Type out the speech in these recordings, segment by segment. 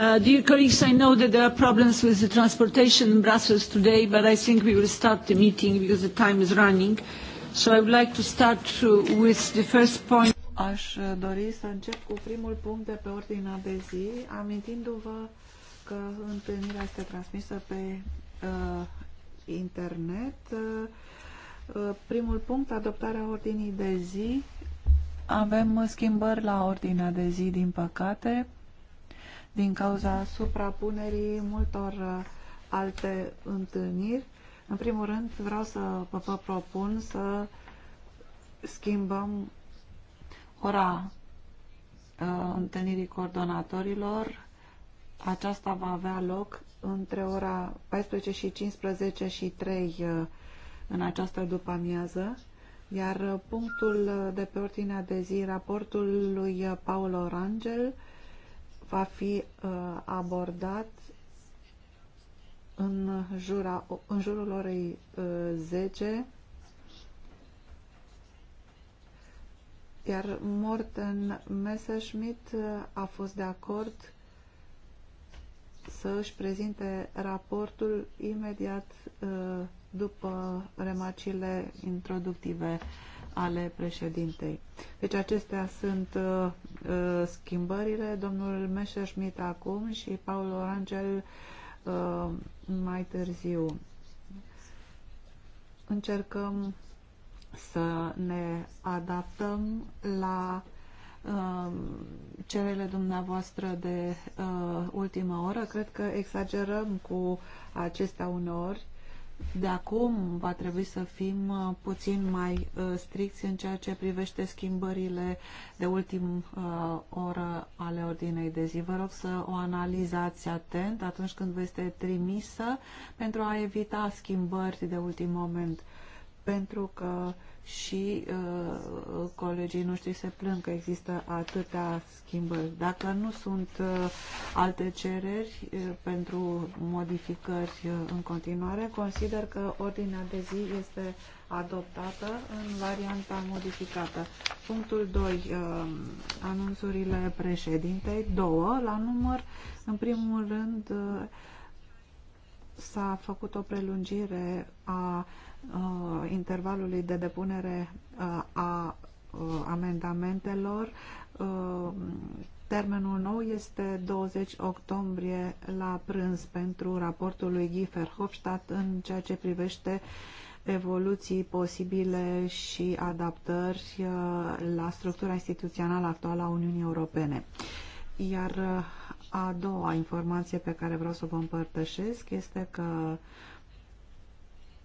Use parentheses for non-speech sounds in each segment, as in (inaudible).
Uh, dear colleagues, I know that there are problems with the transportation in Brussels today, but I think we will start the meeting because the time is running. So I would like to start with the first point. Aș dori să încep cu primul punct de pe ordinea de zi, amintindu-vă că întâlnirea este transmisă pe uh, internet. Uh, primul punct, adoptarea ordinii de zi. Avem schimbări la ordinea de zi, din păcate din cauza suprapunerii multor uh, alte întâlniri. În primul rând, vreau să vă propun să schimbăm ora uh, întâlnirii coordonatorilor. Aceasta va avea loc între ora 14 și 15 și 3 uh, în această după-amiază, iar punctul de pe ordinea de zi, raportul lui Paolo Orangel, va fi uh, abordat în, jura, în jurul orei 10 uh, iar Morten Messerschmidt uh, a fost de acord să își prezinte raportul imediat după remarcile introductive ale președintei. Deci acestea sunt uh, uh, schimbările. Domnul Messerschmidt acum și Paul Orangel uh, mai târziu. Încercăm să ne adaptăm la uh, cerele dumneavoastră de uh, ultimă oră. Cred că exagerăm cu acestea uneori. Uh, de acum va trebui să fim uh, puțin mai uh, stricți în ceea ce privește schimbările de ultim uh, oră ale ordinei de zi. Vă rog să o analizați atent atunci când vă este trimisă pentru a evita schimbări de ultim moment pentru că și uh, colegii noștri se plâng că există atâtea schimbări. Dacă nu sunt uh, alte cereri uh, pentru modificări uh, în continuare, consider că ordinea de zi este adoptată în varianta modificată. Punctul 2. Uh, anunțurile președintei. 2. La număr, în primul rând, uh, s-a făcut o prelungire a uh, uh, intervalului de depunere uh, a uh, amendamentelor. Uh, termenul nou este 20 octombrie la prânz pentru raportul lui Guy Hofstadt în ceea ce privește evoluții posibile și adaptări uh, la structura instituțională actuală a Uniunii Europene. Iar uh, a doua informație pe care vreau să vă împărtășesc este că uh,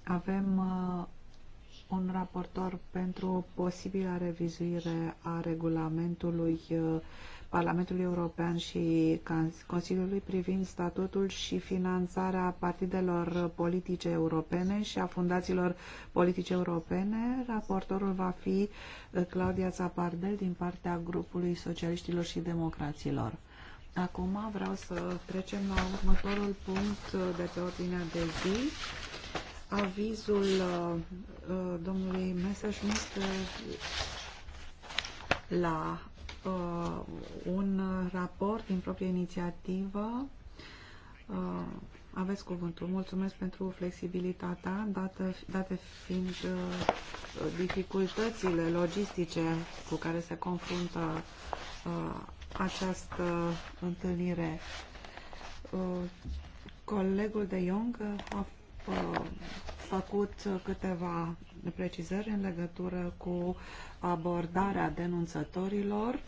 avem uh, un raportor pentru o posibilă revizuire a regulamentului uh, Parlamentului European și Consiliului privind statutul și finanțarea partidelor politice europene și a fundațiilor politice europene. Raportorul va fi uh, Claudia Zapardel din partea grupului socialiștilor și democraților. Acum vreau să trecem la următorul punct uh, de pe ordinea de zi avizul uh, uh, domnului Messerschmitt uh, la uh, un raport din proprie inițiativă. Uh, aveți cuvântul. Mulțumesc pentru flexibilitatea, dată, date fiind uh, dificultățile logistice cu care se confruntă uh, această întâlnire. Uh, colegul de Young a Uh, făcut câteva precizări în legătură cu abordarea denunțătorilor.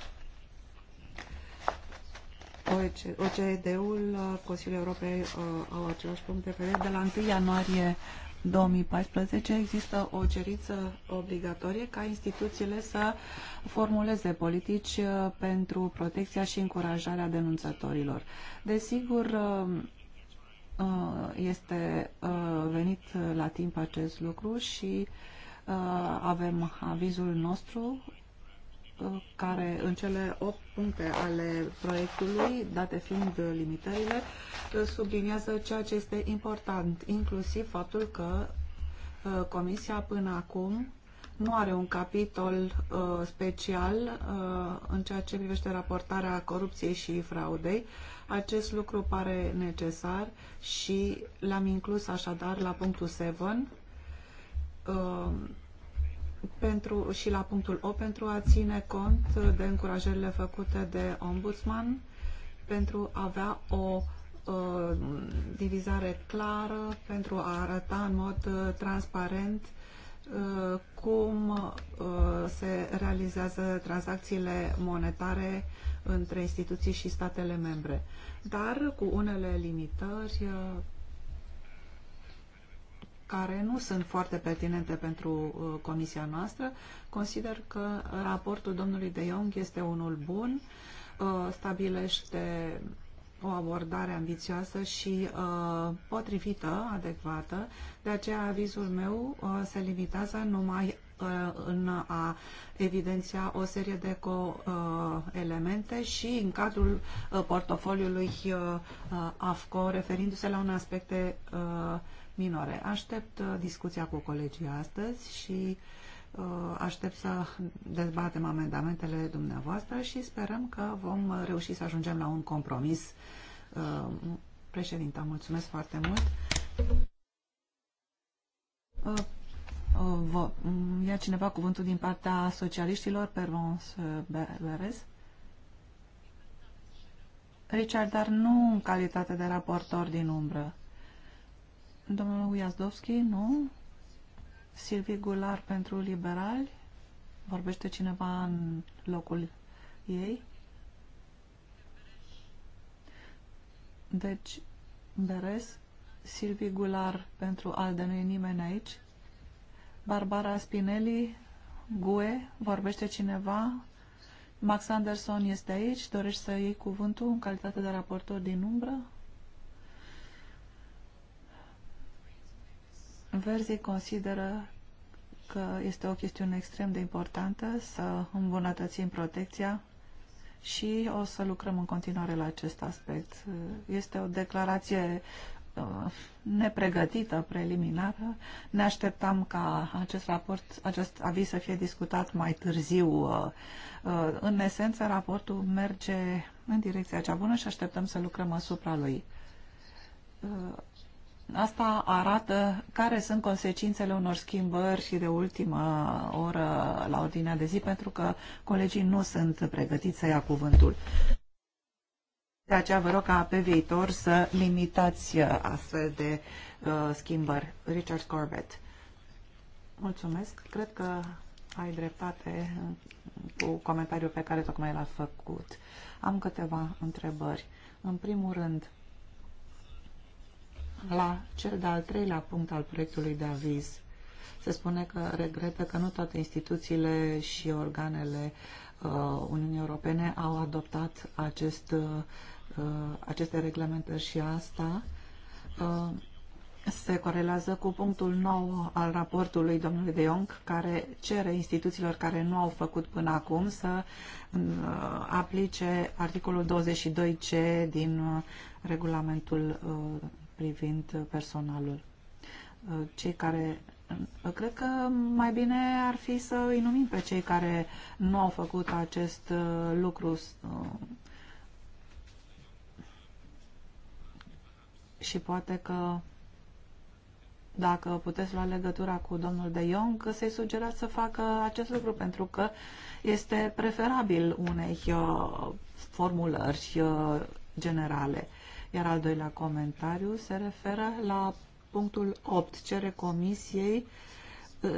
OCD-ul, uh, Consiliul Europei uh, au același punct de vedere. De la 1 ianuarie 2014 există o cerință obligatorie ca instituțiile să formuleze politici pentru protecția și încurajarea denunțătorilor. Desigur, Uh, este uh, venit uh, la timp acest lucru și avem avizul nostru care în cele 8 puncte ale proiectului, date fiind limitările, subliniază ceea ce este important, inclusiv faptul că Comisia până acum nu are un capitol uh, special uh, în ceea ce privește raportarea corupției și fraudei. Acest lucru pare necesar și l-am inclus așadar la punctul 7 uh, pentru, și la punctul 8 pentru a ține cont de încurajările făcute de ombudsman pentru a avea o uh, divizare clară pentru a arăta în mod uh, transparent Uh, cum uh, se realizează tranzacțiile monetare între instituții și statele membre, dar cu unele limitări uh, care nu sunt foarte pertinente pentru comisia noastră. Consider că raportul domnului De Jong este unul bun, stabilește o abordare ambițioasă și uh, potrivită, adecvată. De aceea avizul meu uh, se limitează numai uh, în a evidenția o serie de co-elemente uh, și în cadrul uh, portofoliului uh, AFCO, referindu-se la un aspecte minore. Aștept discuția cu colegii astăzi și uh, Uh, aștept să dezbatem amendamentele dumneavoastră și sperăm că vom reuși să ajungem la un compromis. Uh, președinta, mulțumesc foarte mult. Uh, mm, ia cineva cuvântul din partea socialiștilor, Pervons Berez? Richard, dar nu în calitate de raportor din umbră. Domnul Iazdovski, nu? Silvi Gular pentru liberali. Vorbește cineva în locul ei. Deci, Beres, Silvi Gular pentru ALDE, nu e nimeni aici. Barbara Spinelli, GUE, vorbește cineva. Max Anderson este aici, dorești să iei cuvântul în calitate de raportor din umbră? Verzii consideră că este o chestiune extrem de importantă să îmbunătățim protecția și o să lucrăm în continuare la acest aspect. Este o declarație uh, nepregătită, preliminară. Ne așteptam ca acest raport, acest aviz să fie discutat mai târziu. Uh, uh, în esență, raportul merge în direcția cea bună și așteptăm să lucrăm asupra lui. Asta arată care sunt consecințele unor schimbări și de ultimă oră la ordinea de zi, pentru că colegii nu sunt pregătiți să ia cuvântul. De aceea vă rog ca pe viitor să limitați uh, astfel de uh, schimbări. Richard Corbett. Mulțumesc. Cred că ai dreptate uh, cu comentariul pe care tocmai l-a făcut. Am câteva întrebări. În primul rând, la cel de-al treilea punct al proiectului de aviz. Se spune că regretă că nu toate instituțiile și organele uh, Uniunii Europene au adoptat acest, uh, uh aceste reglementări și asta uh, se corelează cu punctul nou al raportului domnului De Jong, care cere instituțiilor care nu au făcut până acum să uh, aplice articolul 22C din uh, regulamentul privind personalul. Uh, cei care uh, Cred că mai bine ar fi să îi numim pe cei care nu au făcut acest uh, lucru și poate că dacă puteți lua legătura cu domnul De Jong, să-i sugerați să facă acest lucru, pentru că este preferabil unei formulări generale. Iar al doilea comentariu se referă la punctul 8. Cere comisiei uh,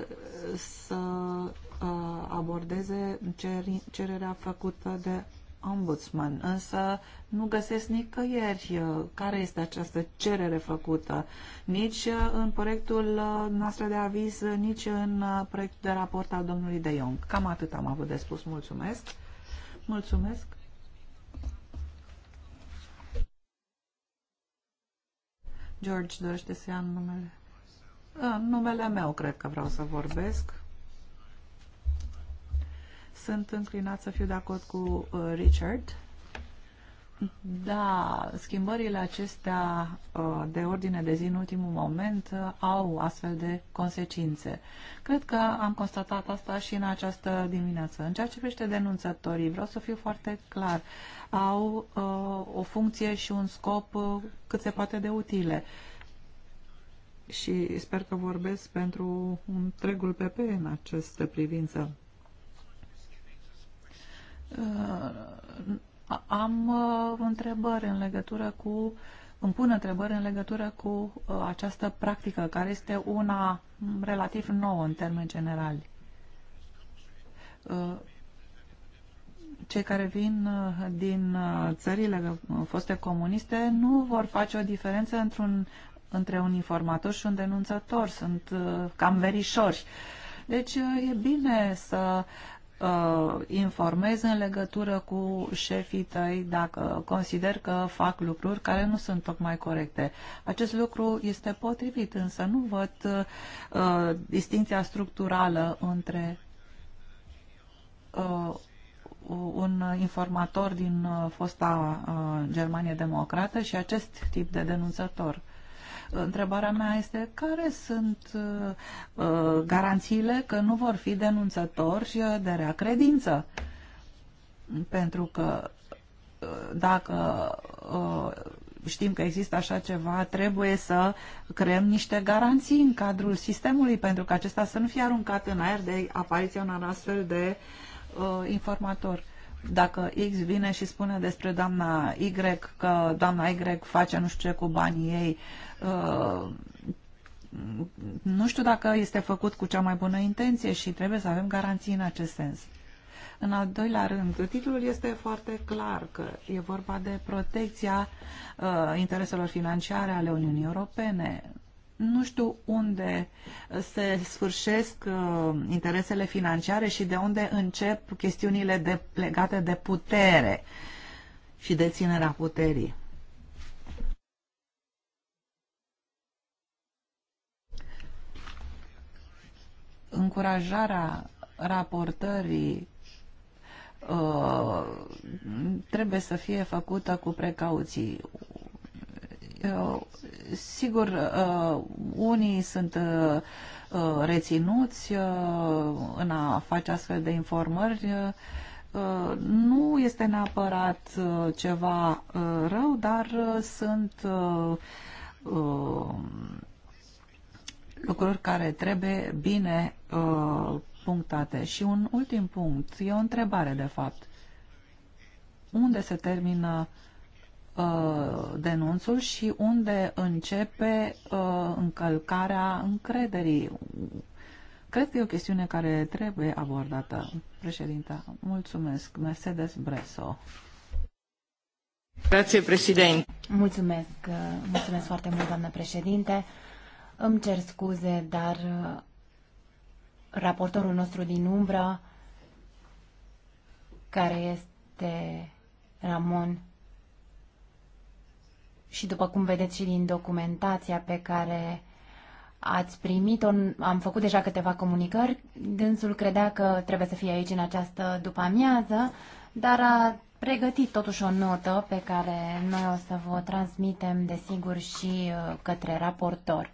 să uh, abordeze cererea făcută de ombudsman, însă nu găsesc nicăieri uh, care este această cerere făcută, nici în proiectul noastră de aviz, nici în proiectul de raport al domnului De Jong. Cam atât am avut de spus. Mulțumesc! Mulțumesc! George dorește să ia numele. În numele meu cred că vreau să vorbesc. Sunt înclinat să fiu de acord cu uh, Richard da, schimbările acestea uh, de ordine de zi în ultimul moment uh, au astfel de consecințe. Cred că am constatat asta și în această dimineață. În ceea ce privește denunțătorii, vreau să fiu foarte clar, au uh, o funcție și un scop cât se poate de utile. Și sper că vorbesc pentru întregul PP în această privință. Uh, am uh, întrebări în legătură cu îmi pun întrebări în legătură cu uh, această practică, care este una relativ nouă în termeni generali. Uh, cei care vin din țările foste comuniste nu vor face o diferență într-un, între un informator și un denunțător. Sunt cam verișori. Deci e bine să uh, informez în legătură cu șefii tăi dacă consider că fac lucruri care nu sunt tocmai corecte. Acest lucru este potrivit, însă nu văd uh, distinția structurală între uh, un informator din uh, fosta uh, Germanie Democrată și acest tip de denunțător. Uh, Întrebarea mea este care sunt uh, uh, garanțiile că nu vor fi denunțători de rea credință? Pentru că uh, dacă uh, știm că există așa ceva, trebuie să creăm niște garanții în cadrul sistemului pentru că acesta să nu fie aruncat în aer de apariția unor astfel de uh, informator. Dacă X vine și spune despre doamna Y că doamna Y face nu știu ce cu banii ei, Uh, nu știu dacă este făcut cu cea mai bună intenție și trebuie să avem garanții în acest sens. În al doilea rând, titlul este foarte clar că e vorba de protecția uh, intereselor financiare ale Uniunii Europene. Nu știu unde se sfârșesc uh, interesele financiare și de unde încep chestiunile de, legate de putere și ținerea puterii. încurajarea raportării uh, trebuie să fie făcută cu precauții. Uh, sigur, uh, unii sunt uh, uh, reținuți uh, în a face astfel de informări. Nu este neapărat ceva rău, dar sunt lucruri care trebuie bine uh, punctate. Și un ultim punct, e o întrebare de fapt. Unde se termină uh, denunțul și unde începe uh, încălcarea încrederii? Cred că e o chestiune care trebuie abordată. Președinta, mulțumesc. Mercedes Breso. Grazie, președinte. Mulțumesc, uh, mulțumesc foarte mult, doamnă președinte. Îmi cer scuze, dar uh, raportorul nostru din umbra, care este Ramon, și după cum vedeți și din documentația pe care ați primit-o, am făcut deja câteva comunicări, dânsul credea că trebuie să fie aici în această după-amiază, dar a pregătit totuși o notă pe care noi o să vă transmitem, desigur, și uh, către raportor.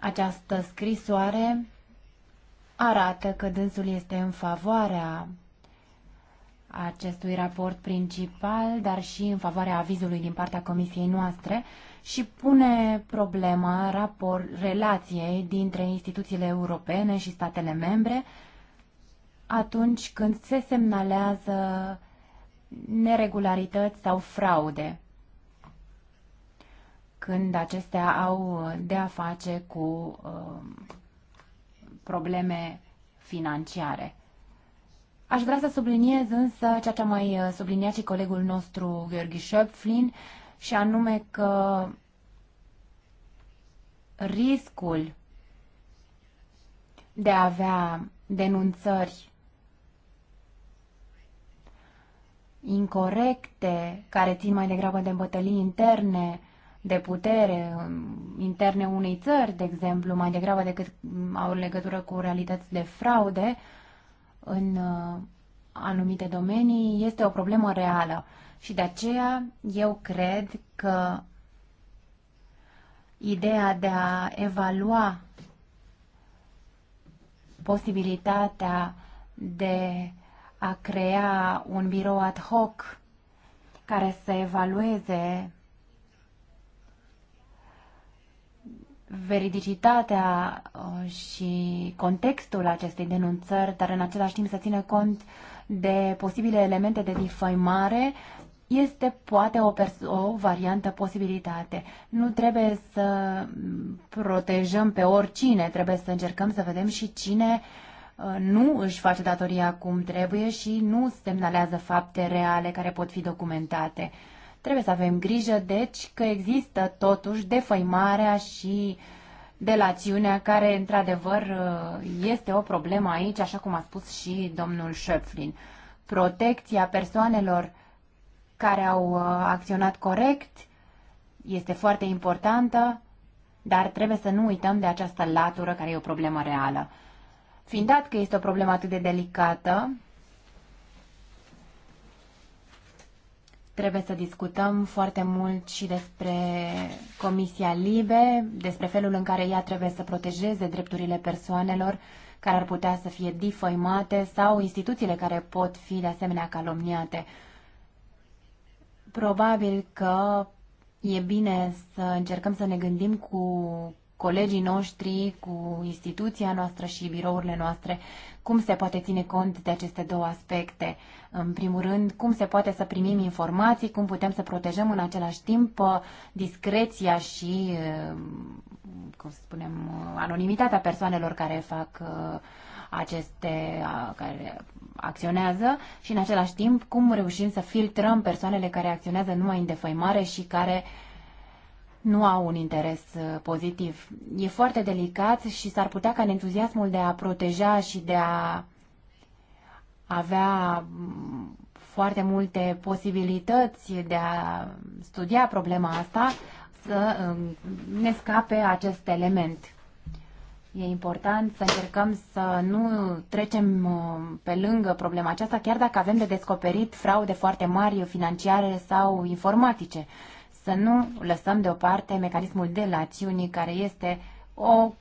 Această scrisoare arată că dânsul este în favoarea acestui raport principal, dar și în favoarea avizului din partea comisiei noastre și pune problema raport, relației dintre instituțiile europene și statele membre atunci când se semnalează neregularități sau fraude când acestea au de a face cu uh, probleme financiare. Aș vrea să subliniez însă ceea ce a mai uh, subliniat și colegul nostru Gheorghe Schöpflin și anume că riscul de a avea denunțări incorrecte, care țin mai degrabă de bătălii interne, de putere um, interne unei țări, de exemplu, mai degrabă decât um, au legătură cu realități de fraude în uh, anumite domenii, este o problemă reală. Și de aceea eu cred că ideea de a evalua posibilitatea de a crea un birou ad hoc care să evalueze veridicitatea uh, și contextul acestei denunțări, dar în același timp să țină cont de posibile elemente de difăimare, este poate o, o variantă posibilitate. Nu trebuie să protejăm pe oricine, trebuie să încercăm să vedem și cine uh, nu își face datoria cum trebuie și nu semnalează fapte reale care pot fi documentate. Trebuie să avem grijă, deci, că există totuși defăimarea și delațiunea care, într-adevăr, uh, este o problemă aici, așa cum a spus și domnul Șöpflin. Protecția persoanelor care au uh, acționat corect este foarte importantă, dar trebuie să nu uităm de această latură care e o problemă reală. Fiind dat că este o problemă atât de delicată, Trebuie să discutăm foarte mult și despre Comisia Libe, despre felul în care ea trebuie să protejeze drepturile persoanelor care ar putea să fie difăimate sau instituțiile care pot fi de asemenea calomniate. Probabil că e bine să încercăm să ne gândim cu colegii noștri, cu instituția noastră și birourile noastre, cum se poate ține cont de aceste două aspecte. În primul rând, cum se poate să primim informații, cum putem să protejăm în același timp uh, discreția și, uh, cum să spunem, uh, anonimitatea persoanelor care fac aceste, care acționează și în același timp cum reușim să filtrăm persoanele care acționează numai în defăimare și care uh, nu au un interes uh, pozitiv. E foarte delicat și s-ar putea ca în entuziasmul de a proteja și de a avea mm, foarte multe posibilități de a studia problema asta, să um, ne scape acest element. E important să încercăm să nu trecem uh, pe lângă problema aceasta, chiar dacă avem de descoperit fraude foarte mari financiare sau informatice să nu lăsăm deoparte mecanismul de delațiunii, care este o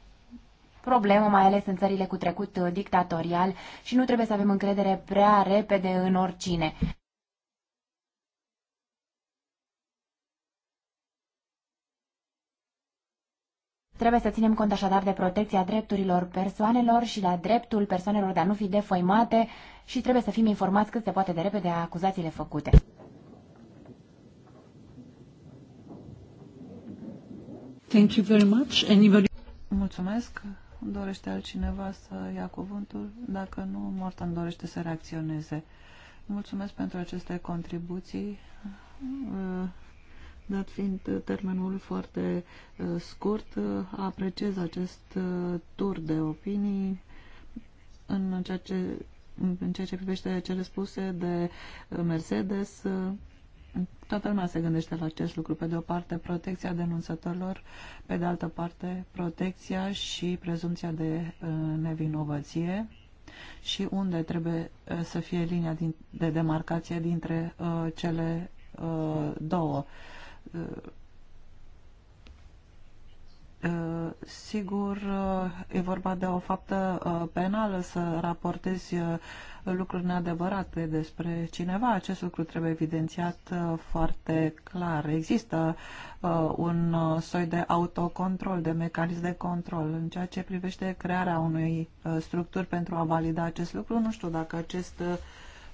problemă, mai ales în țările cu trecut uh, dictatorial și nu trebuie să avem încredere prea repede în oricine. Trebuie să ținem cont așadar de protecția drepturilor persoanelor și la dreptul persoanelor de a nu fi defăimate și trebuie să fim informați cât se poate de repede a acuzațiile făcute. Thank you very much. Anybody... Mulțumesc. Dorește altcineva să ia cuvântul? Dacă nu, Mortan dorește să reacționeze. Mulțumesc pentru aceste contribuții. Uh, dat fiind termenul foarte uh, scurt, uh, apreciez acest tur de opinii în ceea ce, în ceea ce privește cele spuse de Mercedes. Toată lumea se gândește la acest lucru. Pe de o parte, protecția denunțătorilor, pe de altă parte, protecția și prezumția de uh, nevinovăție și unde trebuie uh, să fie linia de demarcație dintre uh, cele două Sigur, e vorba de o faptă penală să raportezi lucruri neadevărate despre cineva. Acest lucru trebuie evidențiat foarte clar. Există un soi de autocontrol, de mecanism de control. În ceea ce privește crearea unui structuri pentru a valida acest lucru, nu știu dacă acest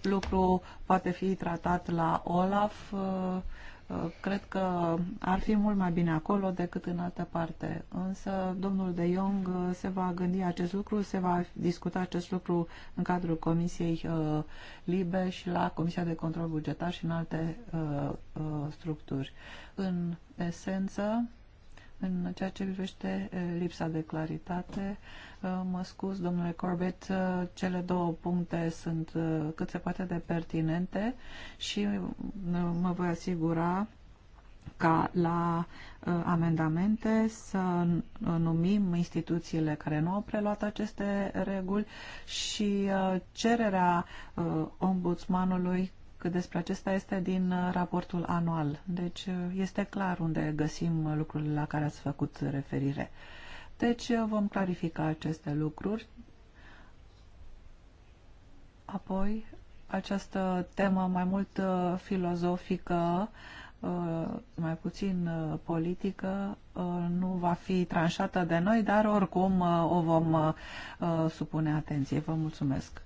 lucru poate fi tratat la OLAF Uh, cred că ar fi mult mai bine acolo decât în altă parte. Însă domnul de Jong uh, se va gândi acest lucru, se va discuta acest lucru în cadrul Comisiei uh, Libe și la Comisia de Control Bugetar și în alte structuri. În esență, în ceea ce privește lipsa de claritate, Mă scuz, domnule Corbett, uh, cele două puncte sunt uh, cât se poate de pertinente și uh, mă voi asigura ca la amendamente să numim instituțiile care nu au preluat aceste reguli și cererea ombudsmanului că despre acesta este din raportul anual. Deci este clar unde găsim lucrurile la care ați făcut referire. Deci uh, vom clarifica aceste lucruri. Apoi, această temă mai mult uh, filozofică, uh, mai puțin politică, nu va fi tranșată de noi, dar oricum o vom supune atenție. Vă mulțumesc.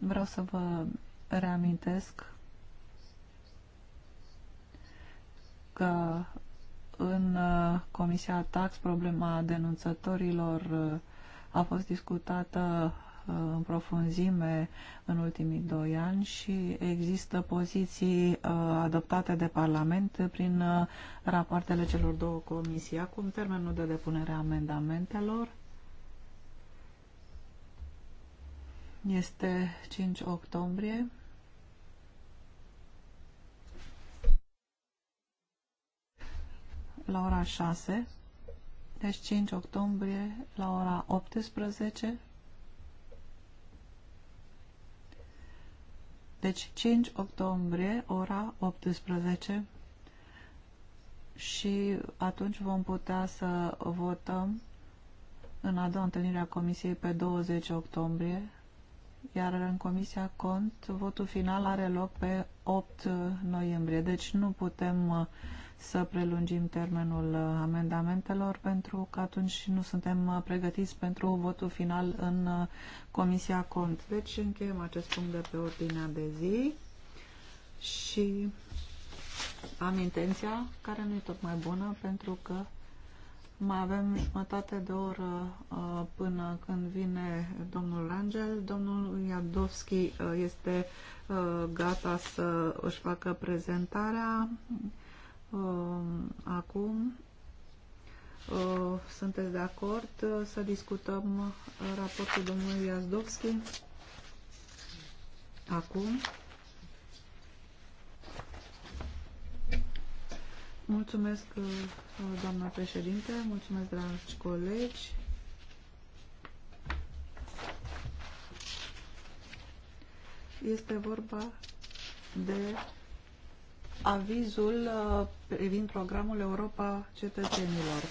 Vreau să vă reamintesc că în uh, Comisia Tax problema denunțătorilor uh, a fost discutată uh, în profunzime în ultimii doi ani și există poziții adoptate de Parlament prin rapoartele celor două comisii. Acum termenul de depunere a amendamentelor este 5 octombrie la ora 6, deci 5 octombrie la ora 18, deci 5 octombrie, ora 18 și atunci vom putea să votăm în a doua întâlnire a Comisiei pe 20 octombrie, iar în Comisia Cont votul final are loc pe 8 noiembrie, deci nu putem uh, să prelungim termenul uh, amendamentelor pentru că atunci nu suntem uh, pregătiți pentru votul final în uh, Comisia Cont. Deci încheiem acest punct de pe ordinea de zi și am intenția care nu e tocmai bună pentru că mai avem jumătate de oră uh, până când vine domnul Rangel. Domnul Iadovski uh, este uh, gata să își facă prezentarea. Ehm, acum ehm, sunteți de acord eh, să discutăm eh, raportul domnului Iazdovski acum. Mulțumesc, eh, doamna președinte, mulțumesc, dragi colegi. Este vorba de avizul uh, privind programul Europa Cetățenilor.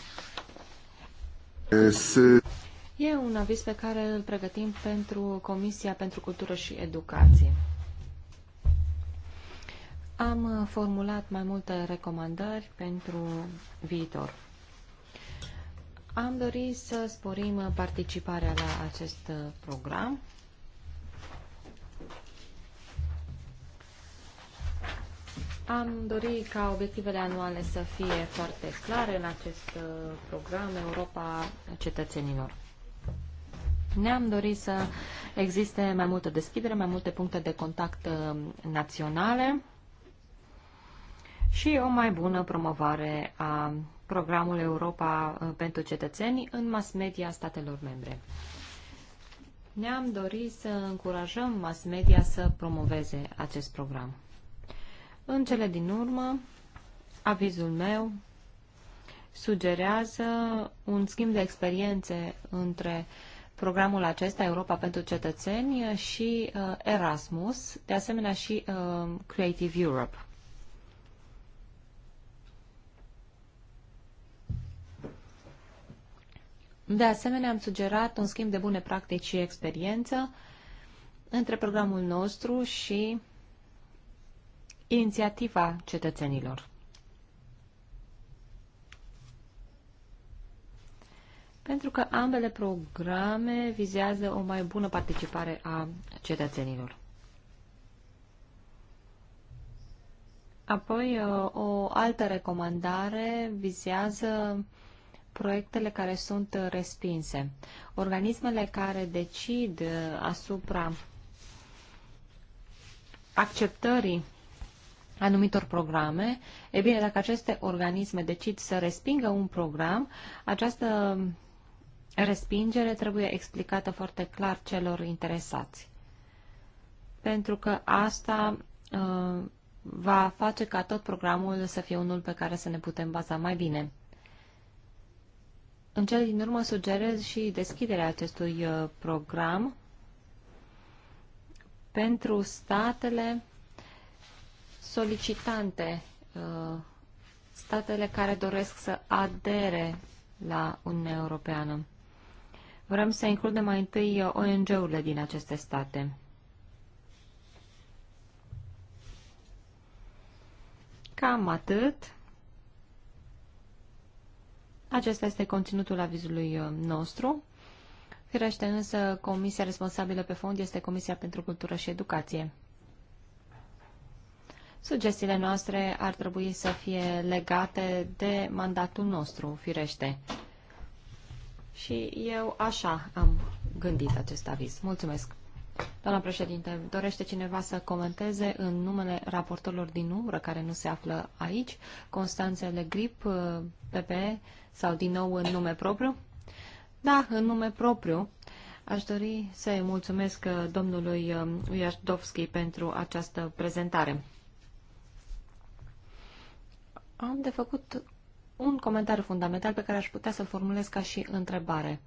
Eh, e un aviz pe care îl pregătim pentru Comisia pentru Cultură și Educație. Am uh, formulat mai multe recomandări pentru viitor. Am dorit să sporim uh, participarea la acest program Am dorit ca obiectivele anuale să fie foarte clare în acest uh, program Europa Cetățenilor. Ne-am dorit să existe mai multă deschidere, mai multe puncte de contact uh, naționale și o mai bună promovare a programului Europa uh, pentru cetățeni în mass media statelor membre. Ne-am dorit să încurajăm mass media să promoveze acest program. În cele din urmă, avizul meu sugerează un schimb de experiențe între programul acesta, Europa pentru cetățeni, și uh, Erasmus, de asemenea și uh, Creative Europe. De asemenea, am sugerat un schimb de bune practici și experiență între programul nostru și uh, inițiativa cetățenilor. Pentru că ambele programe vizează o mai bună participare a cetățenilor. Apoi, uh, o altă recomandare vizează proiectele care sunt respinse. Organismele care decid uh, asupra acceptării anumitor programe, e bine, dacă aceste organisme decid să respingă un program, această respingere trebuie explicată foarte clar celor interesați. Pentru că asta uh, va face ca tot programul să fie unul pe care să ne putem baza mai bine. În cele din urmă sugerez și deschiderea acestui uh, program pentru statele solicitante, uh, statele care doresc să adere la Uniunea Europeană. Vrem să includem mai întâi ONG-urile din aceste state. Cam atât. Acesta este conținutul avizului uh, nostru. Firește însă, comisia responsabilă pe fond este Comisia pentru Cultură și Educație. Sugestiile noastre ar trebui să fie legate de mandatul nostru, firește. Și eu așa am gândit acest aviz. Mulțumesc. Doamna președinte, dorește cineva să comenteze în numele raportorilor din umbră care nu se află aici? Constanțele Grip, PP sau din nou în nume propriu? Da, în nume propriu. Aș dori să-i mulțumesc domnului Uiașdovski pentru această prezentare. Am de făcut un comentariu fundamental pe care aș putea să-l formulez ca și întrebare.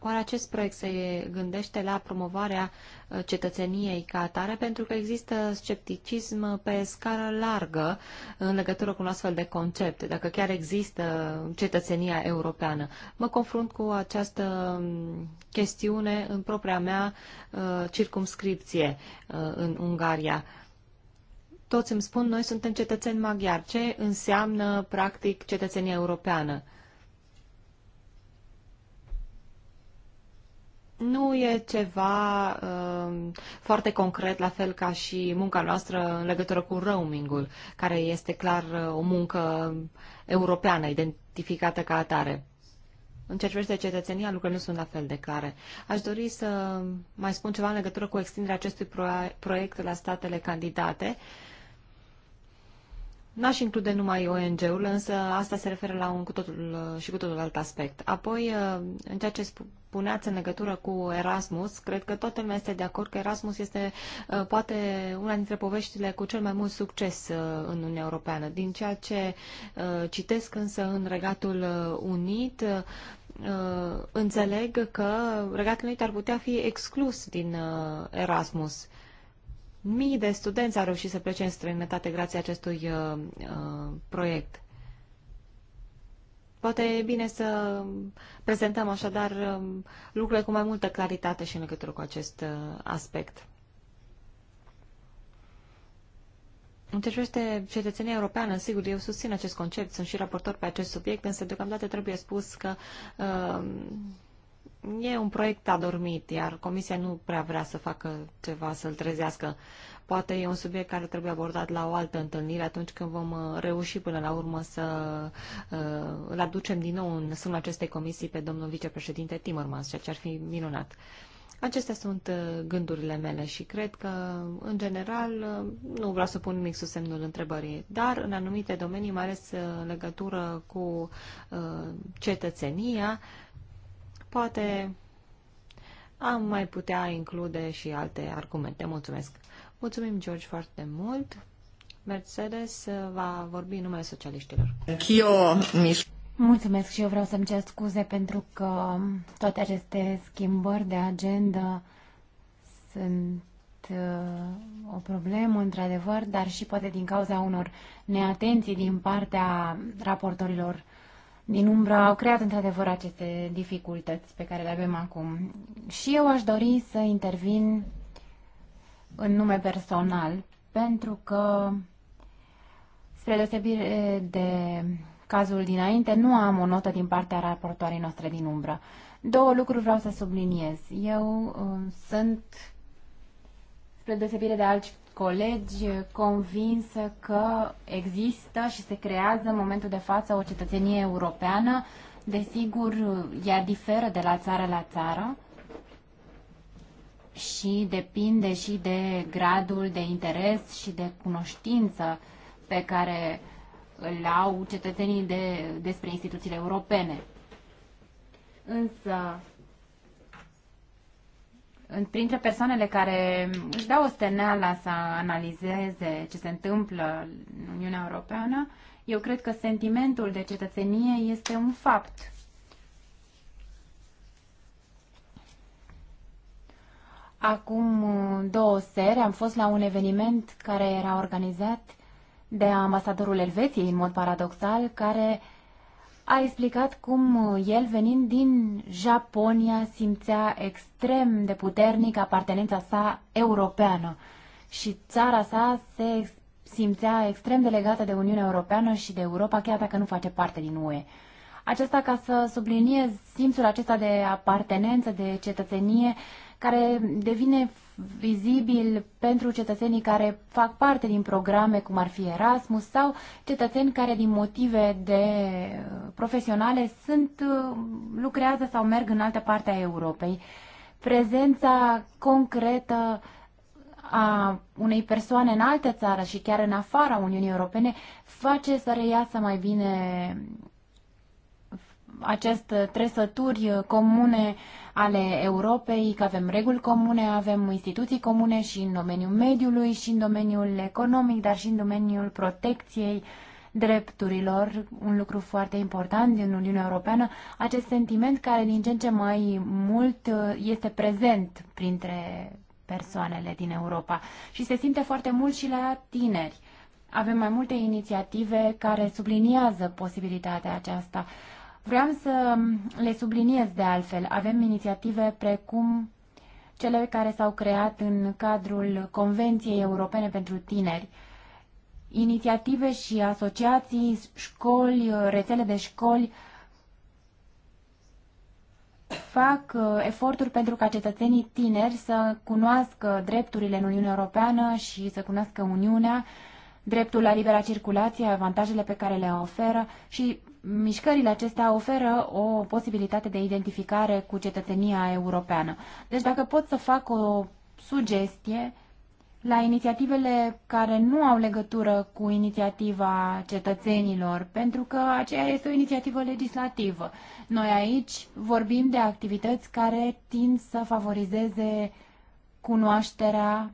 Oare acest proiect se gândește la promovarea uh, cetățeniei ca atare? Pentru că există scepticism pe scară largă în legătură cu un astfel de concept, dacă chiar există cetățenia europeană. Mă confrunt cu această um, chestiune în propria mea uh, circumscripție uh, în Ungaria toți îmi spun, noi suntem cetățeni maghiari. Ce înseamnă, practic, cetățenia europeană? Nu e ceva uh, foarte concret, la fel ca și munca noastră în legătură cu roamingul, care este clar uh, o muncă europeană, identificată ca atare. În ceea ce privește cetățenia, lucrurile nu sunt la fel de clare. Aș dori să mai spun ceva în legătură cu extinderea acestui proiect la statele candidate. Uh, N-aș include numai ONG-ul, însă asta se referă la un cu totul și cu totul alt aspect. Apoi, uh, în ceea ce spuneați în legătură cu Erasmus, cred că toată lumea este de acord că Erasmus este uh, poate una dintre poveștile cu cel mai mult succes uh, în Uniunea Europeană. Din ceea ce citesc însă în Regatul Unit, înțeleg că Regatul Unit ar putea fi exclus din Erasmus Mii de studenți au reușit să plece în străinătate grație acestui uh, uh, proiect. Poate e bine să prezentăm așadar um, lucrurile cu mai multă claritate și în legătură cu acest uh, aspect. În ce privește cetățenia europeană, sigur, eu susțin acest concept, sunt și raportor pe acest subiect, însă deocamdată trebuie spus că uh, E un proiect adormit, iar Comisia nu prea vrea să facă ceva, să-l trezească. Poate e un subiect care trebuie abordat la o altă întâlnire atunci când vom uh, reuși până la urmă să uh, îl aducem din nou în sânul acestei comisii pe domnul vicepreședinte Timmermans, ceea ce ar fi minunat. Acestea sunt uh, gândurile mele și cred că, în general, uh, nu vreau să pun nimic sub semnul întrebării, dar în anumite domenii, mai ales în legătură cu cetățenia, uh, Poate am mai putea include și alte argumente. Mulțumesc! Mulțumim, George, foarte mult! Mercedes uh, va vorbi în numele socialiștilor. Mulțumesc și eu vreau să-mi cer scuze pentru că toate aceste schimbări de agenda sunt uh, o problemă, într-adevăr, dar și poate din cauza unor neatenții din partea raportorilor din umbră au creat într-adevăr aceste dificultăți pe care le avem acum. Și eu aș dori să intervin în nume personal, pentru că, spre deosebire de cazul dinainte, nu am o notă din partea raportoarei noastre din umbră. Două lucruri vreau să subliniez. Eu uh, sunt, spre deosebire de alți colegi convinsă că există și se creează în momentul de față o cetățenie europeană. Desigur, ea diferă de la țară la țară și depinde și de gradul de interes și de cunoștință pe care îl au cetățenii de, despre instituțiile europene. Însă, printre persoanele care își dau o steneală să analizeze ce se întâmplă în Uniunea Europeană, eu cred că sentimentul de cetățenie este un fapt. Acum uh, două seri am fost la un eveniment care era organizat de ambasadorul Elveției, în mod paradoxal, care uh, a explicat cum uh, el, venind din Japonia, simțea extrem de puternic apartenența sa europeană și țara sa se simțea extrem de legată de Uniunea Europeană și de Europa, chiar dacă nu face parte din UE. Acesta ca să subliniez simțul acesta de apartenență, de cetățenie, uh, care devine vizibil pentru cetățenii care fac parte din programe cum ar fi Erasmus sau cetățeni care din motive de uh, profesionale sunt, uh, lucrează sau merg în altă parte a Europei. Prezența concretă a unei persoane în altă țară și chiar în afara Uniunii Europene face să reiasă mai bine aceste uh, tresături uh, comune ale Europei, că avem reguli comune, avem instituții comune și în domeniul mediului, și în domeniul economic, dar și în domeniul protecției drepturilor, un lucru foarte important din Uniunea Europeană, acest sentiment care din ce în ce mai mult uh, este prezent printre persoanele din Europa și se simte foarte mult și la tineri. Avem mai multe inițiative care subliniază posibilitatea aceasta. Vreau să le subliniez de altfel. Avem inițiative precum cele care s-au creat în cadrul Convenției Europene pentru Tineri, inițiative și asociații, școli, rețele de școli fac uh, eforturi pentru ca cetățenii tineri să cunoască drepturile în Uniunea Europeană și să cunoască Uniunea, dreptul la libera circulație, avantajele pe care le oferă și Mișcările acestea oferă o posibilitate de identificare cu cetățenia europeană. Deci dacă pot să fac o sugestie la inițiativele care nu au legătură cu inițiativa cetățenilor, pentru că aceea este o inițiativă legislativă. Noi aici vorbim de activități care tind să favorizeze cunoașterea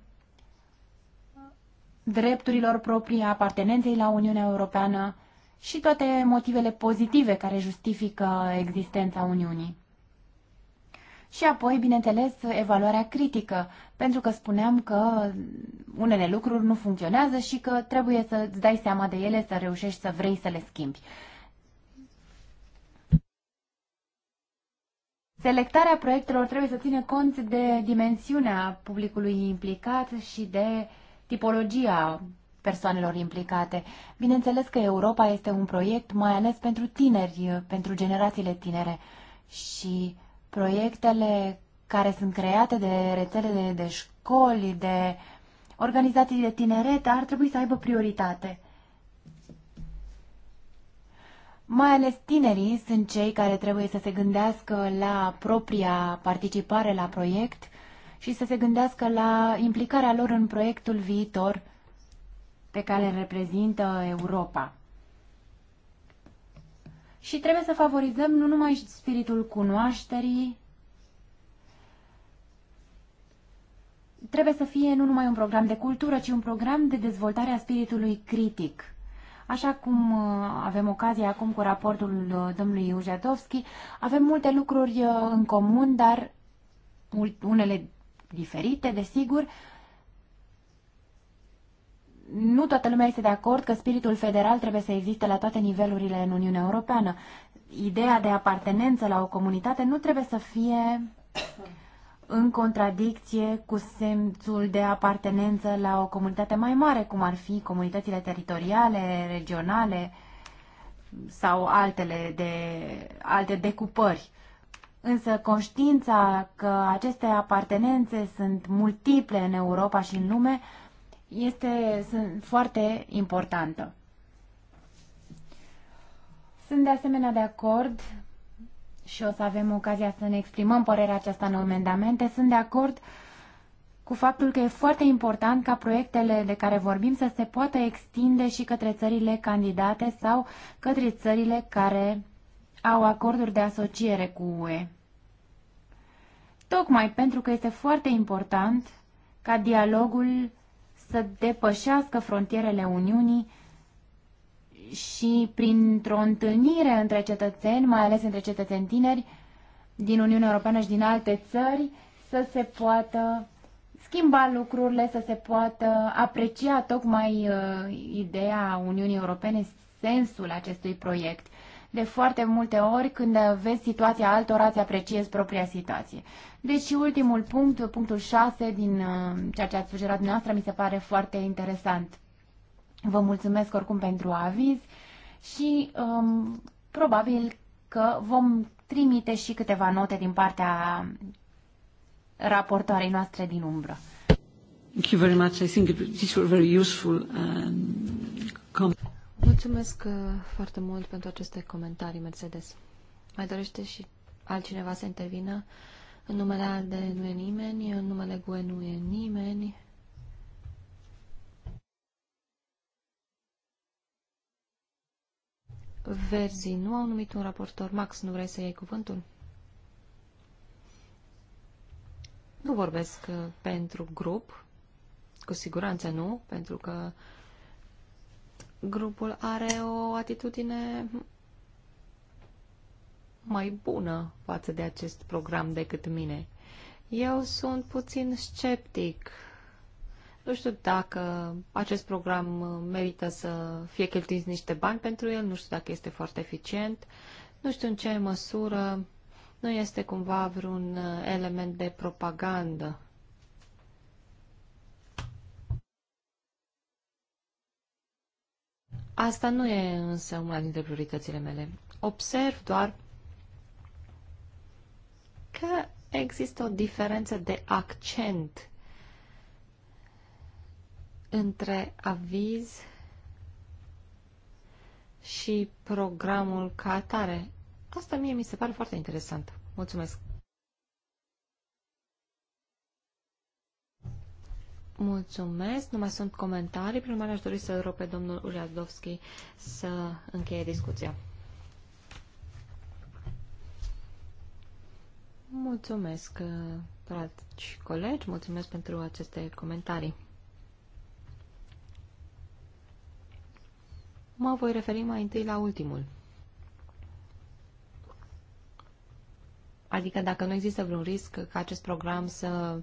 drepturilor proprii, apartenenței la Uniunea Europeană, și toate motivele pozitive care justifică existența Uniunii. Și apoi, bineînțeles, evaluarea critică, pentru că spuneam că unele lucruri nu funcționează și că trebuie să îți dai seama de ele, să reușești să vrei să le schimbi. Selectarea proiectelor trebuie să ține cont de dimensiunea publicului implicat și de tipologia persoanelor implicate. Bineînțeles că Europa este un proiect mai ales pentru tineri, uh, pentru generațiile tinere și proiectele care sunt create de rețele de, de școli, de organizații de tineret, ar trebui să aibă prioritate. Mai ales tinerii sunt cei care trebuie să se gândească la propria participare la proiect și să se gândească la implicarea lor în proiectul viitor – pe care reprezintă Europa. Și trebuie să favorizăm nu numai spiritul cunoașterii, trebuie să fie nu numai un program de cultură, ci un program de dezvoltare a spiritului critic. Așa cum uh, avem ocazia acum cu raportul uh, domnului Ujadovski, avem multe lucruri uh, în comun, dar unele diferite, desigur, nu toată lumea este de acord că spiritul federal trebuie să existe la toate nivelurile în Uniunea Europeană. Ideea de apartenență la o comunitate nu trebuie să fie în contradicție cu semțul de apartenență la o comunitate mai mare, cum ar fi comunitățile teritoriale, regionale sau altele de, alte decupări. Însă conștiința că aceste apartenențe sunt multiple în Europa și în lume este sunt foarte importantă. Sunt de asemenea de acord și o să avem ocazia să ne exprimăm părerea aceasta în amendamente. Sunt de acord cu faptul că e foarte important ca proiectele de care vorbim să se poată extinde și către țările candidate sau către țările care au acorduri de asociere cu UE. Tocmai pentru că este foarte important ca dialogul să depășească frontierele Uniunii și printr-o întâlnire între cetățeni, mai ales între cetățeni tineri din Uniunea Europeană și din alte țări, să se poată schimba lucrurile, să se poată aprecia tocmai uh, ideea Uniunii Europene, sensul acestui proiect de foarte multe ori când vezi situația altora, îți apreciezi propria situație. Deci și ultimul punct, punctul 6 din uh, ceea ce ați sugerat dumneavoastră, mi se pare foarte interesant. Vă mulțumesc oricum pentru aviz și um, probabil că vom trimite și câteva note din partea raportoarei noastre din umbră. Thank you very much. I think these very useful um, Mulțumesc uh, foarte mult pentru aceste comentarii, Mercedes. Mai dorește și altcineva să intervină? În numele de nu e nimeni, în numele GUE nu e nimeni. Verzi nu au numit un raportor. Max, nu vrei să iei cuvântul? Nu vorbesc uh, pentru grup, cu siguranță nu, pentru că grupul are o atitudine mai bună față de acest program decât mine. Eu sunt puțin sceptic. Nu știu dacă acest program merită să fie cheltuiți niște bani pentru el, nu știu dacă este foarte eficient, nu știu în ce măsură nu este cumva vreun element de propagandă Asta nu e însă una dintre prioritățile mele. Observ doar că există o diferență de accent între aviz și programul ca atare. Asta mie mi se pare foarte interesant. Mulțumesc. Mulțumesc, nu mai sunt comentarii. Prin urmare, aș dori să rog pe domnul Uliadovski să încheie discuția. Mulțumesc, dragi colegi, mulțumesc pentru aceste comentarii. Mă voi referi mai întâi la ultimul. Adică dacă nu există vreun risc ca acest program să uh,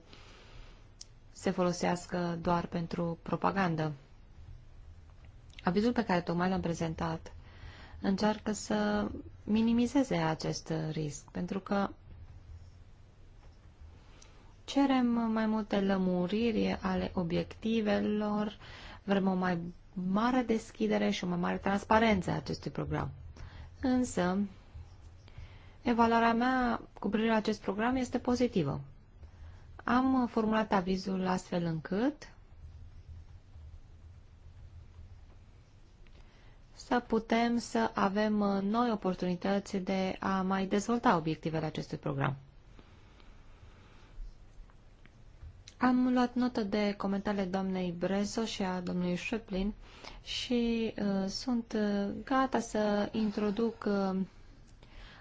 se folosească doar pentru propagandă. Avizul pe care tocmai l-am prezentat încearcă să minimizeze acest risc, pentru că cerem mai multe lămuriri ale obiectivelor, vrem o mai mare deschidere și o mai mare transparență a acestui program. Însă, evaluarea mea cu privire la acest program este pozitivă. Am formulat avizul astfel încât să putem să avem uh, noi oportunități de a mai dezvolta obiectivele acestui program. Am luat notă de comentariile doamnei Brezo și a domnului Șeplin și uh, sunt uh, gata să introduc uh,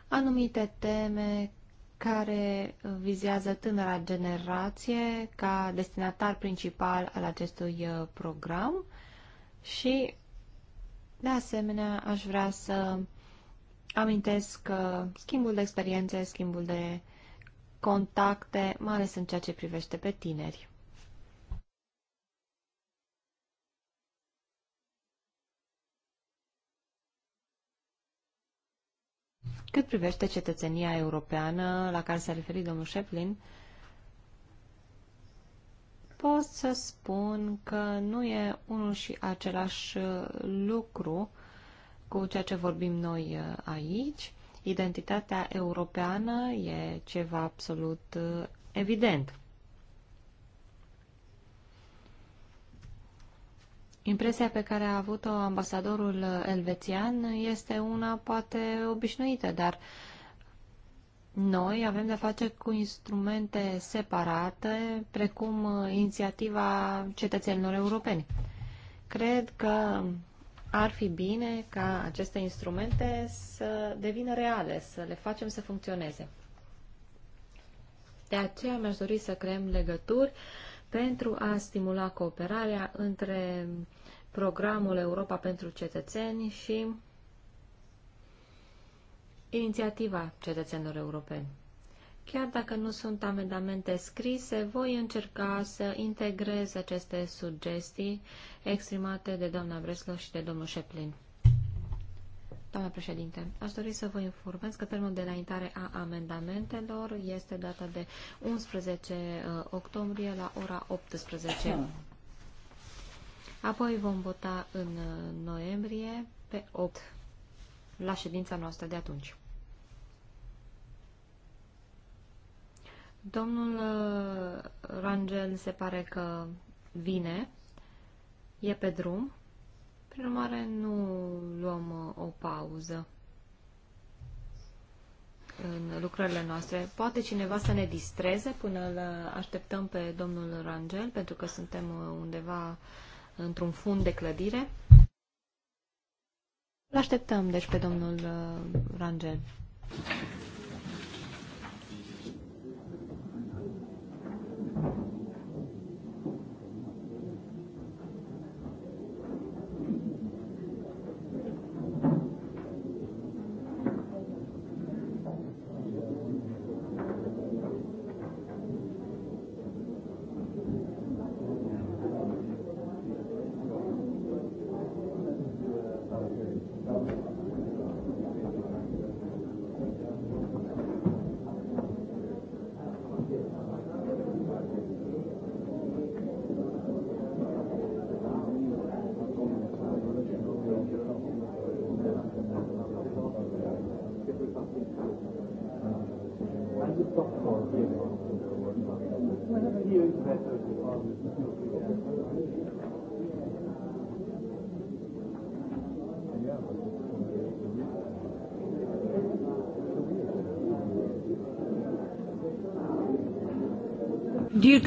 anumite teme care uh, vizează tânăra generație ca destinatar principal al acestui uh, program și, de asemenea, aș vrea să amintesc uh, schimbul de experiențe, schimbul de contacte, mai ales în ceea ce privește pe tineri. Cât privește cetățenia europeană la care s-a referit domnul Sheplin, pot să spun că nu e unul și același uh, lucru cu ceea ce vorbim noi uh, aici. Identitatea europeană e ceva absolut uh, evident. Impresia pe care a avut-o ambasadorul elvețian este una poate obișnuită, dar noi avem de face cu instrumente separate, precum uh, inițiativa cetățenilor europeni. Cred că ar fi bine ca aceste instrumente să devină reale, să le facem să funcționeze. De aceea mi-aș dori să creăm legături uh, pentru a stimula cooperarea între programul Europa pentru cetățeni și inițiativa cetățenilor europeni. Chiar dacă nu sunt amendamente scrise, voi încerca să integrez aceste sugestii exprimate de doamna Breslo și de domnul Șeplin. Doamna președinte, aș dori să vă informez că termenul de înaintare a amendamentelor este data de 11 uh, octombrie la ora 18. Apoi vom vota în uh, noiembrie pe 8 la ședința noastră de atunci. Domnul uh, Rangel se pare că vine, e pe drum. Prin urmare, nu luăm uh, o pauză în lucrările noastre. Poate cineva să ne distreze până îl așteptăm pe domnul Rangel, pentru că suntem uh, undeva într-un fund de clădire. Îl așteptăm, deci, pe domnul uh, Rangel. Thank you.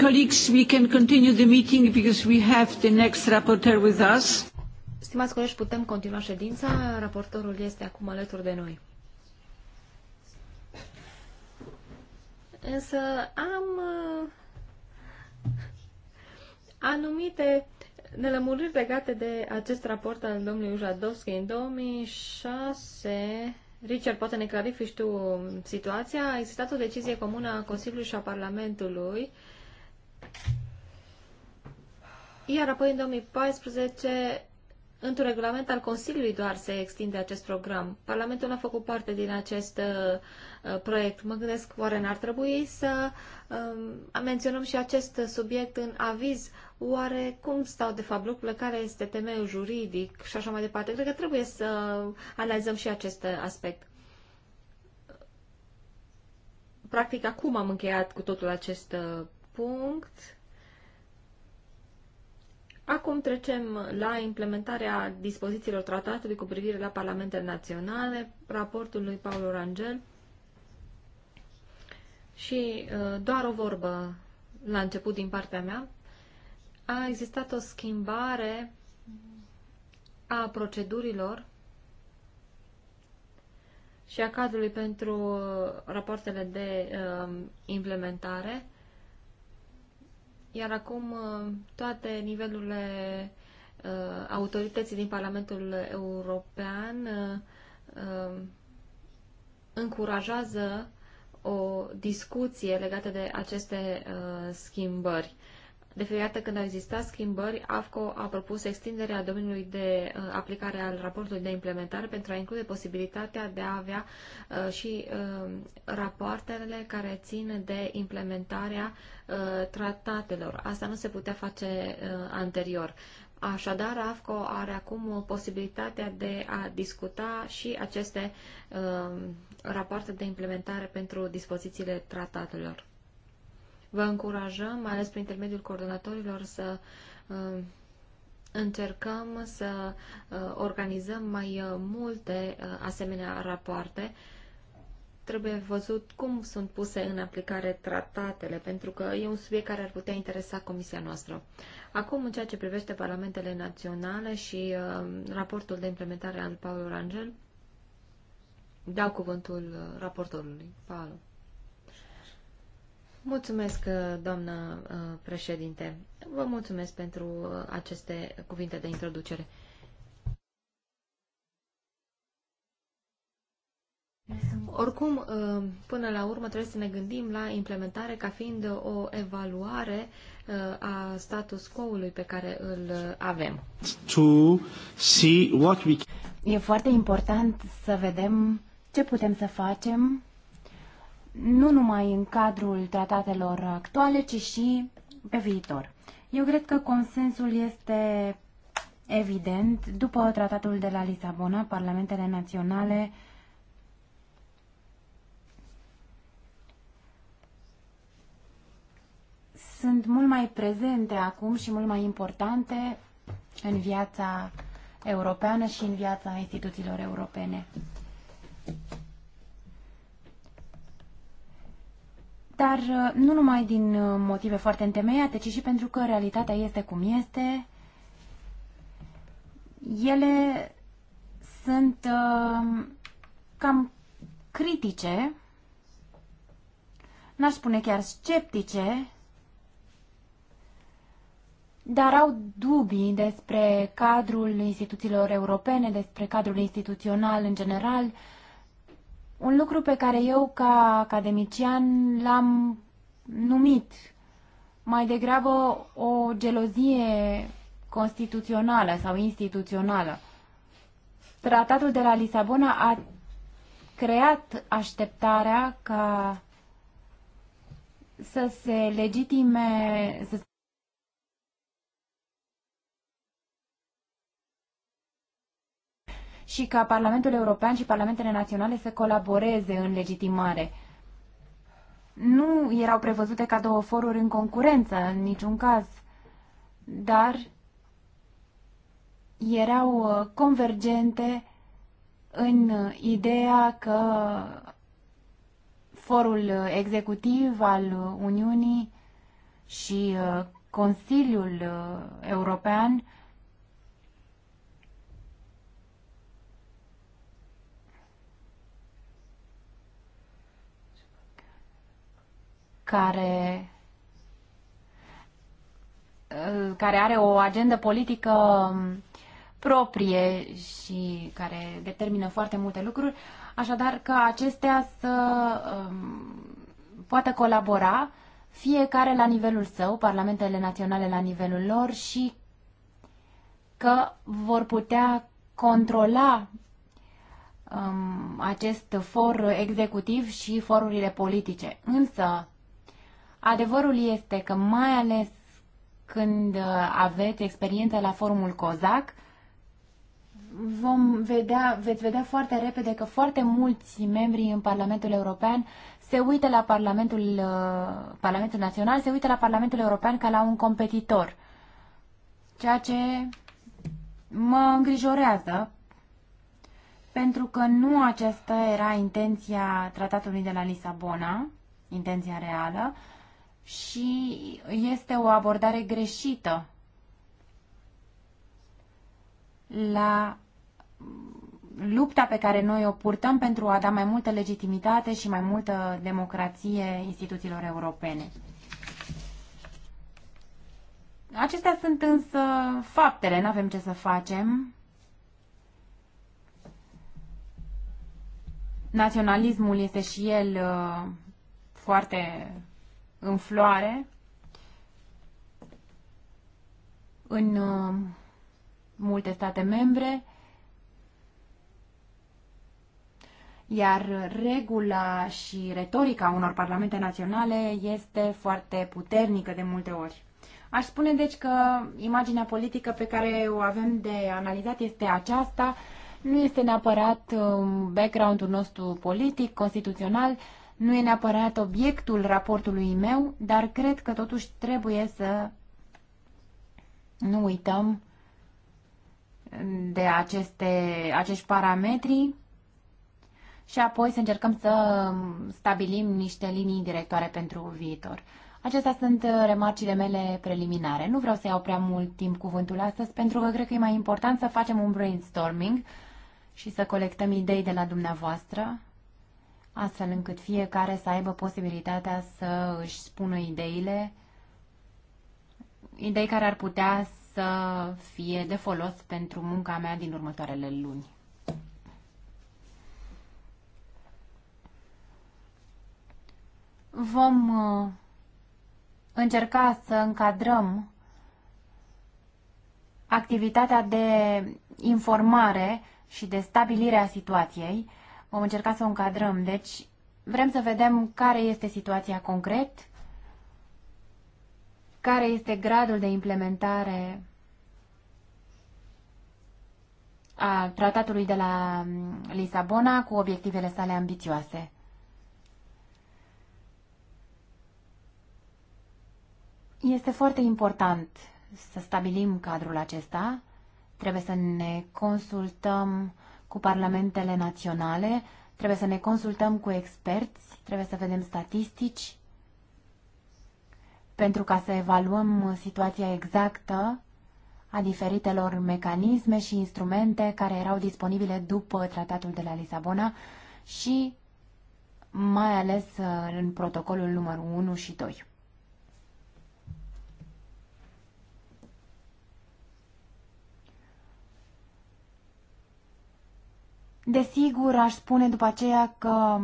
colleagues, we can continue the meeting because we have the next rapporteur with us. Stimați colegi, putem continua ședința. Raportorul este acum alături de noi. Însă am uh, anumite nelămuriri legate de acest raport al domnului Ujadovski. În 2006 Richard, poate ne clarifici tu situația. A existat o decizie comună a Consiliului și a Parlamentului iar apoi, în 2014, într-un regulament al Consiliului doar se extinde acest program. Parlamentul a făcut parte din acest uh, uh, proiect. Mă gândesc, oare n-ar trebui să uh, menționăm și acest subiect în aviz? Oare cum stau de fapt lucrurile? Care este temeiul juridic și așa mai departe? Cred că trebuie să analizăm și acest aspect. Practic, acum am încheiat cu totul acest uh, punct. Acum trecem la implementarea dispozițiilor tratatului cu privire la parlamentele naționale, raportul lui Paul Rangel. Și uh, doar o vorbă la început din partea mea. A existat o schimbare a procedurilor și a cadrului pentru uh, rapoartele de uh, implementare. Iar acum uh, toate nivelurile uh, autorității din Parlamentul European uh, încurajează o discuție legată de aceste schimbări. De fiecare dată când au existat schimbări, AFCO a propus extinderea domeniului de uh, aplicare al raportului de implementare pentru a include posibilitatea de a avea uh, și uh, rapoartele care țin de implementarea tratatelor. Asta nu se putea face anterior. Așadar, AFCO are acum posibilitatea de a discuta și aceste uh, rapoarte de implementare pentru dispozițiile tratatelor. Vă încurajăm, mai ales prin intermediul coordonatorilor, să uh, încercăm să uh, organizăm mai uh, multe asemenea rapoarte. Trebuie văzut cum sunt puse în aplicare tratatele, pentru că e un subiect care ar putea interesa comisia noastră. Acum, în ceea ce privește parlamentele naționale și uh, raportul de implementare al Paolo Rangel, dau cuvântul raportorului. Paolo. Mulțumesc, uh, doamnă uh, președinte. Vă mulțumesc pentru uh, aceste cuvinte de introducere. Oricum, până la urmă trebuie să ne gândim la implementare ca fiind o evaluare a status quo-ului pe care îl avem. To see what we... E foarte important să vedem ce putem să facem nu numai în cadrul tratatelor actuale, ci și pe viitor. Eu cred că consensul este evident. După tratatul de la Lisabona, parlamentele naționale sunt mult mai prezente acum și mult mai importante în viața europeană și în viața instituțiilor europene. Dar uh, nu numai din uh, motive foarte întemeiate, ci și pentru că realitatea este cum este, ele sunt uh, cam critice, n-aș spune chiar sceptice, dar au dubii despre cadrul instituțiilor europene, despre cadrul instituțional în general, uh, un lucru pe care eu, ca academician, l-am numit mai degrabă o gelozie constituțională sau instituțională. Tratatul de la Lisabona a creat așteptarea ca să se legitime, să și ca Parlamentul European și Parlamentele Naționale să colaboreze în legitimare. Nu erau prevăzute ca două foruri în concurență, în niciun caz, dar erau uh, convergente în uh, ideea că forul uh, executiv al Uniunii și Consiliul European care uh, care are o agendă politică um, proprie și care determină foarte multe lucruri, așadar că acestea să um, poată colabora fiecare la nivelul său, parlamentele naționale la nivelul lor și că vor putea controla um, acest for executiv și forurile politice. Însă, Adevărul este că mai ales când uh, aveți experiență la forumul COZAC, vom vedea, veți vedea foarte repede că foarte mulți membri în Parlamentul European se uită la Parlamentul, uh, Parlamentul Național, se uită la Parlamentul European ca la un competitor. Ceea ce mă îngrijorează, pentru că nu aceasta era intenția tratatului de la Lisabona, intenția reală, și este o abordare greșită la lupta pe care noi o purtăm pentru a da mai multă legitimitate și mai multă democrație instituțiilor europene. Acestea sunt însă faptele, nu avem ce să facem. Naționalismul este și el uh, foarte în floare în uh, multe state membre, iar regula și retorica unor parlamente naționale este foarte puternică de multe ori. Aș spune deci că imaginea politică pe care o avem de analizat este aceasta, nu este neapărat um, background-ul nostru politic, constituțional, nu e neapărat obiectul raportului meu, dar cred că totuși trebuie să nu uităm de aceste, acești parametri și apoi să încercăm să stabilim niște linii directoare pentru viitor. Acestea sunt remarcile mele preliminare. Nu vreau să iau prea mult timp cuvântul astăzi, pentru că cred că e mai important să facem un brainstorming și să colectăm idei de la dumneavoastră astfel încât fiecare să aibă posibilitatea să își spună ideile, idei care ar putea să fie de folos pentru munca mea din următoarele luni. Vom uh, încerca să încadrăm activitatea de informare și de stabilire a situației Vom încerca să o încadrăm. Deci, vrem să vedem care este situația concret, care este gradul de implementare a tratatului de la mm, Lisabona cu obiectivele sale ambițioase. Este foarte important să stabilim cadrul acesta. Trebuie să ne consultăm cu parlamentele naționale, trebuie să ne consultăm cu experți, trebuie să vedem statistici pentru ca să evaluăm situația exactă a diferitelor mecanisme și instrumente care erau disponibile după tratatul de la Lisabona și mai ales uh, în protocolul numărul 1 și 2. Desigur, aș spune după aceea că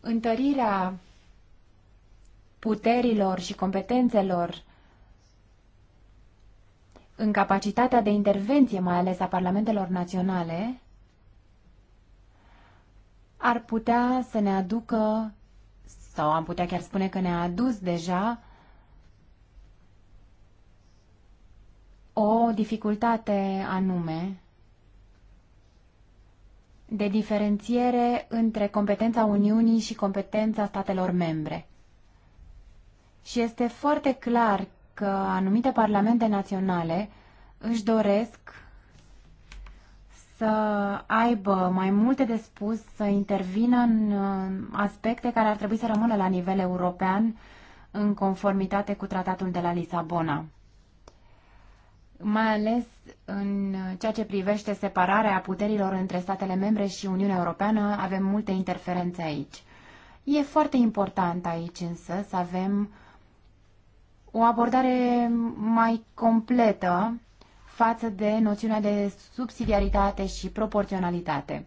întărirea puterilor și competențelor în capacitatea de intervenție, mai ales a parlamentelor naționale, ar putea să ne aducă, sau am putea chiar spune că ne-a adus deja, o dificultate anume de diferențiere între competența Uniunii și competența statelor membre. Și este foarte clar că anumite parlamente naționale își doresc să aibă mai multe de spus, să intervină în aspecte care ar trebui să rămână la nivel european în conformitate cu tratatul de la Lisabona mai ales în ceea ce privește separarea puterilor între statele membre și Uniunea Europeană, avem multe interferențe aici. E foarte important aici însă să avem o abordare mai completă față de noțiunea de subsidiaritate și proporționalitate.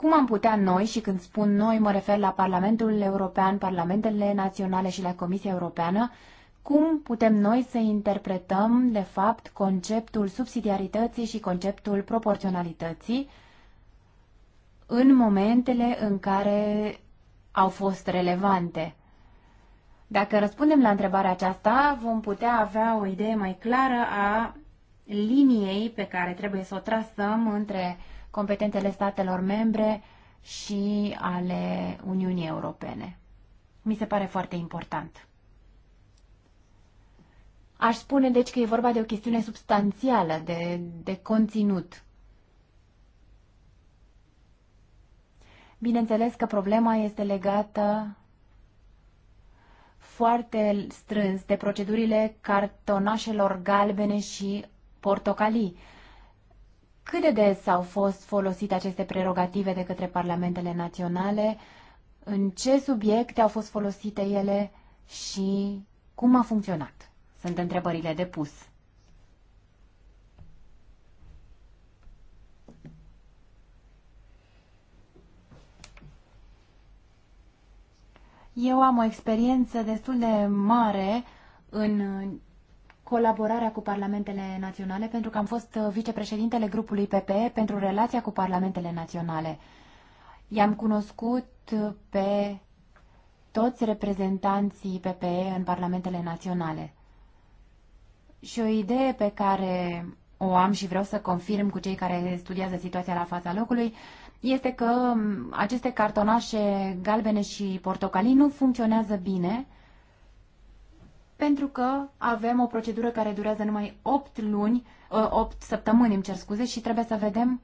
Cum am putea noi, și când spun noi, mă refer la Parlamentul European, Parlamentele Naționale și la Comisia Europeană, cum putem noi să interpretăm, de fapt, conceptul subsidiarității și conceptul proporționalității în momentele în care au fost relevante? Dacă răspundem la întrebarea aceasta, vom putea avea o idee mai clară a liniei pe care trebuie să o trasăm între competențele statelor membre și ale Uniunii Europene. Mi se pare foarte important. Aș spune, deci, că e vorba de o chestiune substanțială, de, de conținut. Bineînțeles că problema este legată foarte strâns de procedurile cartonașelor galbene și portocalii. Cât de des au fost folosite aceste prerogative de către parlamentele naționale? În ce subiecte au fost folosite ele și cum a funcționat? Sunt întrebările de pus. Eu am o experiență destul de mare în colaborarea cu parlamentele naționale, pentru că am fost uh, vicepreședintele grupului PPE pentru relația cu parlamentele naționale. I-am cunoscut uh, pe toți reprezentanții PPE în parlamentele naționale. Și o idee pe care o am și vreau să confirm cu cei care studiază situația la fața locului este că um, aceste cartonașe galbene și portocalii nu funcționează bine pentru că avem o procedură care durează numai 8 luni, 8 uh, săptămâni, îmi cer scuze, și trebuie să vedem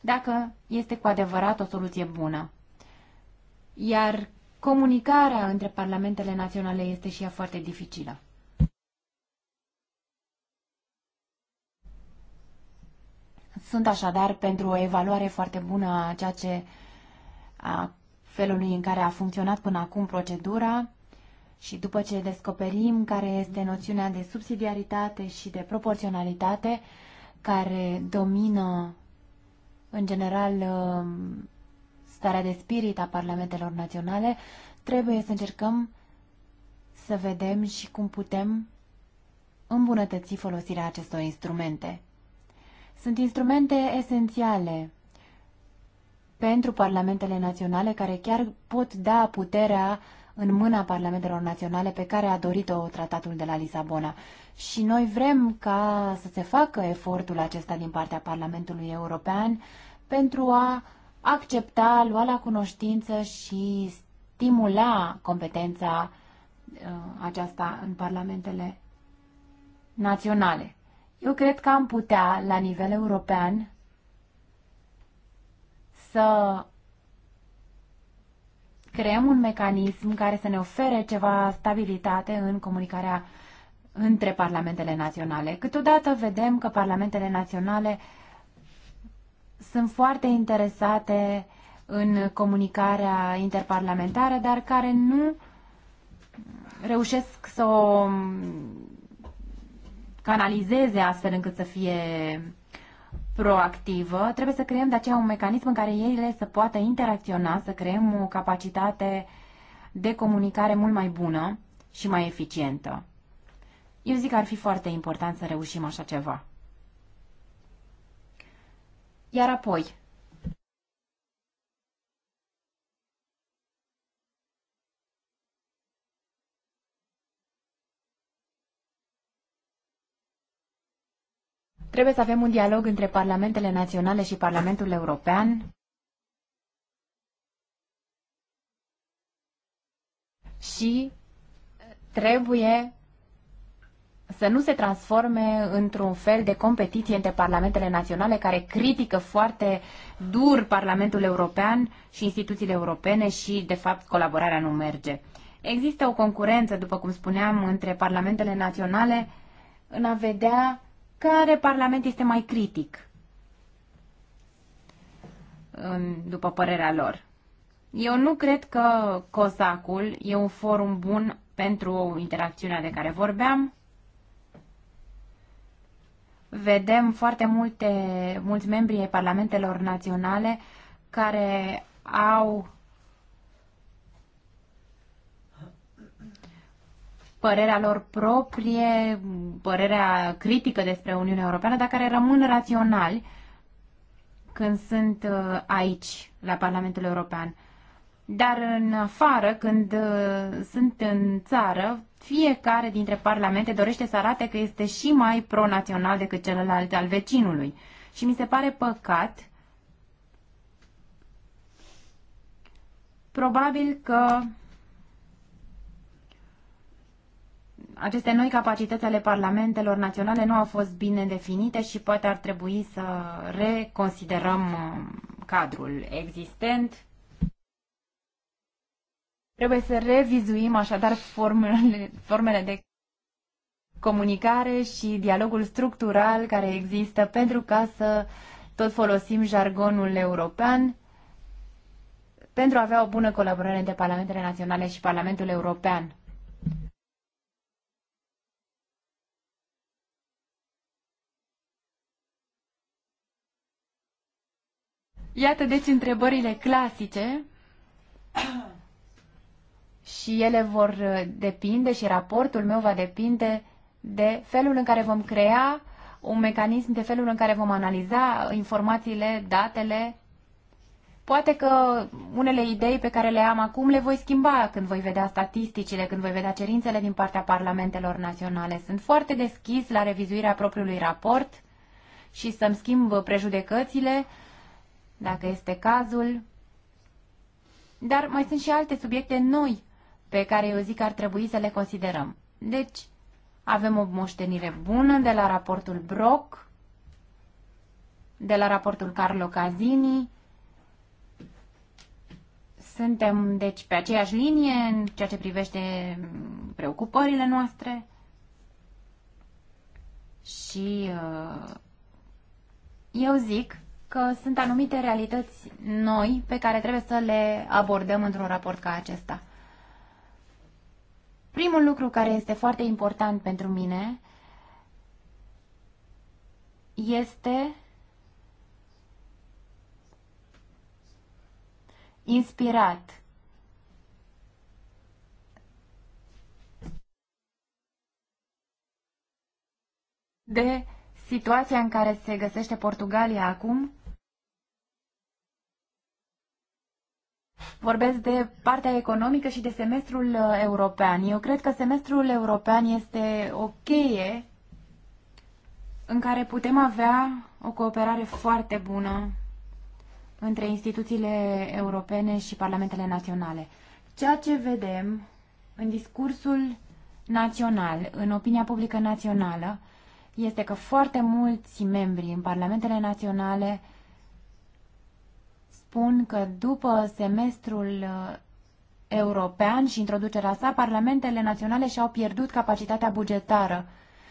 dacă este cu adevărat o soluție bună. Iar comunicarea între parlamentele naționale este și ea foarte dificilă. Sunt așadar pentru o evaluare foarte bună a ceea ce a felului în care a funcționat până acum procedura, și după ce descoperim care este noțiunea de subsidiaritate și de proporționalitate care domină în general um, starea de spirit a parlamentelor naționale, trebuie să încercăm să vedem și cum putem îmbunătăți folosirea acestor instrumente. Sunt instrumente esențiale pentru parlamentele naționale care chiar pot da puterea uh, în mâna parlamentelor naționale pe care a dorit-o tratatul de la Lisabona. Și noi vrem ca să se facă efortul acesta din partea Parlamentului European pentru a accepta, lua la cunoștință și stimula competența uh, aceasta în parlamentele naționale. Eu cred că am putea, la nivel european, să creăm un mecanism care să ne ofere ceva stabilitate în comunicarea între parlamentele naționale. Câteodată vedem că parlamentele naționale sunt foarte interesate în comunicarea interparlamentară, dar care nu reușesc să o canalizeze astfel încât să fie proactivă, trebuie să creăm de aceea un mecanism în care ele să poată interacționa, să creăm o capacitate de comunicare mult mai bună și mai eficientă. Eu zic că ar fi foarte important să reușim așa ceva. Iar apoi, Trebuie să avem un dialog între parlamentele naționale și Parlamentul European și trebuie să nu se transforme într-un fel de competiție între parlamentele naționale care critică foarte dur Parlamentul European și instituțiile europene și, de fapt, colaborarea nu merge. Există o concurență, după cum spuneam, între parlamentele naționale în a vedea care Parlament este mai critic, în, după părerea lor. Eu nu cred că COSAC-ul e un forum bun pentru interacțiunea de care vorbeam. Vedem foarte multe, mulți membri ai parlamentelor naționale care au părerea lor proprie, părerea critică despre Uniunea Europeană, dar care rămân raționali când sunt uh, aici, la Parlamentul European. Dar în afară, când uh, sunt în țară, fiecare dintre parlamente dorește să arate că este și mai pro-național decât celălalt al vecinului. Și mi se pare păcat probabil că aceste noi capacități ale parlamentelor naționale nu au fost bine definite și poate ar trebui să reconsiderăm uh, cadrul existent. Trebuie să revizuim așadar formele, formele de comunicare și dialogul structural care există pentru ca să tot folosim jargonul european pentru a avea o bună colaborare între Parlamentele Naționale și Parlamentul European. Iată deci întrebările clasice (clears throat) și ele vor uh, depinde și raportul meu va depinde de felul în care vom crea un mecanism, de felul în care vom analiza informațiile, datele. Poate că unele idei pe care le am acum le voi schimba când voi vedea statisticile, când voi vedea cerințele din partea parlamentelor naționale. Sunt foarte deschis la revizuirea propriului raport și să-mi schimb prejudecățile dacă este cazul. Dar mai sunt și alte subiecte noi pe care eu zic că ar trebui să le considerăm. Deci, avem o moștenire bună de la raportul Brock, de la raportul Carlo Casini. Suntem, deci, pe aceeași linie în ceea ce privește preocupările noastre și uh, eu zic că sunt anumite realități noi pe care trebuie să le abordăm într-un raport ca acesta. Primul lucru care este foarte important pentru mine este inspirat. De situația în care se găsește Portugalia acum Vorbesc de partea economică și de semestrul uh, european. Eu cred că semestrul european este o cheie în care putem avea o cooperare foarte bună între instituțiile europene și parlamentele naționale. Ceea ce vedem în discursul național, în opinia publică națională, este că foarte mulți membri în parlamentele naționale spun că după semestrul uh, european și introducerea sa, parlamentele naționale și-au pierdut capacitatea bugetară.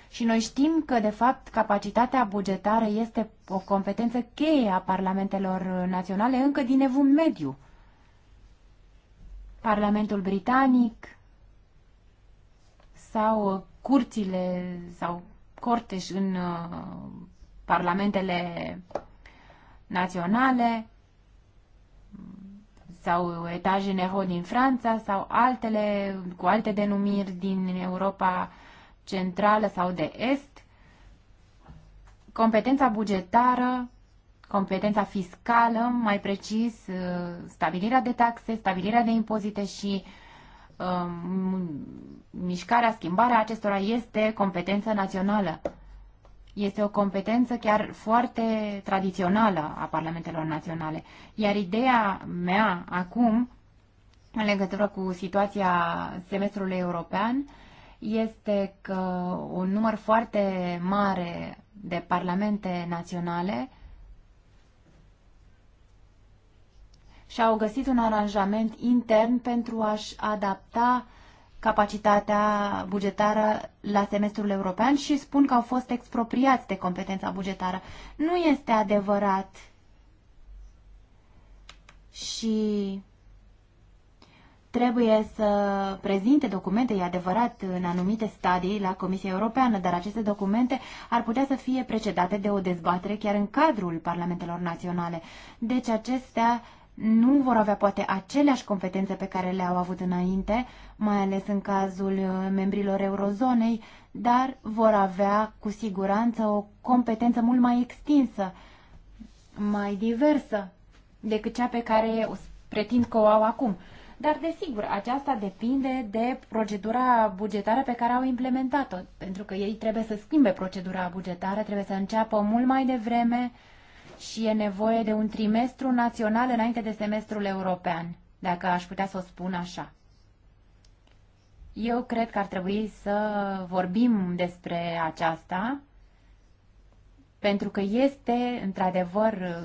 Și noi știm că, de fapt, capacitatea bugetară este o competență cheie a parlamentelor uh, naționale încă din evul mediu. Parlamentul britanic sau uh, curțile sau corteș în parlamentele naționale sau etaje Nero din Franța sau altele cu alte denumiri din Europa Centrală sau de Est. Competența bugetară, competența fiscală, mai precis, uh, stabilirea de taxe, stabilirea de impozite și um, mișcarea, schimbarea acestora este competență națională. Este o competență chiar foarte tradițională a parlamentelor naționale. Iar ideea mea acum, în legătură cu situația semestrului european, este că un număr foarte mare de parlamente naționale și-au găsit un aranjament intern pentru a-și adapta capacitatea bugetară la semestrul european și spun că au fost expropriați de competența bugetară. Nu este adevărat. Și trebuie să prezinte documente, e adevărat, în anumite stadii la Comisia Europeană, dar aceste documente ar putea să fie precedate de o dezbatere chiar în cadrul Parlamentelor Naționale. Deci acestea nu vor avea poate aceleași competențe pe care le-au avut înainte, mai ales în cazul uh, membrilor eurozonei, dar vor avea cu siguranță o competență mult mai extinsă, mai diversă decât cea pe care o pretind că o au acum. Dar, desigur, aceasta depinde de procedura bugetară pe care au implementat-o, pentru că ei trebuie să schimbe procedura bugetară, trebuie să înceapă mult mai devreme uh, și e nevoie de un trimestru național înainte de semestrul european, dacă aș putea să o spun așa. Eu cred că ar trebui să vorbim despre aceasta, pentru că este, într-adevăr,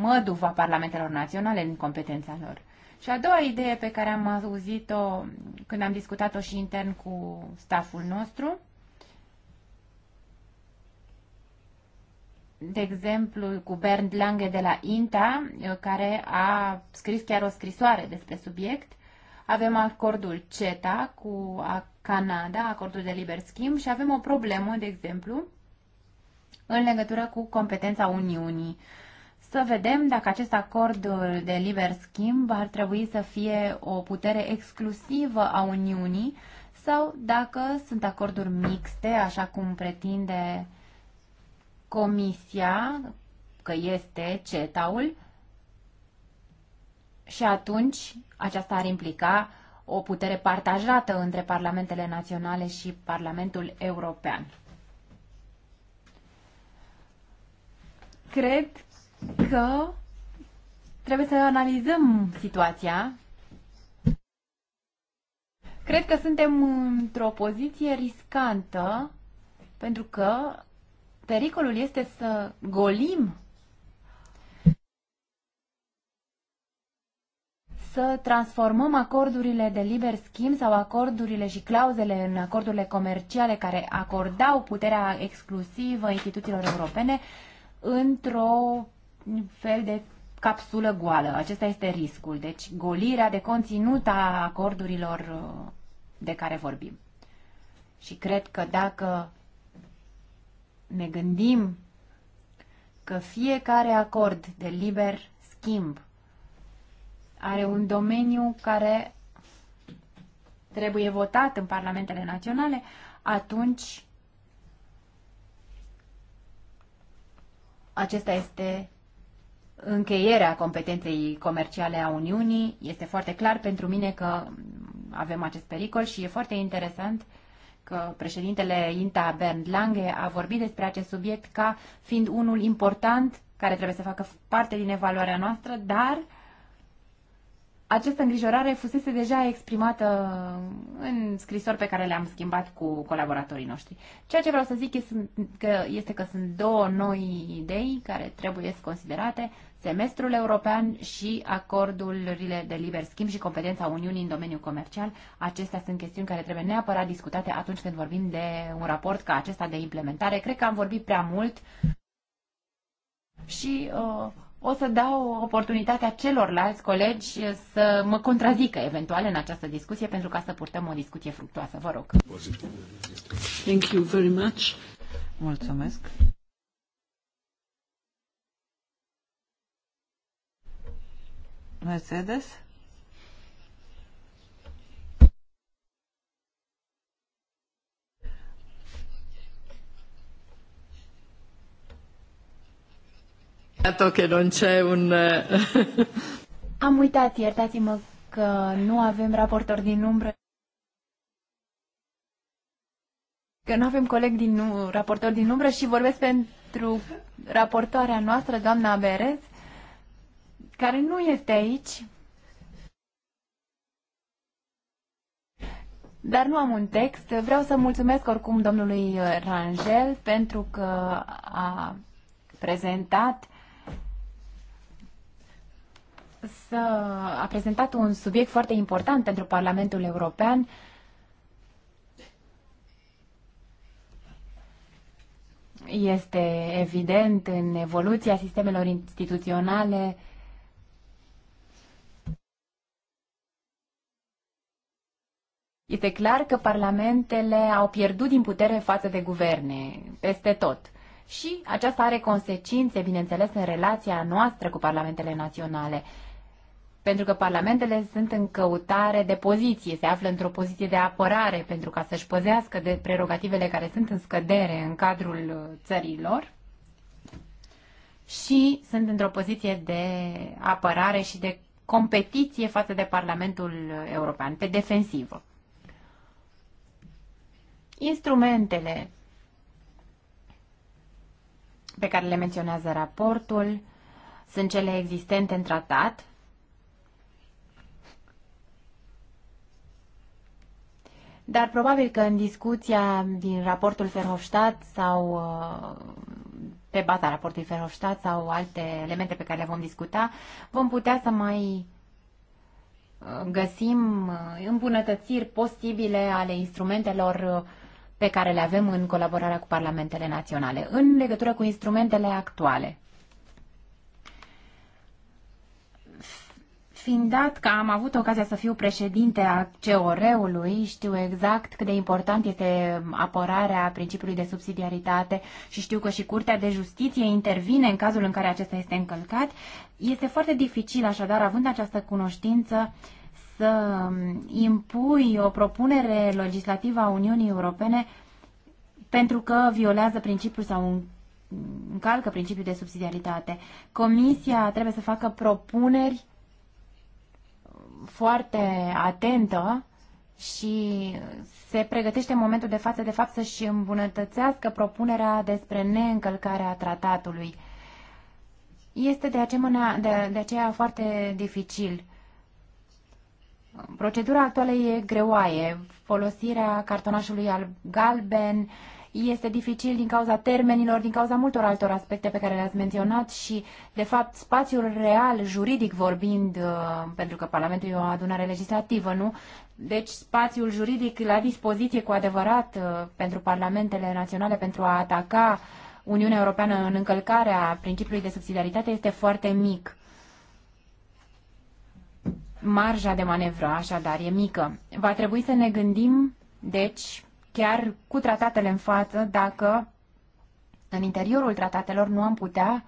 măduva parlamentelor naționale în competența lor. Și a doua idee pe care am auzit-o când am discutat-o și intern cu staful nostru, de exemplu, cu Bernd Lange de la INTA, care a scris chiar o scrisoare despre subiect. Avem acordul CETA cu Canada, acordul de liber schimb, și avem o problemă, de exemplu, în legătură cu competența Uniunii. Să vedem dacă acest acord de liber schimb ar trebui să fie o putere exclusivă a Uniunii sau dacă sunt acorduri mixte, așa cum pretinde uh, Comisia, că este CETA-ul, și atunci aceasta ar implica o putere partajată între parlamentele naționale și Parlamentul European. Cred că trebuie să analizăm situația. Cred că suntem într-o poziție riscantă pentru că pericolul este să golim, să transformăm acordurile de liber schimb sau acordurile și clauzele în acordurile comerciale care acordau puterea exclusivă instituțiilor europene într-o fel de capsulă goală. Acesta este riscul. Deci golirea de conținut a acordurilor uh, de care vorbim. Și cred că dacă ne gândim că fiecare acord de liber schimb are un domeniu care trebuie votat în parlamentele naționale, atunci acesta este încheierea competenței comerciale a Uniunii. Este foarte clar pentru mine că avem acest pericol și e foarte interesant uh, că președintele INTA Bernd Lange a vorbit despre acest subiect ca fiind unul important care trebuie să facă parte din evaluarea noastră, dar uh, această îngrijorare fusese deja exprimată în scrisori pe care le-am schimbat cu colaboratorii noștri. Ceea ce vreau să zic este că, sunt două noi idei care trebuie considerate, semestrul european și acordurile de liber schimb și competența Uniunii în domeniul comercial. Acestea sunt chestiuni care trebuie neapărat discutate atunci când vorbim de un raport ca acesta de implementare. Cred că am vorbit prea mult și uh, o să dau oportunitatea celorlalți colegi să mă contrazică eventual în această discuție pentru ca să purtăm o discuție fructuoasă. Vă rog. Thank you very much. Mulțumesc. Mercedes? (laughs) Am uitat, iertați-mă că nu avem raportor din umbră. Că nu avem coleg din raportor din umbră și vorbesc pentru raportoarea noastră, doamna Berez, care nu este aici. Dar nu am un text. Vreau să mulțumesc oricum domnului Rangel pentru că a prezentat a prezentat un subiect foarte important pentru Parlamentul European, este evident în evoluția sistemelor instituționale. Este clar că parlamentele au pierdut din putere față de guverne, peste tot. Și aceasta are consecințe, bineînțeles, în relația noastră cu parlamentele naționale pentru că parlamentele sunt în căutare de poziție, se află într-o poziție de apărare pentru ca să-și păzească de prerogativele care sunt în scădere în cadrul uh, țărilor și sunt într-o poziție de apărare și de competiție față de Parlamentul European, pe defensivă. Instrumentele pe care le menționează raportul sunt cele existente în tratat, Dar probabil că în discuția din raportul Ferhofstadt sau uh, pe baza raportului Ferhofstadt sau alte elemente pe care le vom discuta, vom putea să mai uh, găsim uh, îmbunătățiri posibile ale instrumentelor pe care le avem în colaborarea cu parlamentele naționale, în legătură cu instrumentele actuale. Fiind dat că am avut ocazia să fiu președinte a COR-ului, știu exact cât de important este apărarea principiului de subsidiaritate și știu că și Curtea de Justiție intervine în cazul în care acesta este încălcat. Este foarte dificil, așadar, având această cunoștință, să impui o propunere legislativă a Uniunii Europene pentru că violează principiul sau încalcă principiul de subsidiaritate. Comisia trebuie să facă propuneri foarte atentă și se pregătește în momentul de față, de fapt, să-și îmbunătățească propunerea despre neîncălcarea tratatului. Este de aceea, de, de aceea foarte dificil. Procedura actuală e greoaie. Folosirea cartonașului al galben, uh, este dificil din cauza termenilor, din cauza multor altor aspecte pe care le-ați menționat și, de fapt, spațiul real, juridic vorbind, uh, pentru că Parlamentul e o adunare legislativă, nu? Deci spațiul juridic la dispoziție cu adevărat uh, pentru parlamentele naționale pentru a ataca Uniunea Europeană în încălcarea principiului de subsidiaritate este foarte mic. Marja de manevră, așadar, e mică. Va trebui să ne gândim, deci, chiar cu tratatele în față, dacă în interiorul tratatelor nu am putea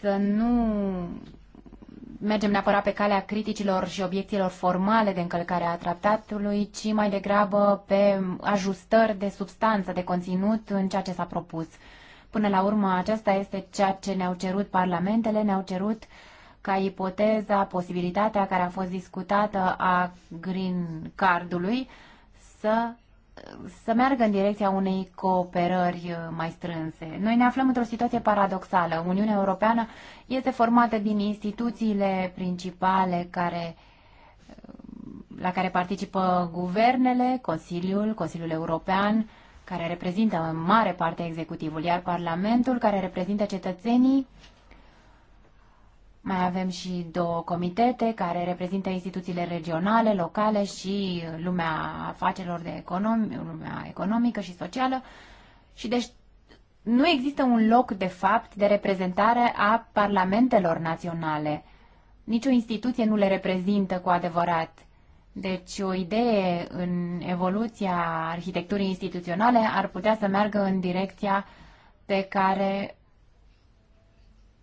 să nu mergem neapărat pe calea criticilor și obiecțiilor formale de încălcare a tratatului, ci mai degrabă pe ajustări de substanță, de conținut în ceea ce s-a propus. Până la urmă, aceasta este ceea ce ne-au cerut parlamentele, ne-au cerut ca ipoteza, posibilitatea care a fost discutată a green cardului să să meargă în direcția unei cooperări mai strânse. Noi ne aflăm într-o situație paradoxală. Uniunea Europeană este formată din instituțiile principale care, la care participă guvernele, Consiliul, Consiliul European, care reprezintă în mare parte executivul, iar Parlamentul, care reprezintă cetățenii, mai avem și două comitete care reprezintă instituțiile regionale, locale și lumea afacerilor de economi, lumea economică și socială. Și deci nu există un loc de fapt de reprezentare a parlamentelor naționale. Nicio instituție nu le reprezintă cu adevărat. Deci o idee în evoluția arhitecturii instituționale ar putea să meargă în direcția pe care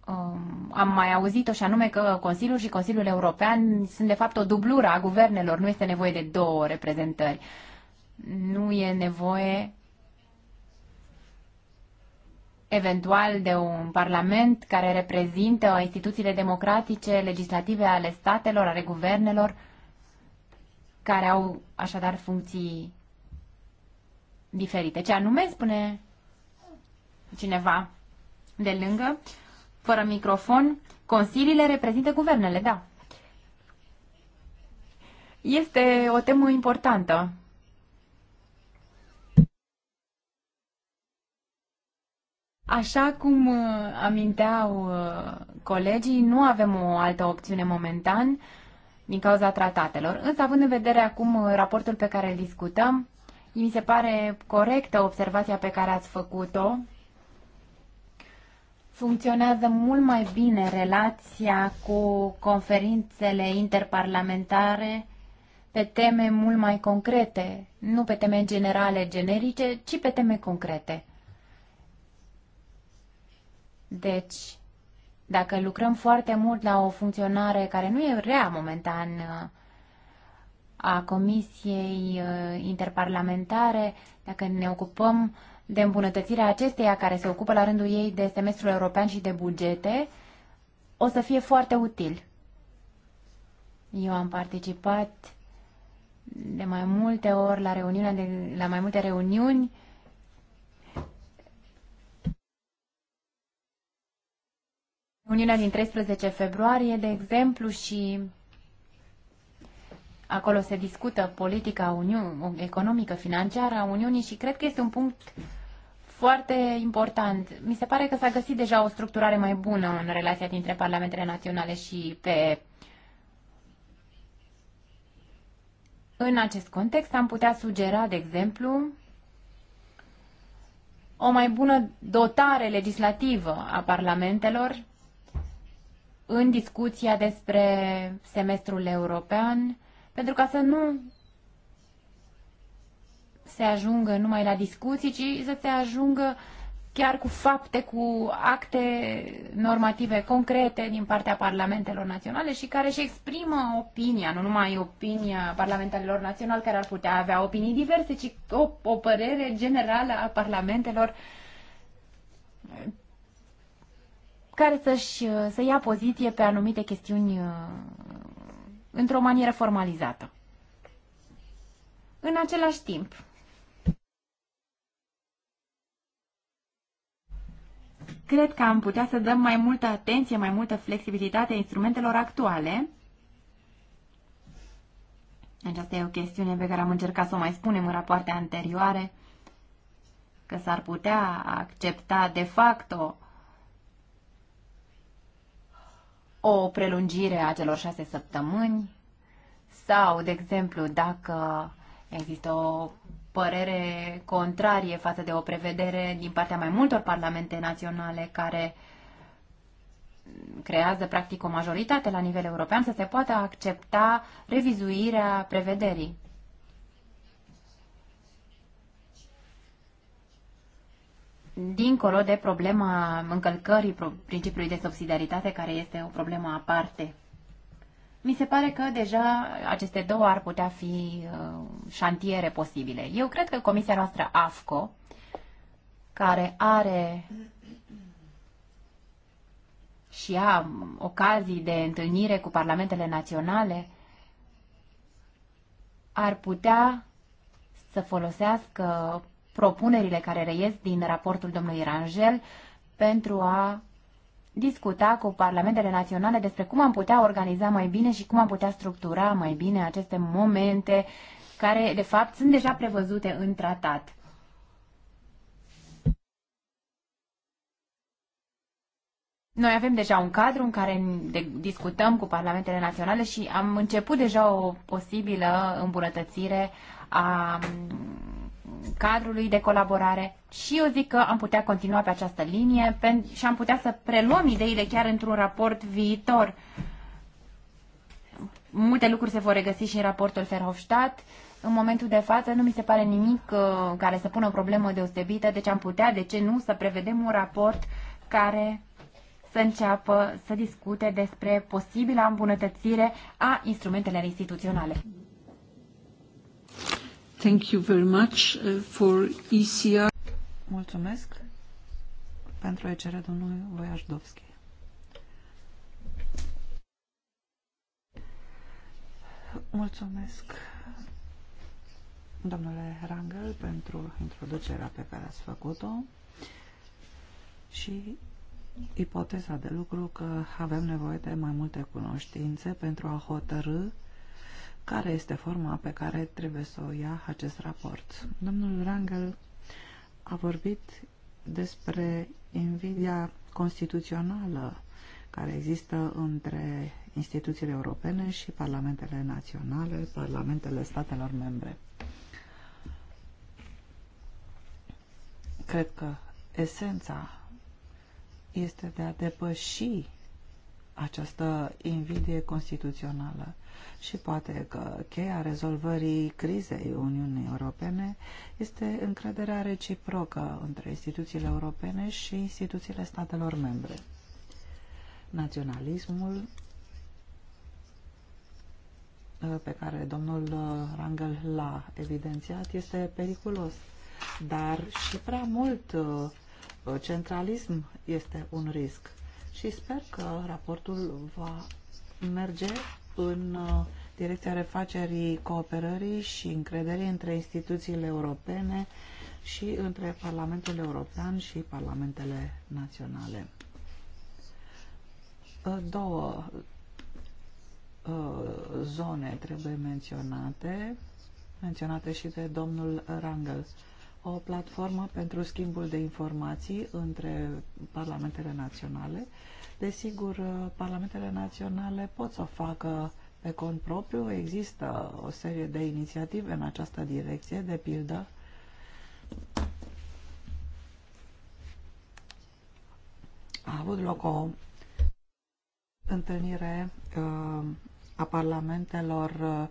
um, am mai auzit-o și anume că Consiliul și Consiliul European sunt de fapt o dublură a guvernelor, nu este nevoie de două reprezentări. Nu e nevoie eventual de un parlament care reprezintă instituțiile democratice, legislative ale statelor, ale guvernelor, uh, care au așadar funcții diferite. Ce anume spune cineva de lângă, fără microfon, consiliile reprezintă guvernele, da. Este o temă importantă. Așa cum uh, aminteau uh, colegii, nu avem o altă opțiune momentan. Uh, din cauza tratatelor. Însă, având în vedere acum uh, raportul pe care îl discutăm, mi se pare corectă observația pe care ați făcut-o. Funcționează mult mai bine relația cu conferințele interparlamentare pe teme mult mai concrete, nu pe teme generale, generice, ci pe teme concrete. Deci, dacă lucrăm foarte mult la o funcționare care nu e rea momentan uh, a Comisiei uh, Interparlamentare, dacă ne ocupăm de îmbunătățirea acesteia care se ocupă la rândul ei de semestrul european și de bugete, o să fie foarte util. Eu am participat de mai multe ori la, reuniunea de, la mai multe reuniuni Uniunea din 13 februarie, de exemplu, și acolo se discută politica economică, financiară a Uniunii și cred că este un punct foarte important. Mi se pare că s-a găsit deja o structurare mai bună în relația dintre parlamentele naționale și pe În acest context am putea sugera, de exemplu, o mai bună dotare legislativă a parlamentelor în discuția despre semestrul european, pentru ca să nu se ajungă numai la discuții, ci să se ajungă chiar cu fapte, cu acte normative concrete din partea parlamentelor naționale și care își exprimă opinia, nu numai opinia parlamentelor naționale care ar putea avea opinii diverse, ci o, o părere generală a parlamentelor care să-și, uh, să ia poziție pe anumite chestiuni uh, într-o manieră formalizată. În același timp, cred că am putea să dăm mai multă atenție, mai multă flexibilitate instrumentelor actuale. Aceasta e o chestiune pe care am încercat să o mai spunem în rapoarte anterioare, că s-ar putea accepta de facto o prelungire a celor șase săptămâni sau, de exemplu, dacă există o părere contrarie față de o prevedere din partea mai multor parlamente naționale care creează practic o majoritate la nivel european, să se poată accepta revizuirea prevederii. dincolo de problema încălcării principiului de subsidiaritate, care este o problemă aparte. Mi se pare că deja aceste două ar putea fi uh, șantiere posibile. Eu cred că comisia noastră AFCO, care are și a ocazii de întâlnire cu parlamentele naționale, ar putea să folosească propunerile care reies din raportul domnului Rangel pentru a discuta cu parlamentele naționale despre cum am putea organiza mai bine și cum am putea structura mai bine aceste momente care, de fapt, sunt deja prevăzute în tratat. Noi avem deja un cadru în care discutăm cu parlamentele naționale și am început deja o posibilă îmbunătățire a cadrului de colaborare și eu zic că am putea continua pe această linie și am putea să preluăm ideile chiar într-un raport viitor. Multe lucruri se vor regăsi și în raportul Ferhofstadt. În momentul de față nu mi se pare nimic uh, care să pună o problemă deosebită, deci am putea, de ce nu, să prevedem un raport care să înceapă să discute despre posibila îmbunătățire a instrumentelor instituționale. Thank you very much uh, for ECR. Mulțumesc pentru ECR domnului Voiașdovski. Mulțumesc, domnule Rangel, pentru introducerea pe care ați făcut-o și ipoteza de lucru că avem nevoie de mai multe cunoștințe pentru a hotărâ care este forma pe care trebuie să o ia acest raport. Domnul Rangel a vorbit despre invidia constituțională care există între instituțiile europene și parlamentele naționale, parlamentele statelor membre. Cred că esența este de a depăși această invidie constituțională. Și poate că cheia rezolvării crizei Uniunii Europene este încrederea reciprocă între instituțiile europene și instituțiile statelor membre. Naționalismul uh, pe care domnul uh, Rangel l-a evidențiat este periculos, dar și prea mult uh, centralism este un risc și sper că raportul va merge în uh, direcția refacerii cooperării și încrederii între instituțiile europene și între Parlamentul European și Parlamentele Naționale. Uh, două uh, zone trebuie menționate, menționate și de domnul Rangel o platformă pentru schimbul de informații între parlamentele naționale. Desigur, parlamentele naționale pot să o facă pe cont propriu. Există o serie de inițiative în această direcție, de pildă a avut loc o întâlnire uh, a parlamentelor uh,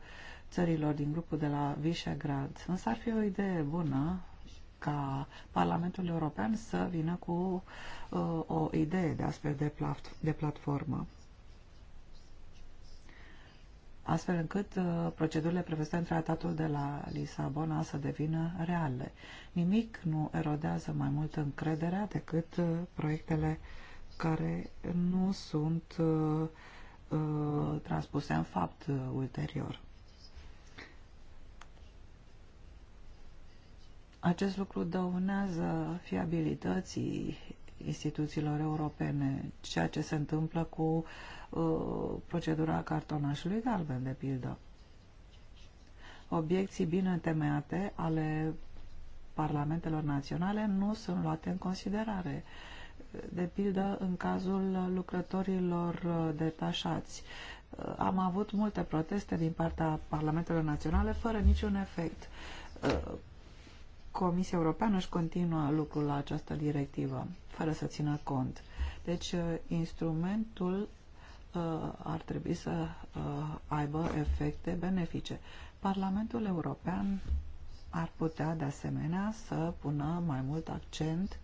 țărilor din grupul de la Visegrad. Însă ar fi o idee bună ca Parlamentul European să vină cu uh, o idee de astfel de, plat de platformă astfel încât uh, procedurile prevăzute în tratatul de la Lisabona să devină reale. Nimic nu erodează mai mult încrederea decât uh, proiectele care nu sunt uh, uh transpuse în fapt uh, ulterior. Acest lucru dăunează fiabilității instituțiilor europene, ceea ce se întâmplă cu uh, procedura cartonașului galben, de pildă. Obiecții bine întemeiate ale parlamentelor naționale nu sunt luate în considerare. De pildă, în cazul lucrătorilor uh, detașați, uh, am avut multe proteste din partea parlamentelor naționale fără niciun efect uh, Comisia Europeană își continuă lucrul la această directivă, fără să țină cont. Deci, uh, instrumentul uh, ar trebui să uh, aibă efecte benefice. Parlamentul European ar putea, de asemenea, să pună mai mult accent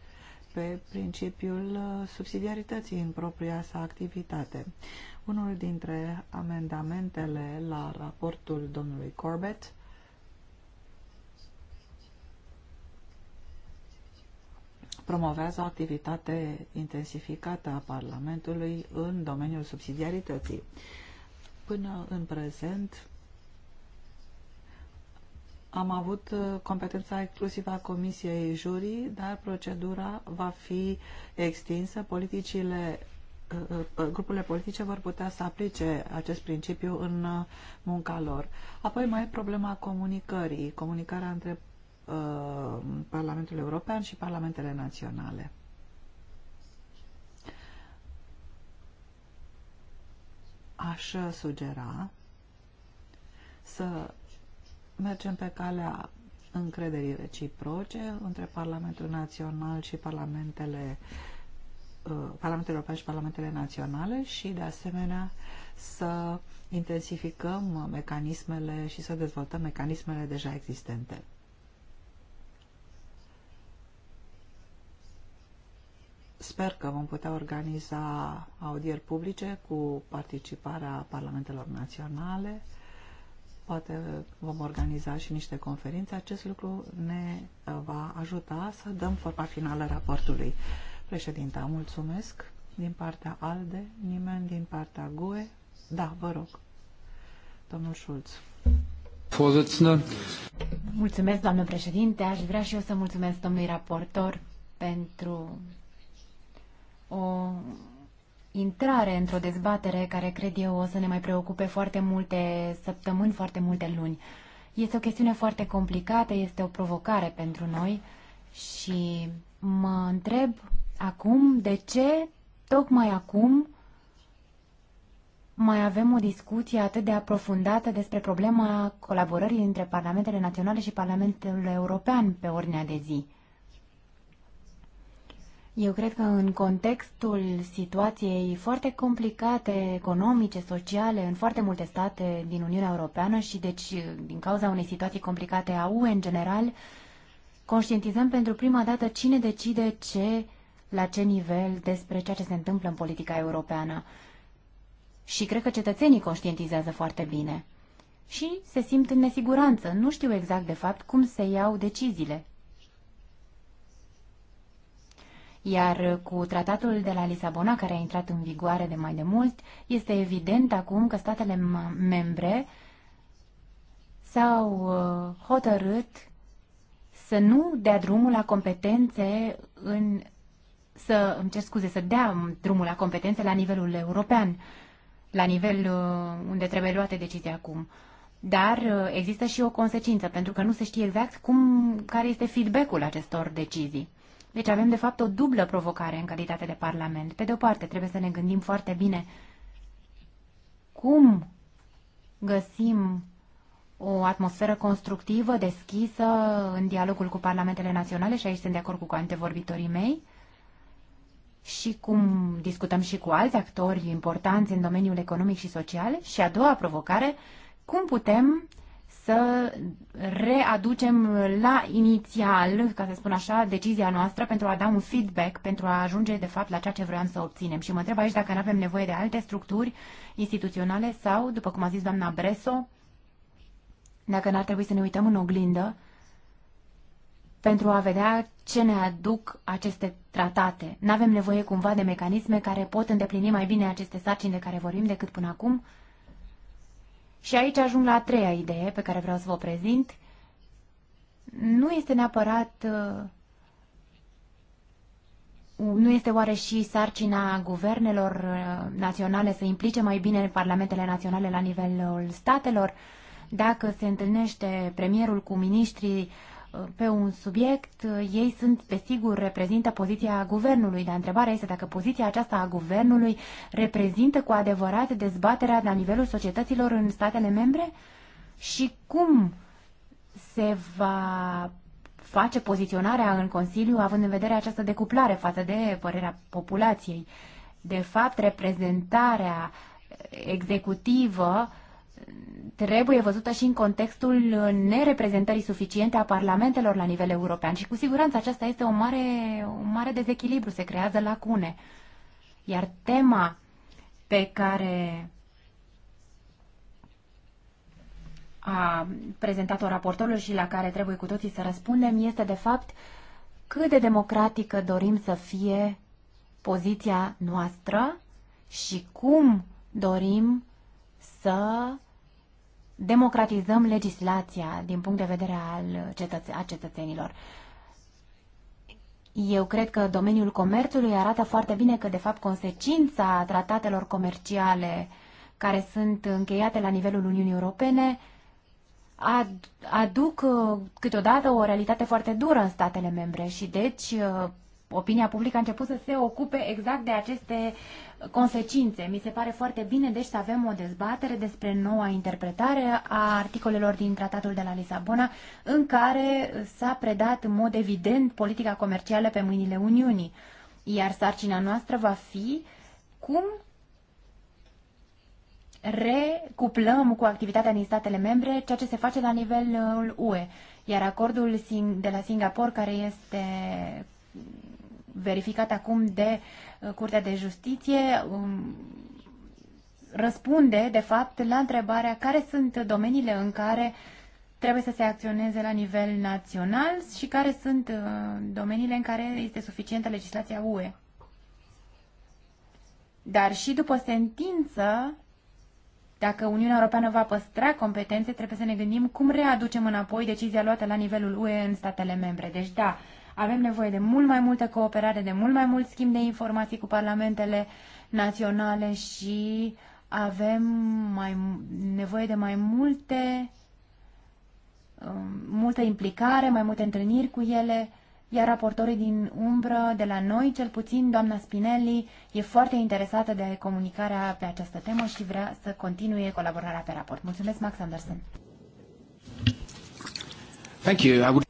pe principiul subsidiarității în propria sa activitate. Unul dintre amendamentele la raportul domnului Corbett promovează o activitate intensificată a Parlamentului în domeniul subsidiarității. Până în prezent am avut uh, competența exclusivă a Comisiei Jurii, dar procedura va fi extinsă. Politicile uh, uh, grupurile politice vor putea să aplice acest principiu în munca lor. Apoi mai e problema comunicării, comunicarea între Uh, Parlamentul European și Parlamentele Naționale. Aș sugera să mergem pe calea încrederii reciproce între Parlamentul Național și Parlamentele uh, Parlamentul European și Parlamentele Naționale și, de asemenea, să intensificăm mecanismele și să dezvoltăm mecanismele deja existente. Sper că vom putea organiza audieri publice cu participarea parlamentelor naționale. Poate vom organiza și niște conferințe. Acest lucru ne uh, va ajuta să dăm forma finală raportului. Președinta, mulțumesc. Din partea ALDE, nimeni din partea GUE? Da, vă rog. Domnul Șulț. Mulțumesc, doamnă președinte. Aș vrea și eu să mulțumesc domnului raportor pentru o intrare într-o dezbatere care cred eu o să ne mai preocupe foarte multe săptămâni, foarte multe luni. Este o chestiune foarte complicată, este o provocare pentru noi și mă întreb acum de ce tocmai acum mai avem o discuție atât de aprofundată despre problema colaborării între Parlamentele Naționale și Parlamentul European pe ordinea de zi. Eu cred că în contextul situației foarte complicate, economice, sociale, în foarte multe state din Uniunea Europeană și deci din cauza unei situații complicate a UE în general, conștientizăm pentru prima dată cine decide ce, la ce nivel despre ceea ce se întâmplă în politica europeană. Și cred că cetățenii conștientizează foarte bine. Și se simt în nesiguranță, nu știu exact de fapt cum se iau deciziile. Iar cu tratatul de la Lisabona, care a intrat în vigoare de mai de mult, este evident acum că statele membre s-au uh, hotărât să nu dea drumul la competențe în să, îmi cer scuze, să dea drumul la competențe la nivelul european, la nivel uh, unde trebuie luate decizii acum. Dar uh, există și o consecință, pentru că nu se știe exact cum, care este feedback-ul acestor decizii. Deci avem, de fapt, o dublă provocare în calitate de Parlament. Pe de o parte, trebuie să ne gândim foarte bine cum găsim o atmosferă constructivă, deschisă, în dialogul cu parlamentele naționale, și aici sunt de acord cu antevorbitorii mei, și cum discutăm și cu alți actori importanți în domeniul economic și social. Și a doua provocare, cum putem să readucem la inițial, ca să spun așa, decizia noastră pentru a da un feedback, pentru a ajunge de fapt la ceea ce vroiam să obținem. Și mă întreb aici dacă nu avem nevoie de alte structuri instituționale sau, după cum a zis doamna Breso, dacă n-ar trebui să ne uităm în oglindă pentru a vedea ce ne aduc aceste tratate. N-avem nevoie cumva de mecanisme care pot îndeplini mai bine aceste sarcini de care vorbim decât până acum? Și aici ajung la a treia idee pe care vreau să vă prezint. Nu este neapărat uh, nu este oare și sarcina guvernelor uh, naționale să implice mai bine parlamentele naționale la nivelul statelor? Dacă se întâlnește premierul cu ministrii pe un subiect, uh, ei sunt, pe sigur, reprezintă poziția guvernului, dar întrebarea este dacă poziția aceasta a guvernului reprezintă cu adevărat dezbaterea la nivelul societăților în statele membre și cum se va face poziționarea în Consiliu având în vedere această decuplare față de părerea populației. De fapt, reprezentarea executivă trebuie văzută și în contextul nereprezentării suficiente a parlamentelor la nivel european. Și cu siguranță aceasta este o mare, un mare dezechilibru, se creează lacune. Iar tema pe care a prezentat-o raportorul și la care trebuie cu toții să răspundem este, de fapt, cât de democratică dorim să fie poziția noastră și cum dorim să democratizăm legislația din punct de vedere al cetăț- a cetățenilor. Eu cred că domeniul comerțului arată foarte bine că, de fapt, consecința tratatelor comerciale care sunt încheiate la nivelul Uniunii Europene aduc uh, câteodată o realitate foarte dură în statele membre și, deci, uh, opinia publică a început să se ocupe exact de aceste consecințe. Mi se pare foarte bine, deci, să avem o dezbatere despre noua interpretare a articolelor din Tratatul de la Lisabona, în care s-a predat în mod evident politica comercială pe mâinile Uniunii. Iar sarcina noastră va fi cum recuplăm cu activitatea din statele membre ceea ce se face la nivelul UE. Iar acordul de la Singapore, care este verificat acum de Curtea de Justiție um, răspunde, de fapt, la întrebarea care sunt domeniile în care trebuie să se acționeze la nivel național și care sunt uh, domeniile în care este suficientă legislația UE. Dar și după sentință, dacă Uniunea Europeană va păstra competențe, trebuie să ne gândim cum readucem înapoi decizia luată la nivelul UE în statele membre. Deci, da, avem nevoie de mult mai multă cooperare, de mult mai mult schimb de informații cu parlamentele naționale și avem mai, nevoie de mai multe um, multă implicare, mai multe întâlniri cu ele, iar raportorii din umbră, de la noi, cel puțin doamna Spinelli, e foarte interesată de comunicarea pe această temă și vrea să continue colaborarea pe raport. Mulțumesc, Max Anderson. Thank you. I would...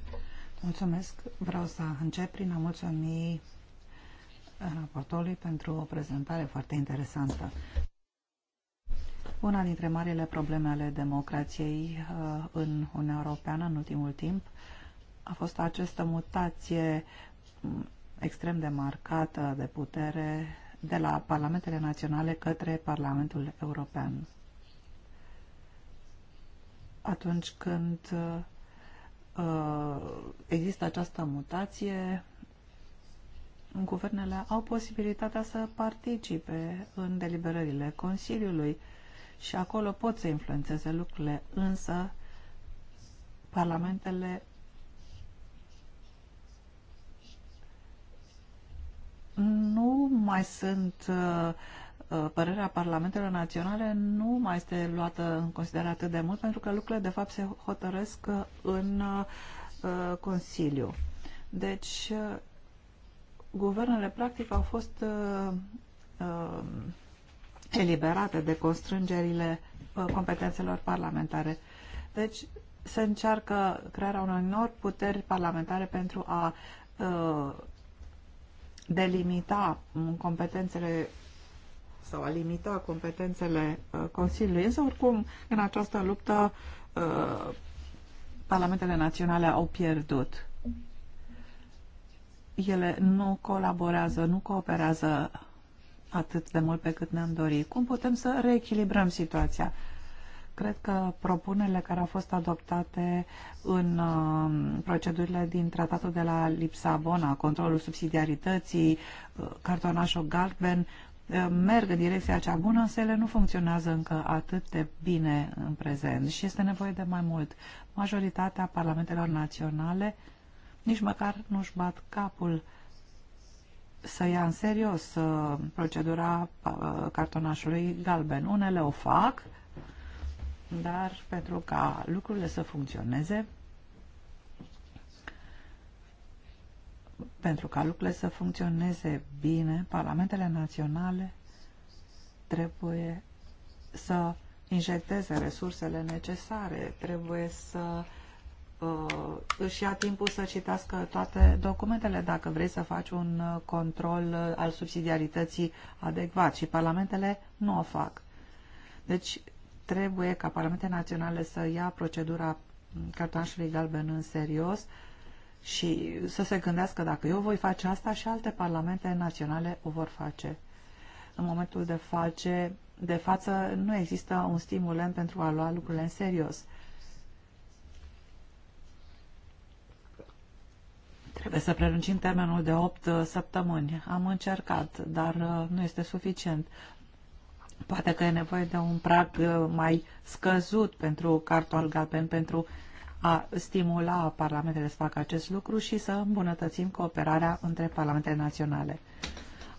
Mulțumesc. Vreau să încep prin a mulțumi eh, raportorului pentru o prezentare foarte interesantă. Una dintre marile probleme ale democrației eh, în Uniunea Europeană în ultimul timp a fost această mutație mm, extrem de marcată de putere de la parlamentele naționale către Parlamentul European. Atunci când uh, Uh, există această mutație, guvernele au posibilitatea să participe în deliberările Consiliului și acolo pot să influențeze lucrurile, însă parlamentele nu mai sunt uh, Uh, părerea parlamentelor naționale nu mai este luată în considerare atât de mult, pentru că lucrurile, de fapt, se hotărăsc în uh, Consiliu. Deci, uh, guvernele, practic, au fost eliberate de constrângerile competențelor parlamentare. Deci, se încearcă crearea unor nori puteri parlamentare pentru a uh, delimita competențele sau a limita competențele uh, Consiliului. Însă, oricum, în această luptă, uh, Parlamentele Naționale au pierdut. Ele nu colaborează, nu cooperează atât de mult pe cât ne-am dorit. Cum putem să reechilibrăm situația? Cred că propunerile care au fost adoptate în uh, procedurile din tratatul de la Lipsabona, controlul subsidiarității, uh, cartonașul galben, merg în direcția cea bună, însă ele nu funcționează încă atât de bine în prezent și este nevoie de mai mult. Majoritatea parlamentelor naționale nici măcar nu-și bat capul să ia în serios uh, procedura uh, cartonașului galben. Unele o fac, dar pentru ca lucrurile să funcționeze, pentru ca lucrurile să funcționeze bine, parlamentele naționale trebuie să injecteze resursele necesare, trebuie să uh, își ia timpul să citească toate documentele dacă vrei să faci un uh, control uh, al subsidiarității adecvat și parlamentele nu o fac. Deci trebuie ca parlamentele naționale să ia procedura mm, cartonașului galben în serios uh, și să se gândească dacă eu voi face asta și alte parlamente naționale o vor face. În momentul de, face, de față nu există un stimulent pentru a lua lucrurile în serios. Trebuie să prelungim termenul de 8 uh, săptămâni. Am încercat, dar uh, nu este suficient. Poate că e nevoie de un prag uh, mai scăzut pentru cartul galben, pentru uh, a stimula parlamentele să facă acest lucru și să îmbunătățim cooperarea între parlamentele naționale.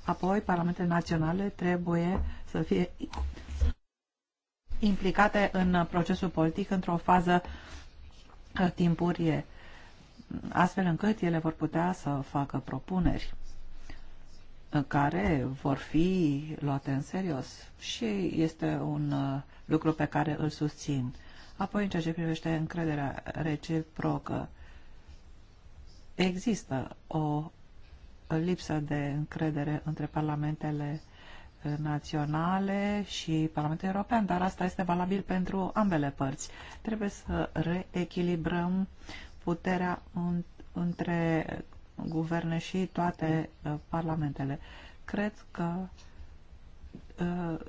Apoi, parlamentele naționale trebuie să fie implicate în procesul politic într-o fază uh, timpurie, astfel încât ele vor putea să facă propuneri uh, care vor fi luate în serios și este un uh, lucru pe care îl susțin. Apoi, în ceea ce privește încrederea reciprocă, există o lipsă de încredere între parlamentele naționale și Parlamentul European, dar asta este valabil pentru ambele părți. Trebuie să reechilibrăm puterea în, între guverne și toate uh, parlamentele. Cred că uh,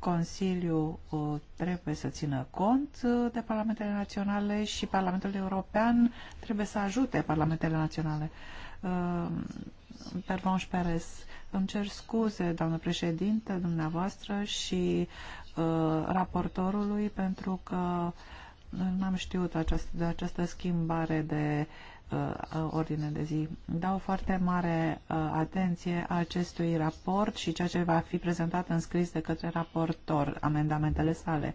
Consiliul uh, trebuie să țină cont uh, de Parlamentele Naționale și Parlamentul European trebuie să ajute Parlamentele Naționale. Uh, Pervanș Perez, îmi cer scuze, doamnă președinte, dumneavoastră și raportorului pentru că n-am știut această, de această schimbare de Uh, ordine de zi. Dau foarte mare uh, atenție acestui raport și ceea ce va fi prezentat în scris de către raportor, amendamentele sale.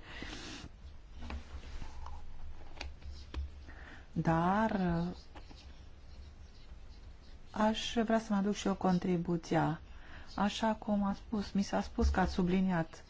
Dar uh, aș vrea să mă aduc și o contribuția. Așa cum a spus, mi s-a spus că ați subliniat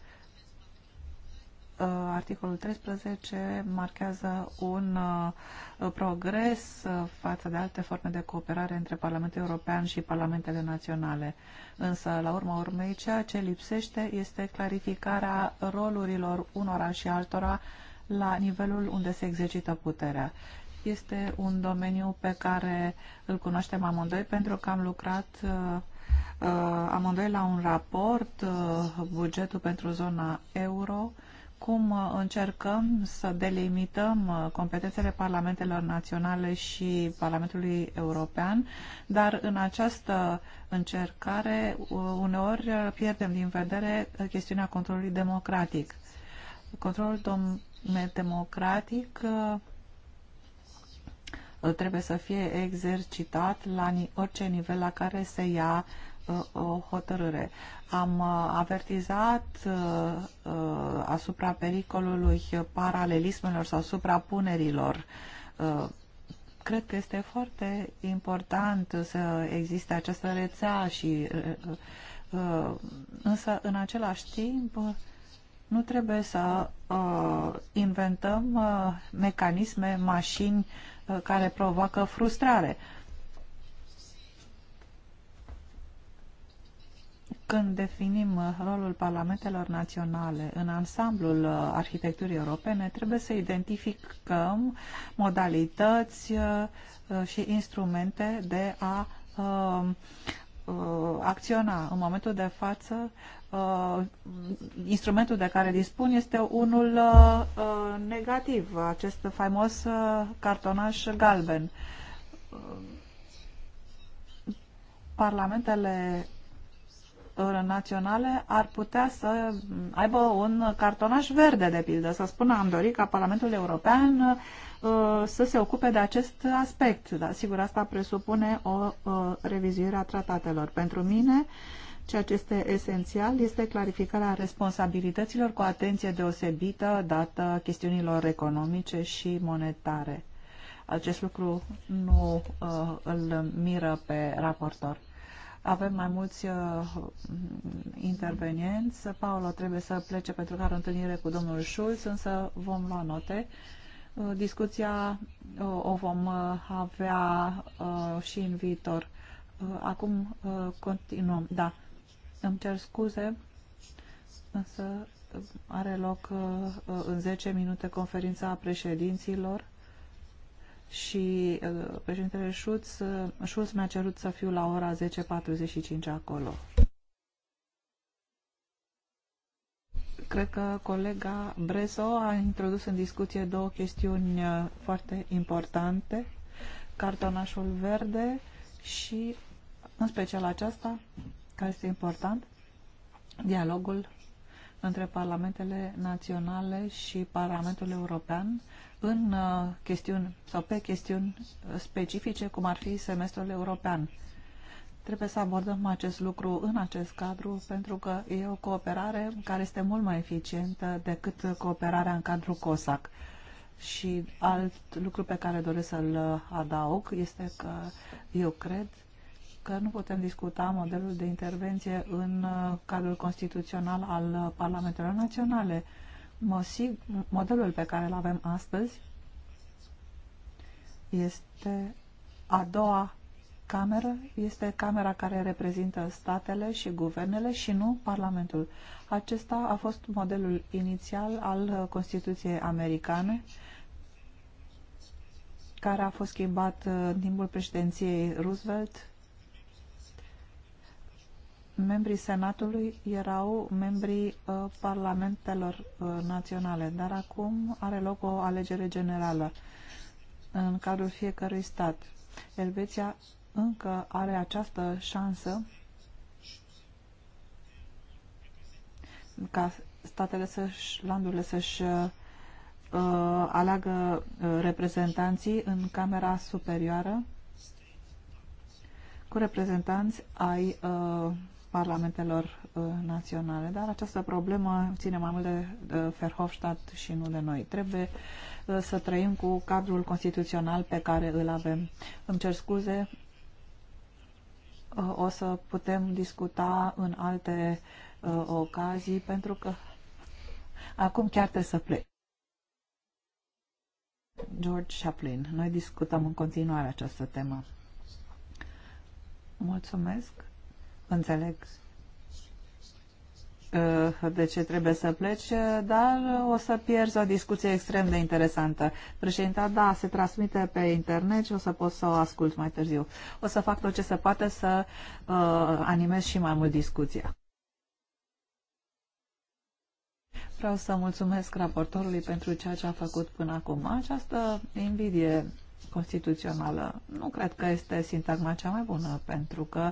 Uh, articolul 13 marchează un uh, progres uh, față de alte forme de cooperare între Parlamentul European și Parlamentele Naționale. Însă, la urma urmei, ceea ce lipsește este clarificarea rolurilor unora și altora la nivelul unde se exercită puterea. Este un domeniu pe care îl cunoaștem amândoi pentru că am lucrat amândoi la un raport, bugetul pentru zona euro, cum uh, încercăm să delimităm uh, competențele parlamentelor naționale și Parlamentului European, dar în această încercare uh, uneori pierdem din vedere chestiunea controlului democratic. Controlul democratic trebuie să fie exercitat la orice nivel la care se ia Uh, o hotărâre. Am uh, avertizat uh, asupra pericolului paralelismelor sau suprapunerilor. Cred că este foarte important să existe această rețea și însă în același timp nu trebuie să uh, inventăm uh, mecanisme, mașini uh, care provoacă frustrare. când definim uh, rolul parlamentelor naționale în ansamblul uh, arhitecturii europene, trebuie să identificăm modalități uh, și instrumente de a acționa. În momentul de față, instrumentul de care dispun este unul negativ, acest faimos cartonaș galben. Parlamentele naționale ar putea să aibă un cartonaș verde, de pildă, să spună am dorit ca Parlamentul European uh, să se ocupe de acest aspect. Dar, sigur, asta presupune o uh, revizuire a tratatelor. Pentru mine, ceea ce este esențial este clarificarea responsabilităților cu atenție deosebită dată chestiunilor economice și monetare. Acest lucru nu uh, îl miră pe raportor. Avem mai mulți uh, intervenienți. Paolo trebuie să plece pentru că are o întâlnire cu domnul Schulz, însă vom lua note. Uh, discuția uh, o vom avea și în viitor. Acum continuăm. Da, îmi cer scuze, însă are loc în 10 minute conferința președinților și uh, președintele Schulz, uh, Schulz mi-a cerut să fiu la ora 10.45 acolo. Cred că colega Breso a introdus în discuție două chestiuni uh, foarte importante, cartonașul verde și, în special aceasta, care este important, dialogul între parlamentele naționale și Parlamentul European în uh, chestiuni sau pe chestiuni uh, specifice, cum ar fi semestrul european. Trebuie să abordăm acest lucru în acest cadru, pentru că e o cooperare care este mult mai eficientă decât cooperarea în cadrul COSAC. Și alt lucru pe care doresc să-l uh, adaug este că eu cred că nu putem discuta modelul de intervenție în cadrul constituțional al Parlamentelor Naționale modelul pe care îl avem astăzi este a doua cameră, este camera care reprezintă statele și guvernele și nu Parlamentul. Acesta a fost modelul inițial al Constituției americane, care a fost schimbat în timpul președinției Roosevelt membrii Senatului erau membrii uh, parlamentelor uh, naționale, dar acum are loc o alegere generală în cadrul fiecărui stat. Elveția încă are această șansă ca statele să-și, landurile să-și uh, aleagă uh, reprezentanții în Camera Superioară cu reprezentanți ai uh, parlamentelor uh, naționale, dar această problemă ține mai mult de Verhofstadt și nu de noi. Trebuie uh, să trăim cu cadrul constituțional pe care îl avem. Îmi cer scuze, uh, o să putem discuta în alte ocazii, pentru că acum chiar trebuie să plec. George Chaplin. Noi discutăm în continuare această temă. Mulțumesc. Înțeleg uh, de ce trebuie să pleci, dar o să pierzi o discuție extrem de interesantă. Președinta, da, se transmite pe internet și o să pot să o ascult mai târziu. O să fac tot ce se poate să uh, animez și mai mult discuția. Vreau să mulțumesc raportorului pentru ceea ce a făcut până acum. Această invidie constituțională. Nu cred că este sintagma cea mai bună, pentru că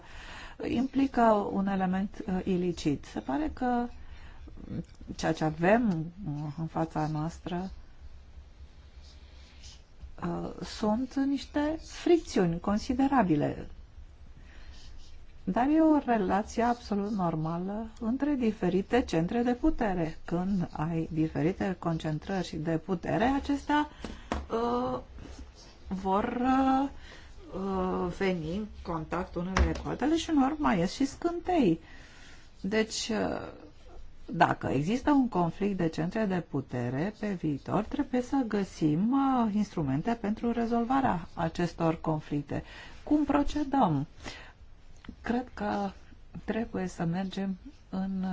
implică un element uh, ilicit. Se pare că ceea ce avem uh, în fața noastră uh, sunt niște fricțiuni considerabile. Dar e o relație absolut normală între diferite centre de putere. Când ai diferite concentrări de putere, acestea uh, vor uh, veni în contact unele cu altele și unor mai ies și scântei. Deci, uh, dacă există un conflict de centre de putere pe viitor, trebuie să găsim uh, instrumente pentru rezolvarea acestor conflicte. Cum procedăm? Cred că trebuie să mergem în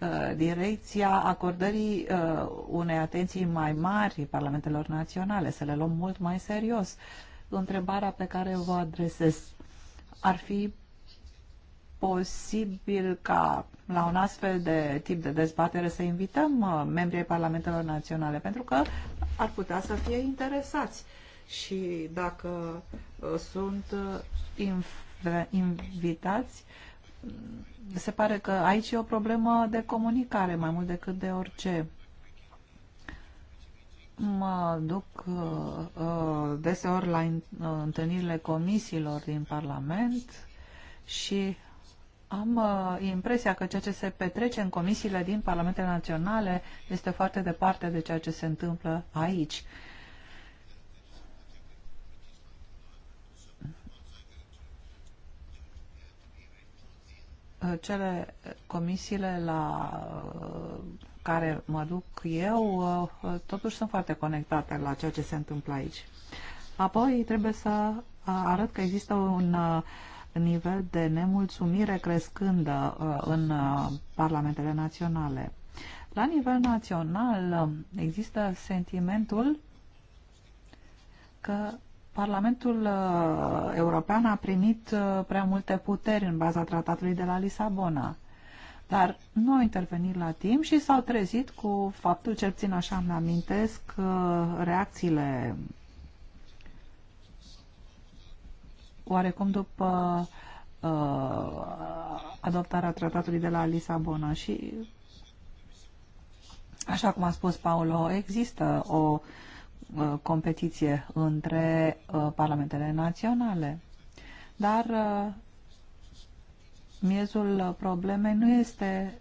Uh, direcția acordării uh, unei atenții mai mari parlamentelor naționale, să le luăm mult mai serios. Întrebarea pe care vă adresez ar fi posibil ca la un astfel de tip de dezbatere să invităm uh, membrii Parlamentelor Naționale, pentru că ar putea să fie interesați. Și dacă sunt uh, invitați, se pare că aici e o problemă de comunicare mai mult decât de orice. Mă duc uh, uh, deseori la in, uh, întâlnirile comisiilor din Parlament și am uh, impresia că ceea ce se petrece în comisiile din Parlamentele Naționale este foarte departe de ceea ce se întâmplă aici. Uh, cele comisiile la care mă duc eu, totuși sunt foarte conectate la ceea ce se întâmplă aici. Apoi trebuie să arăt că există un uh, nivel de nemulțumire crescândă uh, în uh, parlamentele naționale. La nivel național există sentimentul că Parlamentul uh, European a primit uh, prea multe puteri în baza tratatului de la Lisabona, dar nu au intervenit la timp și s-au trezit cu faptul, cel puțin așa îmi amintesc, uh, reacțiile oarecum după adoptarea tratatului de la Lisabona și, așa cum a spus Paolo, există o uh, Uh, competiție între uh, parlamentele naționale. Dar uh, miezul problemei nu este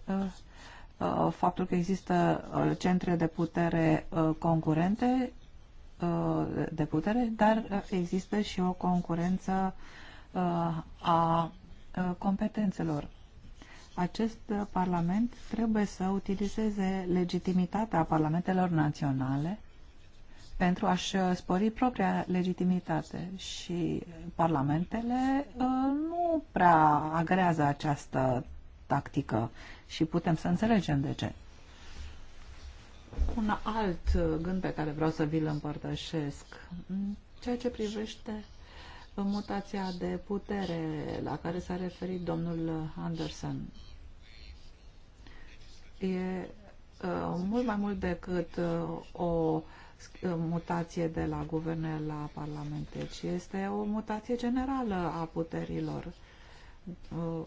faptul că există centre de putere concurente, de putere, dar există și o concurență a competențelor. Acest Parlament trebuie să utilizeze legitimitatea parlamentelor naționale pentru a-și uh, spori propria legitimitate și parlamentele uh, nu prea agrează această tactică și putem să înțelegem de ce. Un alt uh, gând pe care vreau să vi-l împărtășesc, ceea ce privește mutația de putere la care s-a referit domnul Anderson. E mult mai mult decât o mutație de la guverne la parlamente, ci este o mutație generală a puterilor, uh,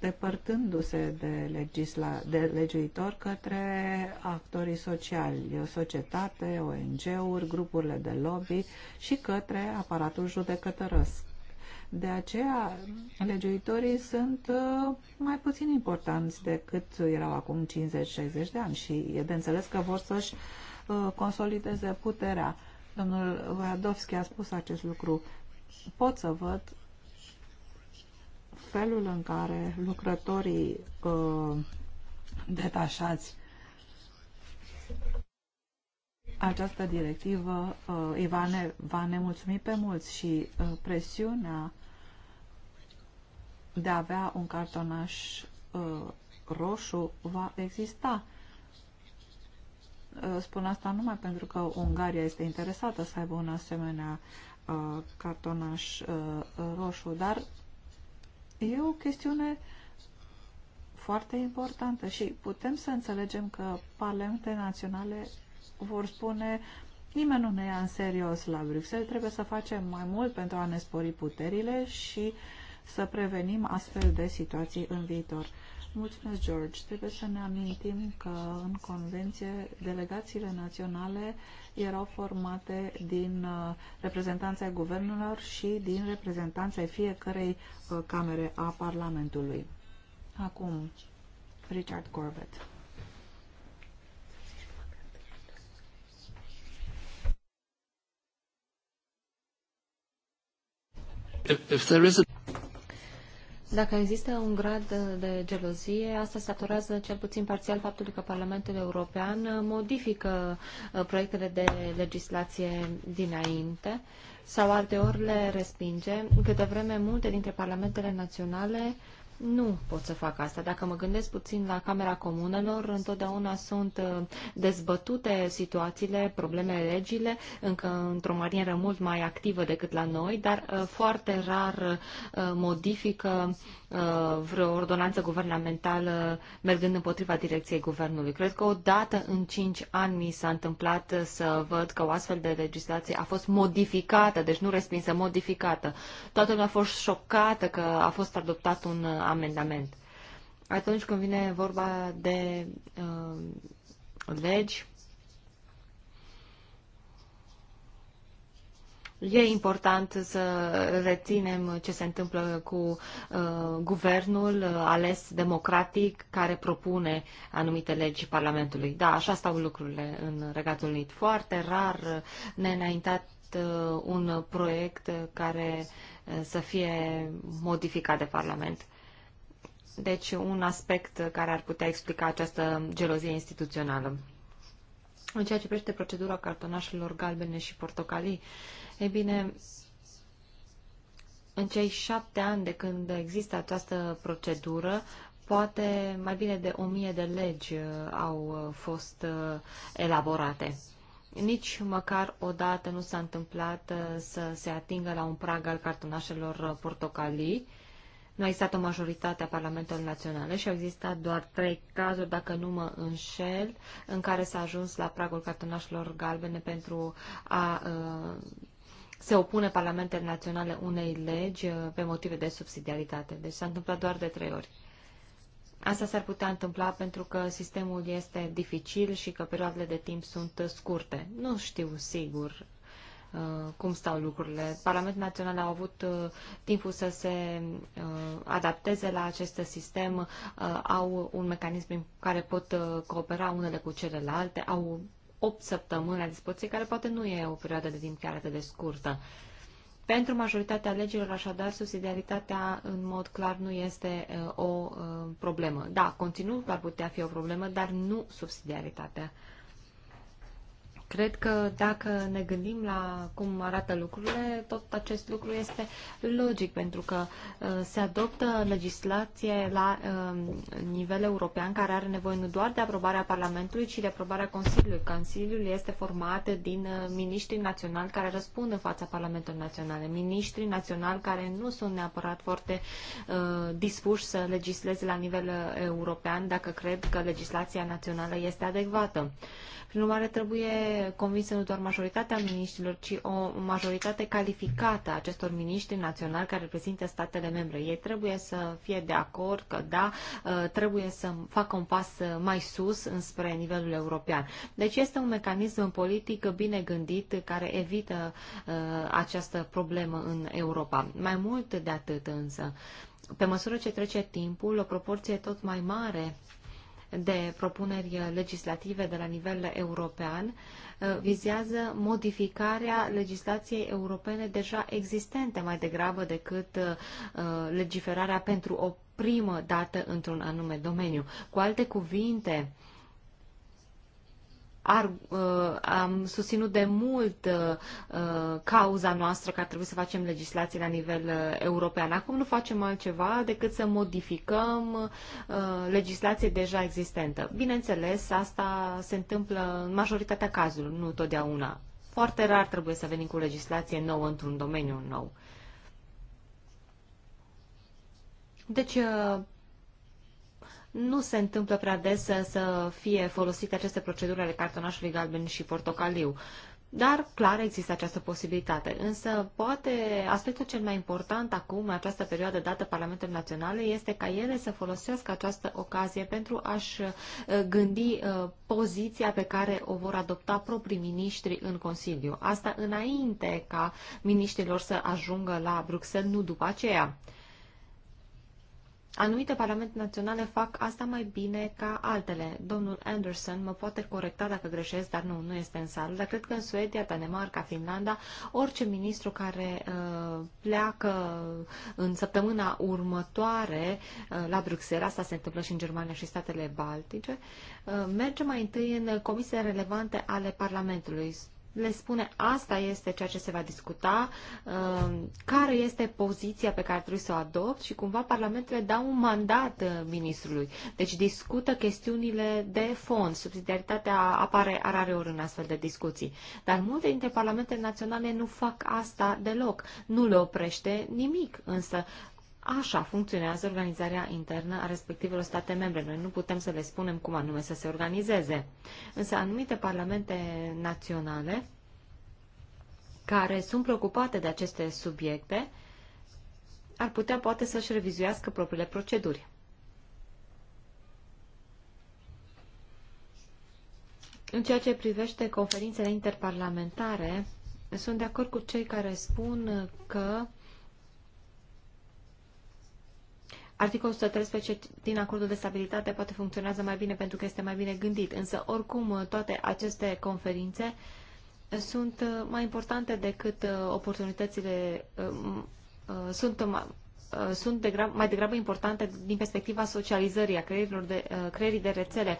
depărtându-se de, legisla, de legiuitor către actorii sociali, societate, ONG-uri, grupurile de lobby și către aparatul judecătoresc. De aceea, legiuitorii sunt uh, mai puțin importanți decât erau acum 50-60 de ani și e de înțeles că vor să-și Uh, consolideze puterea. Domnul Vojadovski a spus acest lucru. Pot să văd felul în care lucrătorii uh, detașați această directivă uh, îi va, ne, va nemulțumi pe mulți și uh, presiunea de a avea un cartonaș uh, roșu va exista Uh, spun asta numai pentru că Ungaria este interesată să aibă un asemenea uh, cartonaș uh, roșu, dar e o chestiune foarte importantă și putem să înțelegem că parlamentele naționale vor spune nimeni nu ne ia în serios la Bruxelles, trebuie să facem mai mult pentru a ne spori puterile și să prevenim astfel de situații în viitor. Mulțumesc, George. Trebuie să ne amintim că în convenție delegațiile naționale erau formate din uh, reprezentanța ai guvernelor și din reprezentanța fiecarei uh, camere a Parlamentului. Acum, Richard Corbett. If, if there is a... Dacă există un grad de gelozie, asta se datorează cel puțin parțial faptului că Parlamentul European modifică uh, proiectele de legislație dinainte sau alteori le respinge, câte vreme multe dintre parlamentele naționale uh, nu pot să fac asta. Dacă mă gândesc puțin la Camera Comunelor, întotdeauna sunt uh, dezbătute situațiile, problemele, legile, încă într-o manieră mult mai activă decât la noi, dar uh, foarte rar uh, modifică vreo ordonanță guvernamentală mergând împotriva direcției guvernului. Cred că odată în cinci ani mi s-a întâmplat să văd că o astfel de legislație a fost modificată, deci nu respinsă, modificată. Toată lumea a fost șocată că a fost adoptat un amendament. Atunci când vine vorba de uh, legi, E important să reținem ce se întâmplă cu uh, guvernul uh, ales democratic care propune anumite legi Parlamentului. Da, așa stau lucrurile în Regatul Unit. Foarte rar ne înaintat uh, un proiect care uh, să fie modificat de Parlament. Deci un aspect care ar putea explica această gelozie instituțională. În ceea ce privește procedura cartonașelor galbene și portocalii, e bine, în cei șapte ani de când există această procedură, poate mai bine de o mie de legi uh, au uh, fost uh, elaborate. Nici măcar odată nu s-a întâmplat să se atingă la un prag al cartonașelor portocalii, nu a existat o majoritate a Parlamentelor Naționale și au existat doar trei cazuri, dacă nu mă înșel, în care s-a ajuns la pragul cartonașilor galbene pentru a uh, se opune Parlamentele Naționale unei legi uh, pe motive de subsidiaritate. Deci s-a întâmplat doar de trei ori. Asta s-ar putea întâmpla pentru că sistemul este dificil și că perioadele de timp sunt scurte. Nu știu sigur Uh, cum stau lucrurile. Parlamentul Național a avut uh, timpul să se uh, adapteze la acest sistem, au un mecanism prin care pot coopera unele cu celelalte, au 8 săptămâni la dispoziție, care poate nu e o perioadă de timp chiar atât de scurtă. Pentru majoritatea legilor, așadar, subsidiaritatea în mod clar nu este uh, o uh, problemă. Da, conținutul ar putea fi o problemă, dar nu subsidiaritatea. Uh, Cred că dacă ne gândim la cum arată lucrurile, tot acest lucru este logic, pentru că uh, se adoptă legislație la um, nivel european care are nevoie nu doar de aprobarea Parlamentului, ci de aprobarea Consiliului. Consiliul este format din uh, miniștri naționali care răspund în fața Parlamentului național. miniștri naționali care nu sunt neapărat foarte uh, dispuși să legisleze la nivel uh, european dacă cred că legislația națională este adecvată. Prin urmare, trebuie convinsă nu doar majoritatea miniștilor, ci o majoritate calificată a acestor miniștri naționali care reprezintă statele membre. Ei trebuie să fie de acord că, da, ă, trebuie să facă un pas mai sus înspre nivelul european. Deci este un mecanism politic bine gândit care evită ă, această problemă în Europa. Mai mult de atât însă, pe măsură ce trece timpul, o proporție tot mai mare de propuneri legislative de la nivel european uh, vizează modificarea legislației europene deja existente mai degrabă decât uh, legiferarea pentru o primă dată într-un anume domeniu. Cu alte cuvinte, ar, uh, am susținut de mult uh, cauza noastră că ar trebui să facem legislație la nivel uh, european. Acum nu facem altceva decât să modificăm uh, legislație deja existentă. Bineînțeles, asta se întâmplă în majoritatea cazurilor, nu totdeauna. Foarte rar trebuie să venim cu legislație nouă într-un domeniu nou. Deci, uh, nu se întâmplă prea des să fie folosite aceste proceduri ale cartonașului galben și portocaliu. Dar, clar, există această posibilitate. Însă, poate, aspectul cel mai important acum, în această perioadă dată Parlamentului Național, este ca ele să folosească această ocazie pentru a-și uh, gândi uh, poziția pe care o vor adopta proprii miniștri în Consiliu. Asta înainte ca miniștrilor să ajungă la Bruxelles, nu după aceea. Anumite parlamente naționale fac asta mai bine ca altele. Domnul Anderson mă poate corecta dacă greșesc, dar nu, nu este în sală. Dar cred că în Suedia, Danemarca, Finlanda, orice ministru care uh, pleacă în săptămâna următoare uh, la Bruxelles, asta se întâmplă și în Germania și statele baltice, uh, merge mai întâi în comisiile relevante ale Parlamentului le spune asta este ceea ce se va discuta, uh, care este poziția pe care trebuie să o adopt și cumva parlamentele dau un mandat uh, ministrului. Deci discută chestiunile de fond. Subsidiaritatea apare ori în astfel de discuții. Dar multe dintre parlamentele naționale nu fac asta deloc. Nu le oprește nimic, însă Așa funcționează organizarea internă a respectivelor state membre. Noi nu putem să le spunem cum anume să se organizeze. Însă anumite parlamente naționale care sunt preocupate de aceste subiecte ar putea poate să-și revizuiască propriile proceduri. În ceea ce privește conferințele interparlamentare, sunt de acord cu cei care spun că Articolul 113 din acordul de stabilitate poate funcționează mai bine pentru că este mai bine gândit, însă oricum toate aceste conferințe sunt uh, mai importante decât uh, oportunitățile uh, sunt sunt degrab, mai degrabă importante din perspectiva socializării, a creierilor de, creierii de rețele,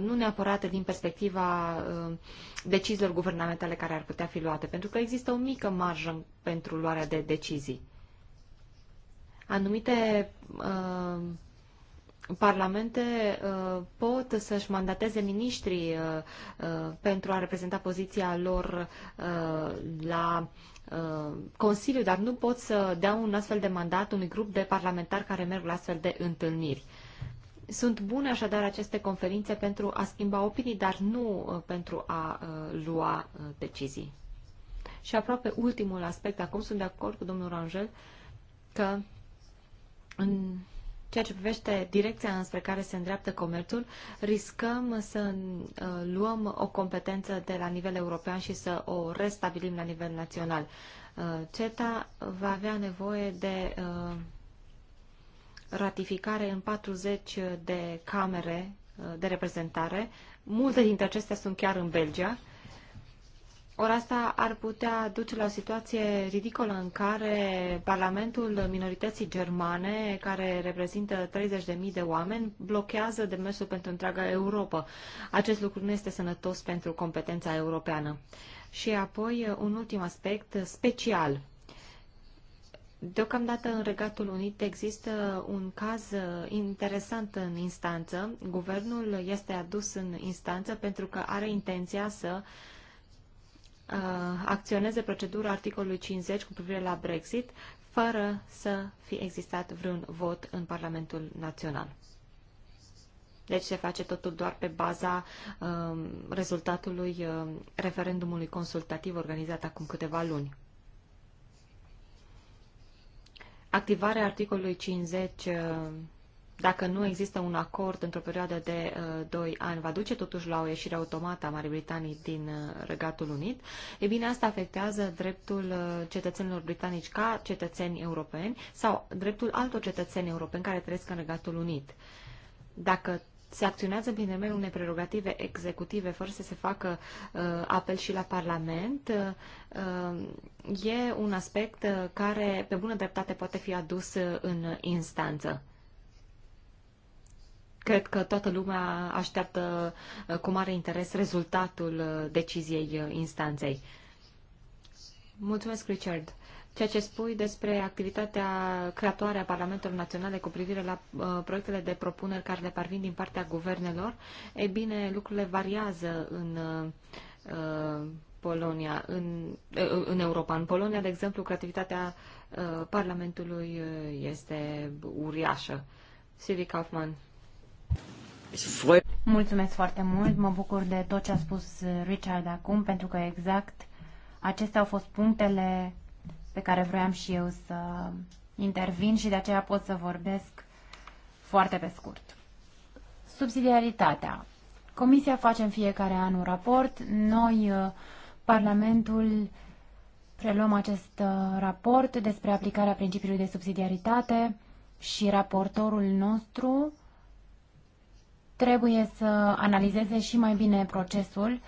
nu neapărat din perspectiva deciziilor guvernamentale care ar putea fi luate, pentru că există o mică marjă pentru luarea de decizii anumite uh, parlamente uh, pot să-și mandateze miniștri uh, pentru a reprezenta poziția lor la Consiliu, dar nu pot să dea un astfel de mandat unui grup de parlamentari care merg la astfel de întâlniri. Sunt bune așadar aceste conferințe pentru a schimba opinii, dar nu pentru a lua decizii. Și aproape ultimul aspect, acum sunt de acord cu domnul Rangel, că în ceea ce privește direcția înspre care se îndreaptă comerțul, riscăm să uh, luăm o competență de la nivel european și să o restabilim la nivel național. Uh, CETA va avea nevoie de uh, ratificare în 40 de camere de reprezentare. Multe dintre acestea sunt chiar în Belgia. Uh, ori asta ar putea duce la o situație ridicolă în care Parlamentul minorității germane, care reprezintă 30.000 de oameni, blochează demersul pentru întreaga Europa. Acest lucru nu este sănătos pentru competența europeană. Și apoi un ultim aspect special. Deocamdată în Regatul Unit există un caz interesant în instanță. Guvernul este adus în instanță pentru că are intenția să uh, Uh, acționeze procedura articolului 50 cu privire la Brexit, fără să fi existat vreun vot în Parlamentul Național. Deci se face totul doar pe baza um, rezultatului um, referendumului consultativ organizat acum câteva luni. Activarea articolului 50 dacă nu există un acord într-o perioadă de uh, 2 ani, va duce totuși la o ieșire automată a Marii Britanii din uh, Regatul Unit, e bine, asta afectează dreptul uh, cetățenilor britanici ca cetățeni europeni sau dreptul altor cetățeni europeni care trăiesc în Regatul Unit. Dacă se acționează prin intermediul unei prerogative executive fără să se facă uh, apel și la Parlament, uh, e un aspect uh, care, pe bună dreptate, poate fi adus uh, în instanță. Cred că toată lumea așteaptă uh, cu mare interes rezultatul uh, deciziei uh, instanței. Mulțumesc, Richard. Ceea ce spui despre activitatea creatoare a Parlamentului Național cu privire la uh, proiectele de propuneri care le parvin din partea guvernelor, e bine, lucrurile variază în uh, Polonia, în, uh, în Europa. În Polonia, de exemplu, creativitatea uh, Parlamentului este uriașă. Siri Kaufman. Mulțumesc foarte mult, mă bucur de tot ce a spus Richard acum, pentru că exact acestea au fost punctele pe care vroiam și eu să intervin și de aceea pot să vorbesc foarte pe scurt. Subsidiaritatea. Comisia face în fiecare an un raport, noi, uh, Parlamentul, preluăm acest uh, raport despre aplicarea principiului de subsidiaritate și raportorul nostru trebuie să analizeze și mai bine procesul,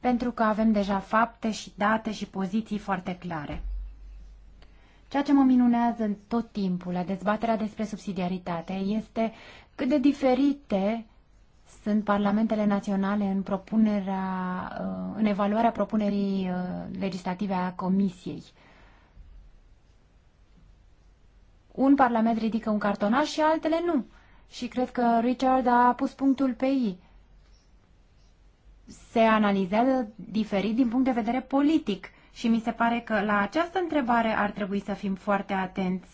pentru că avem deja fapte și date și poziții foarte clare. Ceea ce mă minunează în tot timpul la dezbaterea despre subsidiaritate este cât de diferite sunt parlamentele naționale în, propunerea, uh, în evaluarea propunerii uh, legislative a Comisiei. Un parlament ridică un cartonaș și altele nu și cred că Richard a pus punctul pe ei. Se analizează diferit din punct de vedere politic și mi se pare că la această întrebare ar trebui să fim foarte atenți.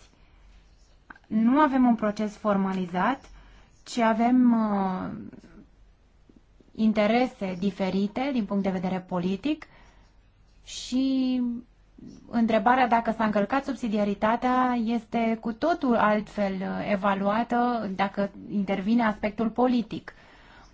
Nu avem un proces formalizat, ci avem uh, interese diferite din punct de vedere politic și întrebarea dacă s-a încălcat subsidiaritatea este cu totul altfel uh, evaluată dacă intervine aspectul politic.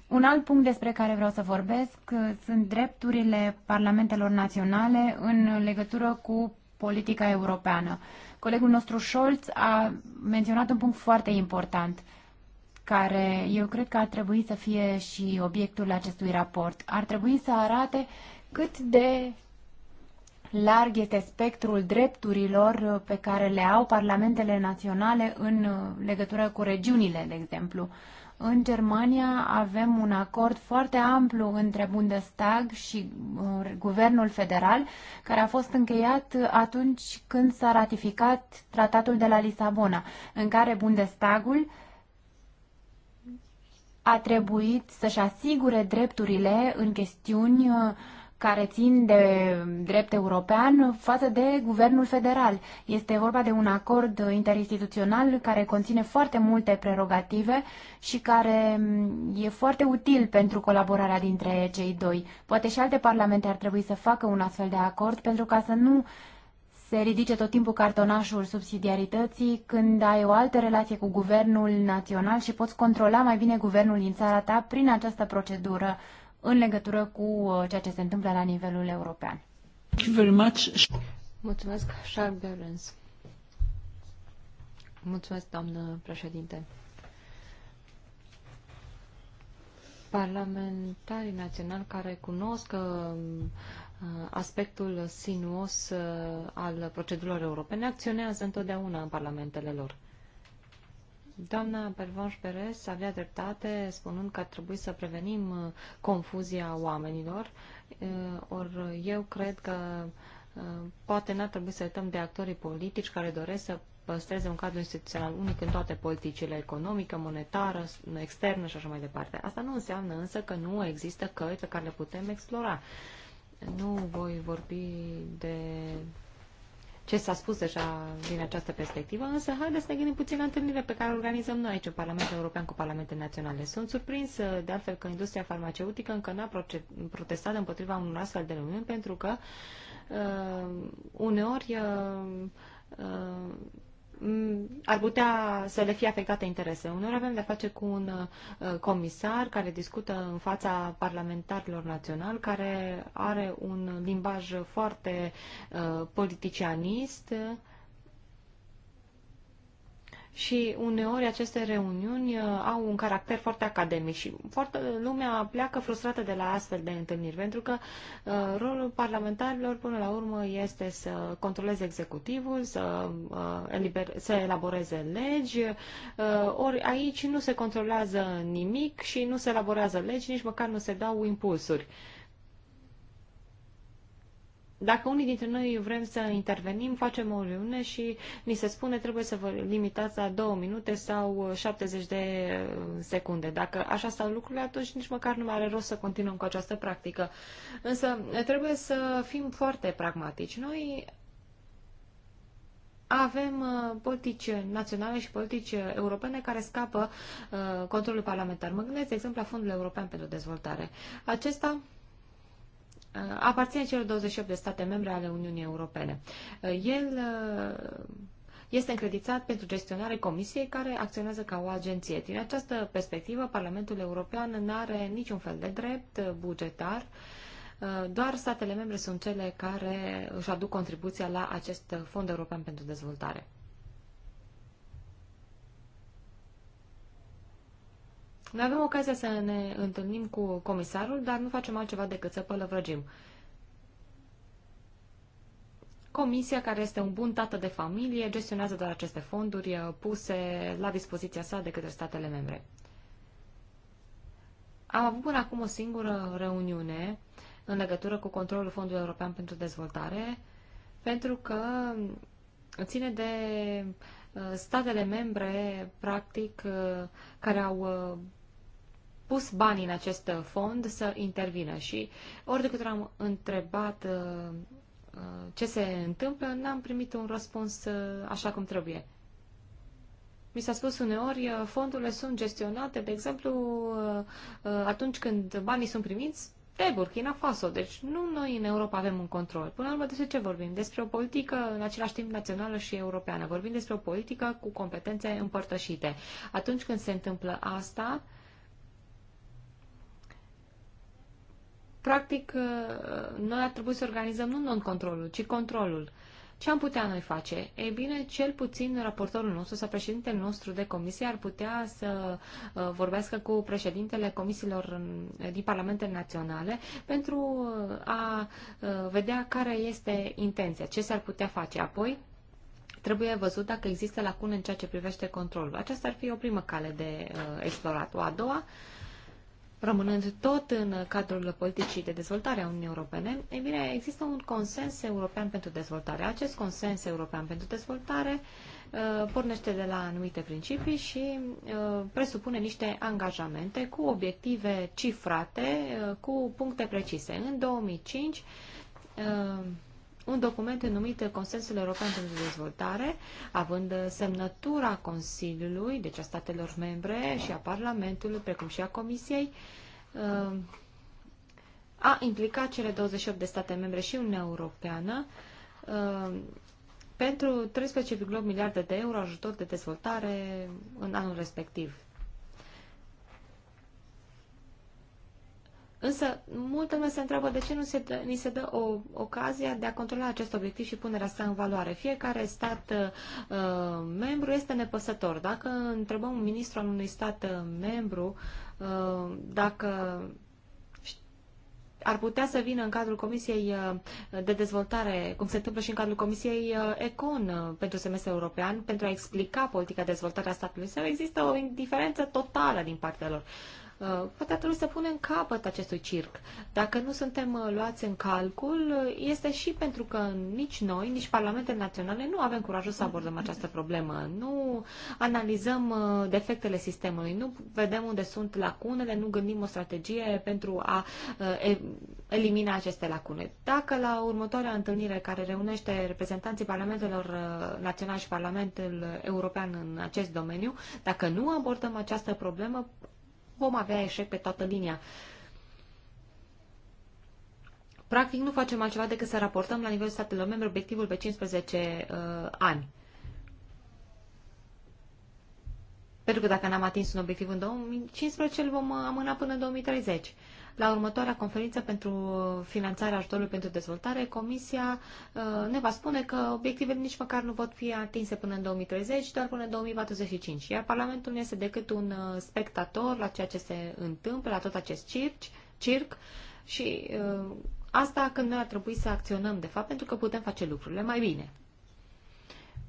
Un alt punct despre care vreau să vorbesc uh, sunt drepturile parlamentelor naționale în legătură cu politica europeană. Colegul nostru Scholz a menționat un punct foarte important care eu cred că ar trebui să fie și obiectul acestui raport. Ar trebui să arate cât de larg este spectrul drepturilor pe care le au parlamentele naționale în uh, legătură cu regiunile, de exemplu. În Germania avem un acord foarte amplu între Bundestag și uh, Guvernul Federal, care a fost încheiat atunci când s-a ratificat tratatul de la Lisabona, în care Bundestagul a trebuit să-și asigure drepturile în chestiuni uh, care țin de drept european față de guvernul federal. Este vorba de un acord interinstituțional care conține foarte multe prerogative și care mm, e foarte util pentru colaborarea dintre cei doi. Poate și alte parlamente ar trebui să facă un astfel de acord pentru ca să nu se ridice tot timpul cartonașul subsidiarității când ai o altă relație cu guvernul național și poți controla mai bine guvernul din țara ta prin această procedură în legătură cu uh, ceea ce se întâmplă la nivelul european. Thank you very much. Mulțumesc, Charles Berens. Mulțumesc, doamnă președinte. Parlamentarii naționali care cunosc uh, aspectul sinuos uh, al procedurilor europene acționează întotdeauna în parlamentele lor. Doamna Pervanș Perez avea dreptate spunând că ar trebui să prevenim uh, confuzia oamenilor, uh, ori eu cred că uh, poate n-ar trebui să uităm de actorii politici care doresc să păstreze un cadru instituțional unic în toate politicile economică, monetară, externă și așa mai departe. Asta nu înseamnă însă că nu există căi pe care le putem explora. Nu voi vorbi de ce s-a spus deja din această perspectivă, însă haideți să ne gândim puțin la întâlnirile pe care organizăm noi aici în Parlamentul European cu Parlamentele Naționale. Sunt surprins uh, de altfel că industria farmaceutică încă n-a protestat împotriva unor astfel de lumini pentru că uh, uneori uh, uh, ar putea să le fie afectate interese. Unor avem de face cu un uh, comisar care discută în fața parlamentarilor naționali, care are un limbaj foarte uh, politicianist, și uneori aceste reuniuni uh, au un caracter foarte academic și foarte, lumea pleacă frustrată de la astfel de întâlniri, pentru că uh, rolul parlamentarilor până la urmă este să controleze executivul, să, uh, eliber, să elaboreze legi, ori aici nu se controlează nimic și nu se elaborează legi, nici măcar nu se dau impulsuri. Uh, dacă unii dintre noi vrem să intervenim, facem o reuniune și ni se spune trebuie să vă limitați la două minute sau 70 de secunde. Dacă așa stau lucrurile, atunci nici măcar nu mai are rost să continuăm cu această practică. Însă trebuie să fim foarte pragmatici. Noi avem uh, politici naționale și politici europene care scapă uh, controlul parlamentar. Mă gândesc, de exemplu, la Fondul European pentru Dezvoltare. Acesta Uh, aparține celor 28 de state membre ale Uniunii Europene. Uh, el uh, este încredițat pentru gestionare comisiei care acționează ca o agenție. Din această perspectivă, Parlamentul European nu are niciun fel de drept bugetar doar statele membre sunt cele care își aduc contribuția la acest Fond European pentru Dezvoltare. Noi avem ocazia să ne întâlnim cu comisarul, dar nu facem altceva decât să pălăvrăgim. Comisia, care este un bun tată de familie, gestionează doar aceste fonduri uh, puse la dispoziția sa de către statele membre. Am avut până acum o singură reuniune în legătură cu controlul Fondului European pentru Dezvoltare, pentru că ține de uh, statele membre, practic, uh, care au pus bani în acest fond să intervină și ori de câte am întrebat uh, uh, ce se întâmplă, n-am primit un răspuns uh, așa cum trebuie. Mi s-a spus uneori, fondurile sunt gestionate, de exemplu, atunci când banii sunt primiți, de Burkina Faso. Deci nu noi în Europa avem un control. Până la urmă, despre ce vorbim? Despre o politică în același timp națională și europeană. Vorbim despre o politică cu competențe împărtășite. Atunci când se întâmplă asta, uh, Practic, uh, noi ar trebui să organizăm nu non-controlul, ci controlul. Ce am putea noi face? Ei bine, cel puțin raportorul nostru sau președintele nostru de comisie ar putea să uh, vorbească cu președintele comisiilor um, din parlamentele naționale pentru uh, a vedea care este intenția, ce s-ar putea face. Apoi, trebuie văzut dacă există lacune în ceea ce privește controlul. Aceasta ar fi o primă cale de explorat. O a doua, uh, Rămânând tot în cadrul politicii de dezvoltare a Uniunii Europene, e bine, există un consens european pentru dezvoltare. Acest consens european pentru dezvoltare uh, pornește de la anumite principii și uh, presupune niște angajamente cu obiective cifrate, uh, cu puncte precise. În 2005, un document numit Consensul European pentru Dezvoltare, având semnătura Consiliului, deci a statelor membre și a Parlamentului, precum și a Comisiei, uh, a implicat cele 28 de state membre și Uniunea Europeană uh, pentru 13,8 miliarde de euro ajutor de dezvoltare în anul respectiv. Însă, multă lume se întreabă de ce nu se dă, ni se dă o ocazia de a controla acest obiectiv și punerea sa în valoare. Fiecare stat uh, membru este nepăsător. Dacă întrebăm un ministru al unui stat uh, membru uh, dacă ar putea să vină în cadrul Comisiei uh, de Dezvoltare, cum se întâmplă și în cadrul Comisiei uh, Econ uh, pentru semestrul european, pentru a explica politica de dezvoltare a statului său, există o indiferență totală din partea lor. Uh, Uh, poate trebuie să punem capăt acestui circ. Dacă nu suntem uh, luați în calcul, uh, este și pentru că nici noi, nici parlamentele naționale nu avem curajul să abordăm această problemă. Nu analizăm defectele sistemului, nu vedem unde sunt lacunele, nu gândim o strategie pentru a elimina aceste lacune. Dacă la următoarea întâlnire care reunește reprezentanții parlamentelor naționale și parlamentul european în acest domeniu, dacă nu abordăm această problemă, vom avea eșec pe toată linia. Practic nu facem altceva decât să raportăm la nivelul statelor membre obiectivul pe 15 uh, ani. Pentru că dacă n-am atins un obiectiv în 2015, îl vom amâna până în 2030. La următoarea conferință pentru finanțarea ajutorului pentru dezvoltare, Comisia uh, ne va spune că obiectivele nici măcar nu pot fi atinse până în 2030, doar până în 2045. Iar Parlamentul nu este decât un uh, spectator la ceea ce se întâmplă, la tot acest circ, circ și uh, asta când noi ar trebui să acționăm, de fapt, pentru că putem face lucrurile mai bine.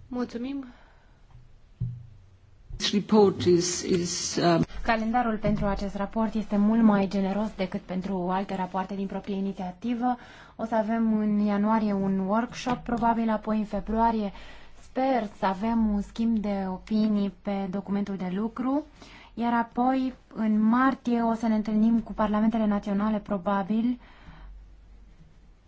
Mulțumim, Um, Calendarul pentru acest raport este mult mai generos decât pentru alte rapoarte din proprie inițiativă. O să avem în ianuarie un workshop, probabil apoi în februarie. Sper să avem un schimb de opinii pe documentul de lucru, iar apoi în martie o să ne întâlnim cu parlamentele naționale, probabil,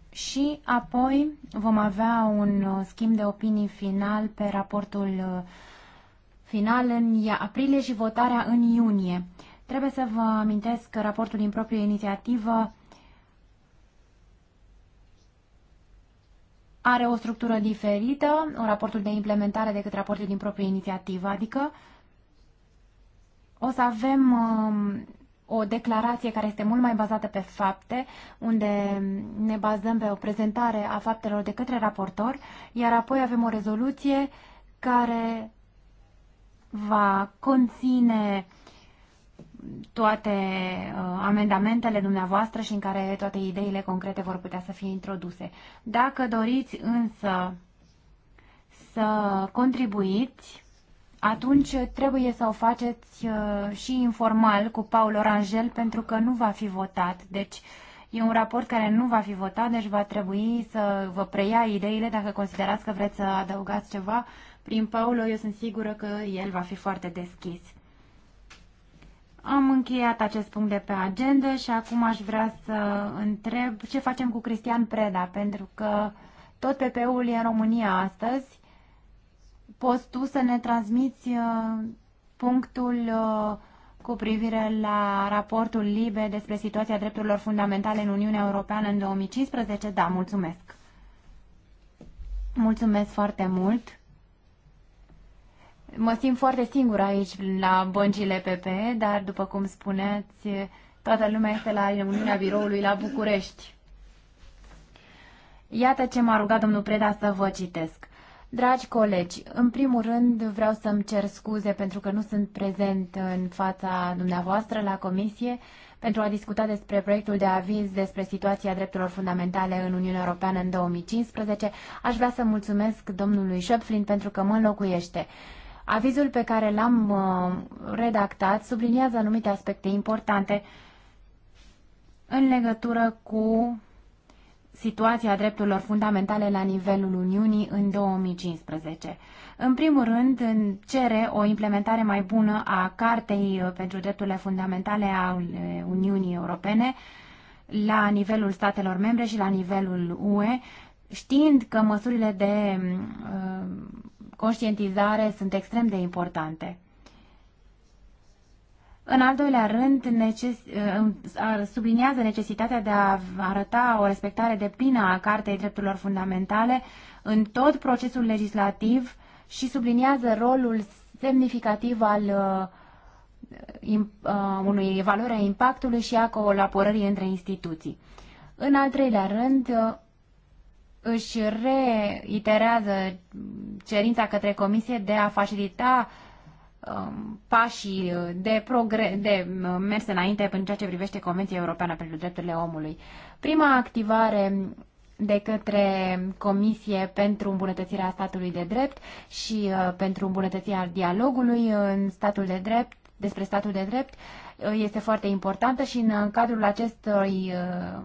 și apoi vom avea un schimb de opinii final pe raportul uh, final în aprilie și votarea în iunie. Trebuie să vă amintesc că raportul din proprie inițiativă are o structură diferită, un raportul de implementare decât raportul din proprie inițiativă, adică o să avem um, o declarație care este mult mai bazată pe fapte, unde ne bazăm pe o prezentare a faptelor de către raportor, iar apoi avem o rezoluție care va conține toate uh, amendamentele dumneavoastră și în care toate ideile concrete vor putea să fie introduse. Dacă doriți însă să contribuiți, atunci trebuie să o faceți uh, și informal cu Paul Orangel pentru că nu va fi votat. Deci e un raport care nu va fi votat, deci va trebui să vă preia ideile dacă considerați că vreți să adăugați ceva prin Paulo, eu sunt sigură că el va fi foarte deschis. Am încheiat acest punct de pe agenda și acum aș vrea să întreb ce facem cu Cristian Preda, pentru că tot PP-ul e în România astăzi. Poți tu să ne transmiți uh, punctul uh, cu privire la raportul LIBE despre situația drepturilor fundamentale în Uniunea Europeană în 2015? Da, mulțumesc. Mulțumesc foarte mult. Mă simt foarte singură aici la băncile PP, dar după cum spuneați, toată lumea este la Uniunea biroului la București. Iată ce m-a rugat domnul Preda să vă citesc. Dragi colegi, în primul rând vreau să-mi cer scuze pentru că nu sunt prezent în fața dumneavoastră la comisie pentru a discuta despre proiectul de aviz despre situația drepturilor fundamentale în Uniunea Europeană în 2015. Aș vrea să mulțumesc domnului Șöpflin pentru că mă înlocuiește. Avizul pe care l-am uh, redactat subliniază anumite aspecte importante în legătură cu situația drepturilor fundamentale la nivelul Uniunii în 2015. În primul rând, cere o implementare mai bună a Cartei uh, pentru Drepturile Fundamentale a uh, Uniunii Europene la nivelul statelor membre și la nivelul UE, știind că măsurile de uh, conștientizare sunt extrem de importante. În al doilea rând, neces subliniază necesitatea de a arăta o respectare de plină a Cartei Drepturilor Fundamentale în tot procesul legislativ și subliniază rolul semnificativ al uh, uh unui evaluare a impactului și a colaborării între instituții. În al treilea rând, uh, își reiterează cerința către Comisie de a facilita um, pașii de, progre- de uh, mers înainte în ceea ce privește Convenția Europeană pentru Drepturile Omului. Prima activare de către Comisie pentru îmbunătățirea statului de drept și uh, pentru îmbunătățirea dialogului în statul de drept, despre statul de drept, uh, este foarte importantă și în cadrul acestui, uh,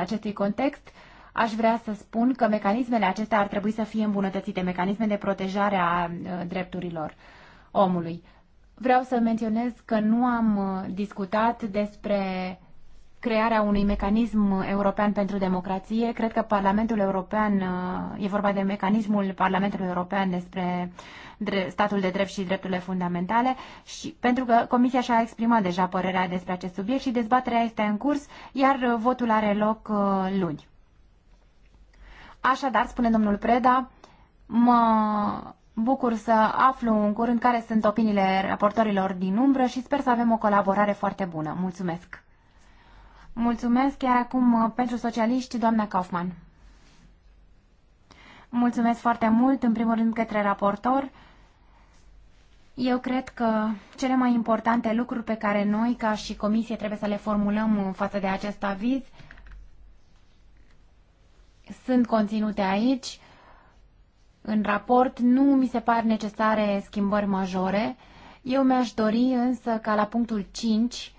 acestui context aș vrea să spun că mecanismele acestea ar trebui să fie îmbunătățite, mecanisme de protejare a uh, drepturilor omului. Vreau să menționez că nu am uh, discutat despre crearea unui mecanism european pentru democrație. Cred că Parlamentul European, uh, e vorba de mecanismul Parlamentului European despre statul de drept și drepturile fundamentale și pentru că Comisia și-a exprimat deja părerea despre acest subiect și dezbaterea este în curs, iar votul are loc luni. Așadar, spune domnul Preda, mă bucur să aflu în curând care sunt opiniile raportorilor din umbră și sper să avem o colaborare foarte bună. Mulțumesc! Mulțumesc chiar acum uh, pentru socialiști, doamna Kaufman. Mulțumesc foarte mult, în primul rând către raportor. Eu cred că cele mai importante lucruri pe care noi, ca și comisie, trebuie să le formulăm în uh, față de acest aviz sunt conținute aici în raport. Nu mi se par necesare schimbări majore. Eu mi-aș dori însă ca la punctul 5,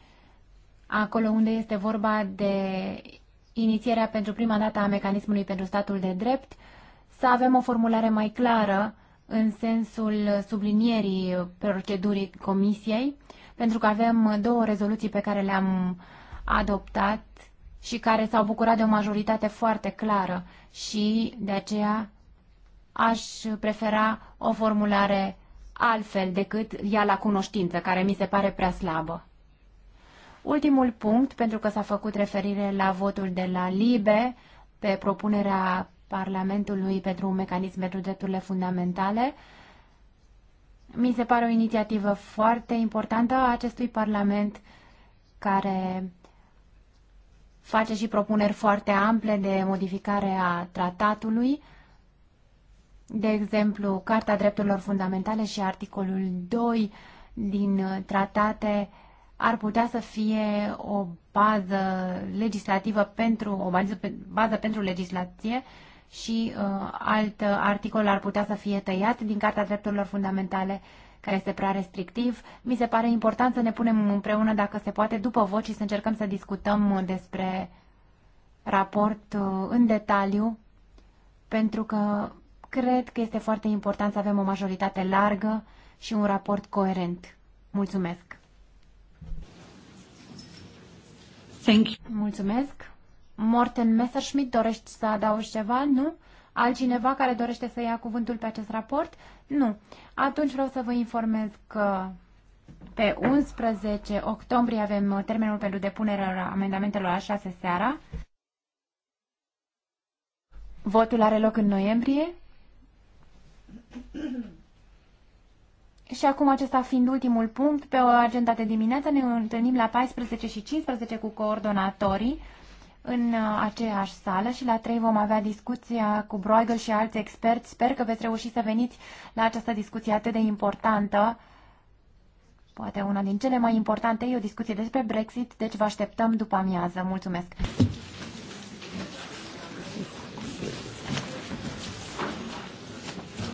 acolo unde este vorba de inițierea pentru prima dată a mecanismului pentru statul de drept, să avem o formulare mai clară în sensul sublinierii procedurii comisiei, pentru că avem două rezoluții pe care le-am adoptat și care s-au bucurat de o majoritate foarte clară și de aceea aș prefera o formulare altfel decât ea la cunoștință, care mi se pare prea slabă. Ultimul punct, pentru că s-a făcut referire la votul de la LIBE pe propunerea Parlamentului pentru un mecanism pentru drepturile fundamentale, mi se pare o inițiativă foarte importantă a acestui Parlament care face și propuneri foarte ample de modificare a tratatului, de exemplu, Carta Drepturilor Fundamentale și articolul 2 din tratate ar putea să fie o bază legislativă pentru o bază, bază pentru legislație și uh, alt articol ar putea să fie tăiat din Carta Drepturilor Fundamentale uh, care este prea restrictiv. Mi se pare important să ne punem împreună, dacă se poate, după voci și să încercăm să discutăm despre raport uh, în detaliu, pentru că cred că este foarte important să avem o majoritate largă și un raport coerent. Mulțumesc! Thank you. Mulțumesc! Morten Messerschmidt, dorești să adaugi ceva, nu? Altcineva care dorește să ia cuvântul pe acest raport? Nu. Atunci vreau să vă informez că pe 11 octombrie avem termenul pentru depunerea amendamentelor la 6 seara. Votul are loc în noiembrie. Și acum acesta fiind ultimul punct, pe o agenda de dimineață ne întâlnim la 14 și 15 cu coordonatorii în uh, aceeași sală și la trei vom avea discuția cu Bruegel și alți experți. Sper că veți reuși să veniți la această discuție atât de importantă. Poate una din cele mai importante e o discuție despre Brexit, deci vă așteptăm după amiază. Mulțumesc!